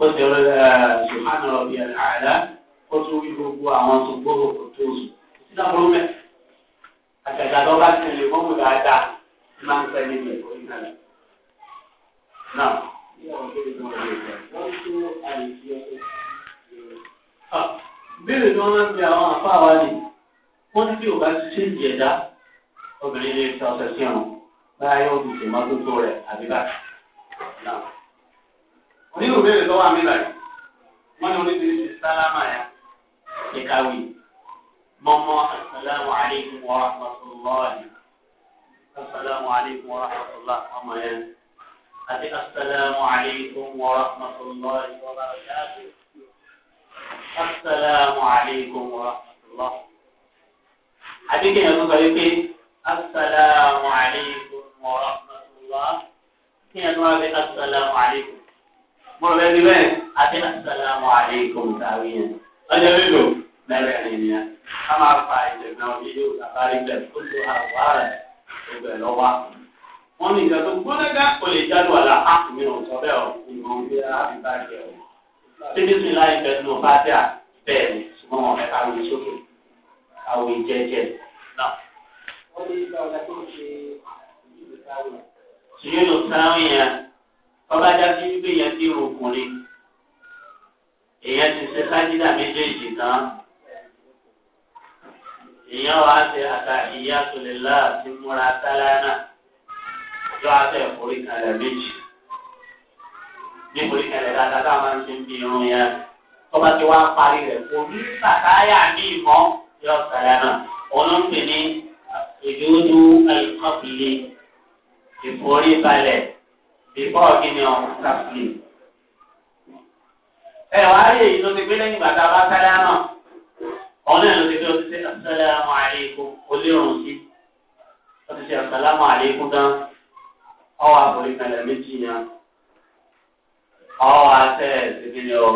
ó ti rẹ ṣùgbọ́n ọ̀rọ̀ bíi àlá ó tún wí gbogbo àwọn tó gbòòrò kò tó oṣù tí náà burú mẹ́. àtẹ̀dá tó bá ti lè mọ́mú dáadáa ti máa ń pẹ́ níbi ẹ̀kọ́ ìgbàlẹ̀. náà. béèrè ni wọ́n máa ń pe àwọn àfáà wa ni wọ́n ní bí ò bá ti ṣe ìjẹ̀dá obìnrin lè ta ọ̀sẹ̀ sí ọ̀run báyọ̀ òbí ṣèmọ́tótó rẹ̀ àbí báyìí nínú ìbéèrè tó wà nílà yìí wọ́n ní oníṣiríṣi sálámà yá ìkàwé mọ́mọ́ asalaamu aleykum wa rahmatulahi asalaamu aleykum wa rahmatulahi ọmọ yẹn àti asalaamu aleykum wa rahmatulahi wa barakatuh asalaamu aleykum wa rahmatulahi àti kéèyàn tó sọ yìí pé aleykum wa rahmatulahi kéèyàn tó wà pé asalaamu aleykum mo rẹ ni bẹ́ẹ̀ àti asàlámù àlékún tàbí yẹn ọjọ́ lílo mẹ́rẹ̀ẹ̀rin ni yẹn ká máa fa ìjẹ̀gbọ́n omi yóò sàbárí bẹ̀ kó tó àwọ̀ rẹ̀ tó bẹ̀ lọ́wọ́ wọn ní ìjà tó gbónágá kò lè jádùn àlá àtúnmí ò sọ bẹ́ẹ̀ ò ìmọ̀ òbí àbí bàjẹ́ ò títí sí láì bẹ̀ nù bá dà bẹ́ẹ̀ ni ṣùgbọ́n wọn fẹ́ káwé sókè káwé jẹ́jẹ́ náà. wọ́n ní ìgbà ọ̀la tó ń ṣe ìdíje sáwìn. ìdíje sáwìn yẹn tọ́lájà sí wípé yẹn ti rò kùnrin èèyàn ti ṣe sájídà méjèèjì tán èèyàn wá ṣe àtàhíyá tòlélá àti múra sáláná yọ abẹ ìforí kalẹ̀ méjì ní ìforí kalẹ̀ dáadáa tá a máa ń ṣe ń bí irun yẹn tọ́ba ti wá parí rẹ̀ kò ní sàtáyà ní ìmọ̀ yọ sáláná ọlọ́mùpẹ̀ ní ìdúró àìkọ́bìlì ìforí balẹ̀ bíbọ́ kìíní ọ̀hún sàfìlì. ẹ wá rí èyí tó ti gbé lẹ́yìn bàtà bá sálẹ̀ náà ọ̀nà ẹ̀ ló ti gbé ọtí sí asálàmù àlékún olérùn sí ọtí sí asálàmù àlékún dán ọwọ́ àbòrí kalẹ̀ méjì yẹn ọwọ́ àṣẹ ìṣèkìlẹ̀ ọ̀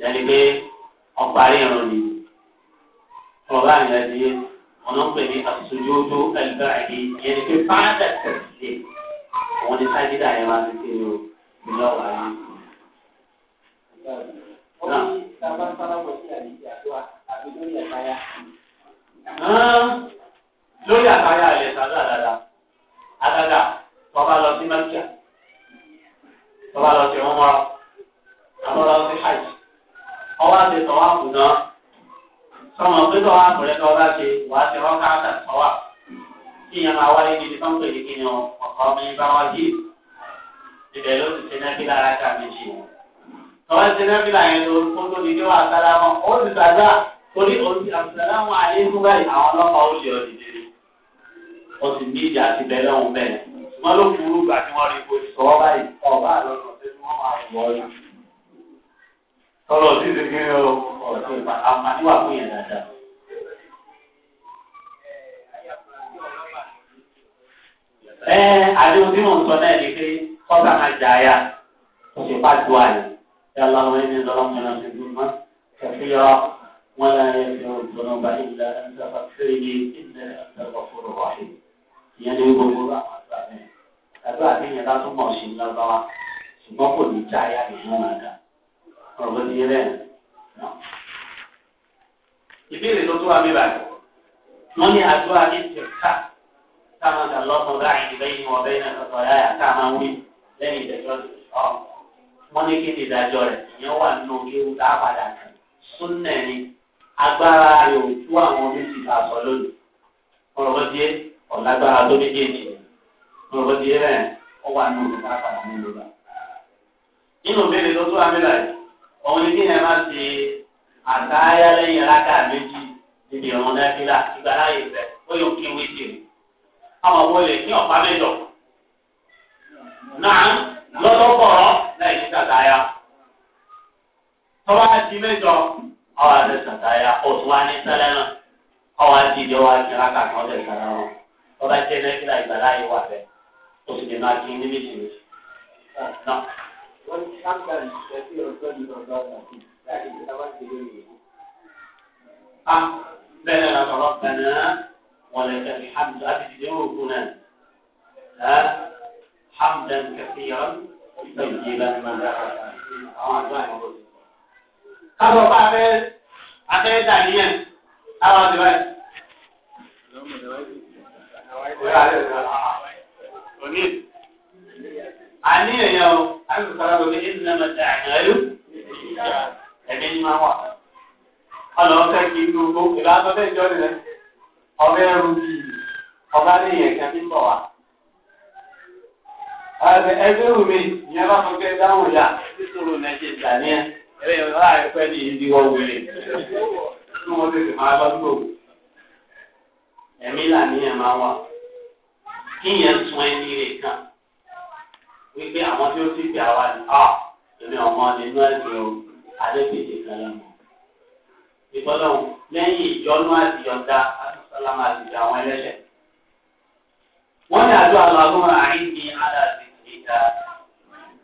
yẹn ni pé ọ̀parí irun ni ọ̀rọ̀ àyàn di ọ̀nà pè àṣojú ojú ẹgbẹ́ àìní yẹn ni pé bá àwọn ní sáyidá yẹn máa ti kéde o ní ọ̀wá yìí. lórí àtàyà ilẹ̀ sàdá àdàdà àdàdà bàbá lọ sí mẹ́tíà bàbá lọ sí wọn mọ́ra lọ sí hajj ọwọ́ àti tọ́wọ́ àbùdá sọmọ pé tọ́wọ́ àbùrẹ́ tọ́wọ́ bá ṣe wàá ti rọ́ká àtàtọ́wọ́ kí ìyẹn máa wáyé níbi tó ń pè ní kí ni ọ̀pọ̀ ọmọ yín bá wá yìí ibẹ̀ ló ti ṣe nábìlà aráka méjì wọn. tọ́wọ́ ṣe nábìlà yẹn ló kó tó di déwà sálámọ́ ó ti sàdá torí òsì àbùsàlámọ́ àlékún báyìí àwọn ọlọ́pàá ó lè ọ̀dìdè ó sì ní ìjà àti bẹ́ẹ̀ lọ́hùn bẹ́ẹ̀ wọ́n ló kúrú gbà tí wọ́n rí ipò ìṣọwọ́ báyìí ọ̀bá àlọ́nà tí wọ́n máa wọ̀ ọ́ tọ́lọ̀ sí ti kí ni o ọ̀sùn àmàlíwà fún yẹn dáadáa. ẹ àdéhùn tí mò ń sọ náà ni pé kọ́sà máa jà yá kò sì bá ju àyè yà láwọn ẹni lọ́wọ́ mi náà ti dùn mọ́ kẹfì yọ wọn lára ẹni lọ́wọ́ bá ìlà ẹ̀ńtà fàkìrì ní ìdílé ẹ̀ńtà fàkìrì wáyé ìyẹn ní gbogbo àwọn àgbà mi àgbà mi yẹn bá tún mọ̀ sí ní lọ́wọ́ ṣùgbọ́n kò ní jà yá kì í mọ̀ náà dá ọ̀rọ̀ ti rẹ̀ ìbéèrè tó tó wà mí báyìí wọ́n ní àdúrà ní tẹ̀ká. كما اللهم باعد بيني وبين خطاياي كما wí lẹ́yìn ìdájọ́ ya wọ́n ní kí ni ìdájọ́ rẹ̀ ìyẹn wà nínú tá a padà kàn súnnà ni agbára rẹ̀ ò tú àwọn sọ lónìí ọ̀rọ̀ díẹ̀ ọ̀lágbára ọ wà nínú tá a padà nínú nínú ìbéèrè tó ni kí ni ẹ ṣe àtàyà lẹ́yìn méjì níbi ìgbàláyè rẹ̀ ó àwọn wọlé ní ọ̀pá mẹ́jọ. Náà lọ́dọ̀ bọ̀rọ̀ láì sí tàtàyà. Tọ́wá di mẹ́jọ, ọwọ́ àti tàtàyà oṣù wa ní sẹ́lẹ̀ náà. Ọwọ́ àti ìdí ọwọ́ àti ìlàkà kan lè sára wọn. Tọ́lá jẹ́ nẹ́gídà ìgbà láyé wà bẹ́ẹ̀. Oṣù dènà àti ní méjì méjì. Wọ́n ti sáńkà ìṣẹ́ ولك الحمد حمد أكثر هنا حمدا كثيرا تجيبا ما ذكر الله عز وجل قبل بعد عشان دعيا أو دبي عنين يوم أنت ترى بإنما تعمل لمن ما هو أنا أتكلم بوك إلى أبد جوني ọbẹ̀ ẹrú ọba ní ìyẹn kẹ́ fífọ̀ wa. ẹgbẹ́ rù mi ìyẹn bá fọ́ pé dáhùn yá nítorí nàìjíríà ìdàníyà ẹ̀rẹ́ ní ìdí wọ́n tí wọ́n tètè máa bá ẹ̀mí máa wà kí ẹni rẹ̀ wípé àwọn tí ó ti ọmọ nínú o kan lẹ́yìn ìjọ́nú àti ọ̀dà sálámà ti di àwọn ẹlẹ́ṣẹ̀. wọ́n ní àdúrà lọ àgọ́mọ̀ àyín ní aláàbí ìdá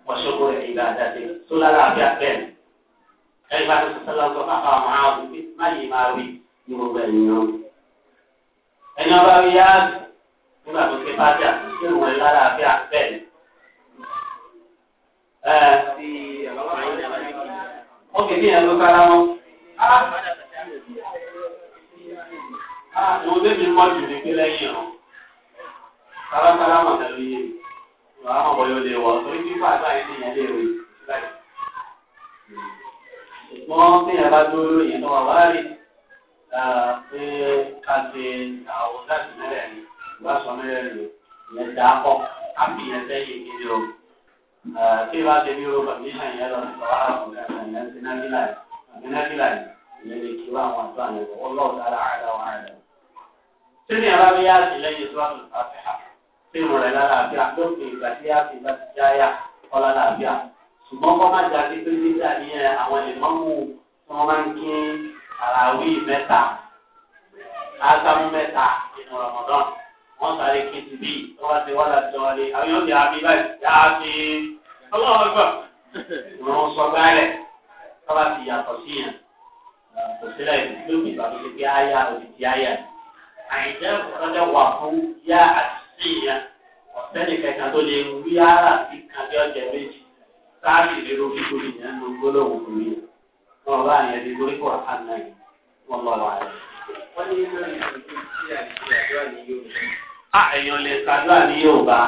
wọ́ṣọ́kọ̀ ìdá àdáde tó lára àbí àbẹ́ẹ̀ni. ẹgbẹ́ àti sálámà sọ fáfá àwọn àwọn òbí má yé máa wí ní gbogbo ènìyàn. ẹni ọba rí yá nígbà tó ké bájà tí òun ẹ̀ lára àbí àbẹ́ẹ̀ni. ó kì í ní ẹ̀ kára wọn. Àwọn débi ń pọ̀jù ní pé lẹ́yìn ọ̀. Kálákálá mà lẹ́nu yé mi. Ìwà àwọn ọ̀bọ̀ yóò lè wọ̀ torí fífà àgbáyé ní ìyẹn lè rí láì. Wọ́n fi yàrá dúró lóye náà wà wárí pé ká ṣe àwọn láti mẹ́rẹ̀ ni ìgbà sọ mẹ́rẹ̀ ni ìyẹn dá pọ̀ á fi yẹn sẹ́yìn kiri o. Tí ìbá ṣe bí o bàbí ìṣàn yẹn lọ sọ wá àwọn ọ̀gá ìyẹn ti nábìlà yìí. Àbí ìyẹn lè kí wá àwọn àtúwà yẹn lọ́wọ́ lọ́wọ́ dára àdá wà sínú yàrá bí yáàsì lẹ́yìn tó àtúntò àfihàn sínú rẹ̀ lálàáfíà lópin ìgbà tí yáàsì bá ti jáyà kọ́ lálàáfíà ṣùgbọ́n kọ́ má jà sí pé nígbà ní ẹ àwọn ìmọ̀mù tí wọ́n máa ń kí àràwí mẹ́ta ásámú mẹ́ta nínú Ramadan wọ́n sáré kí ti bí wọ́n bá ti wá láti jọ wọlé àwọn yóò ti àbí báyìí yáàsì ọlọ́run gbà ìrún sọ gbálẹ̀ tọ́ba ti yàtọ̀ síyàn kò sílẹ̀ ìlú ìgbà àìjẹ́ ìfọ̀sọ́jọ́ wà fún yá àti ìyẹn ọ̀sẹ́ni kẹta tó lè wí ara sí kàbí ọjà méjì sáàsì rírú kíkó ìyẹn ló gbólóhùn kò ní wọn bá yẹn ní lórí kọ́ yìí wọn lọ wà ní tí àdúrà ní Yorùbá. a èèyàn lè ṣàdúrà ní Yorùbá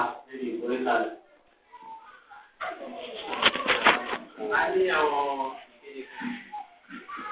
a ní àwọn ìdílé kan.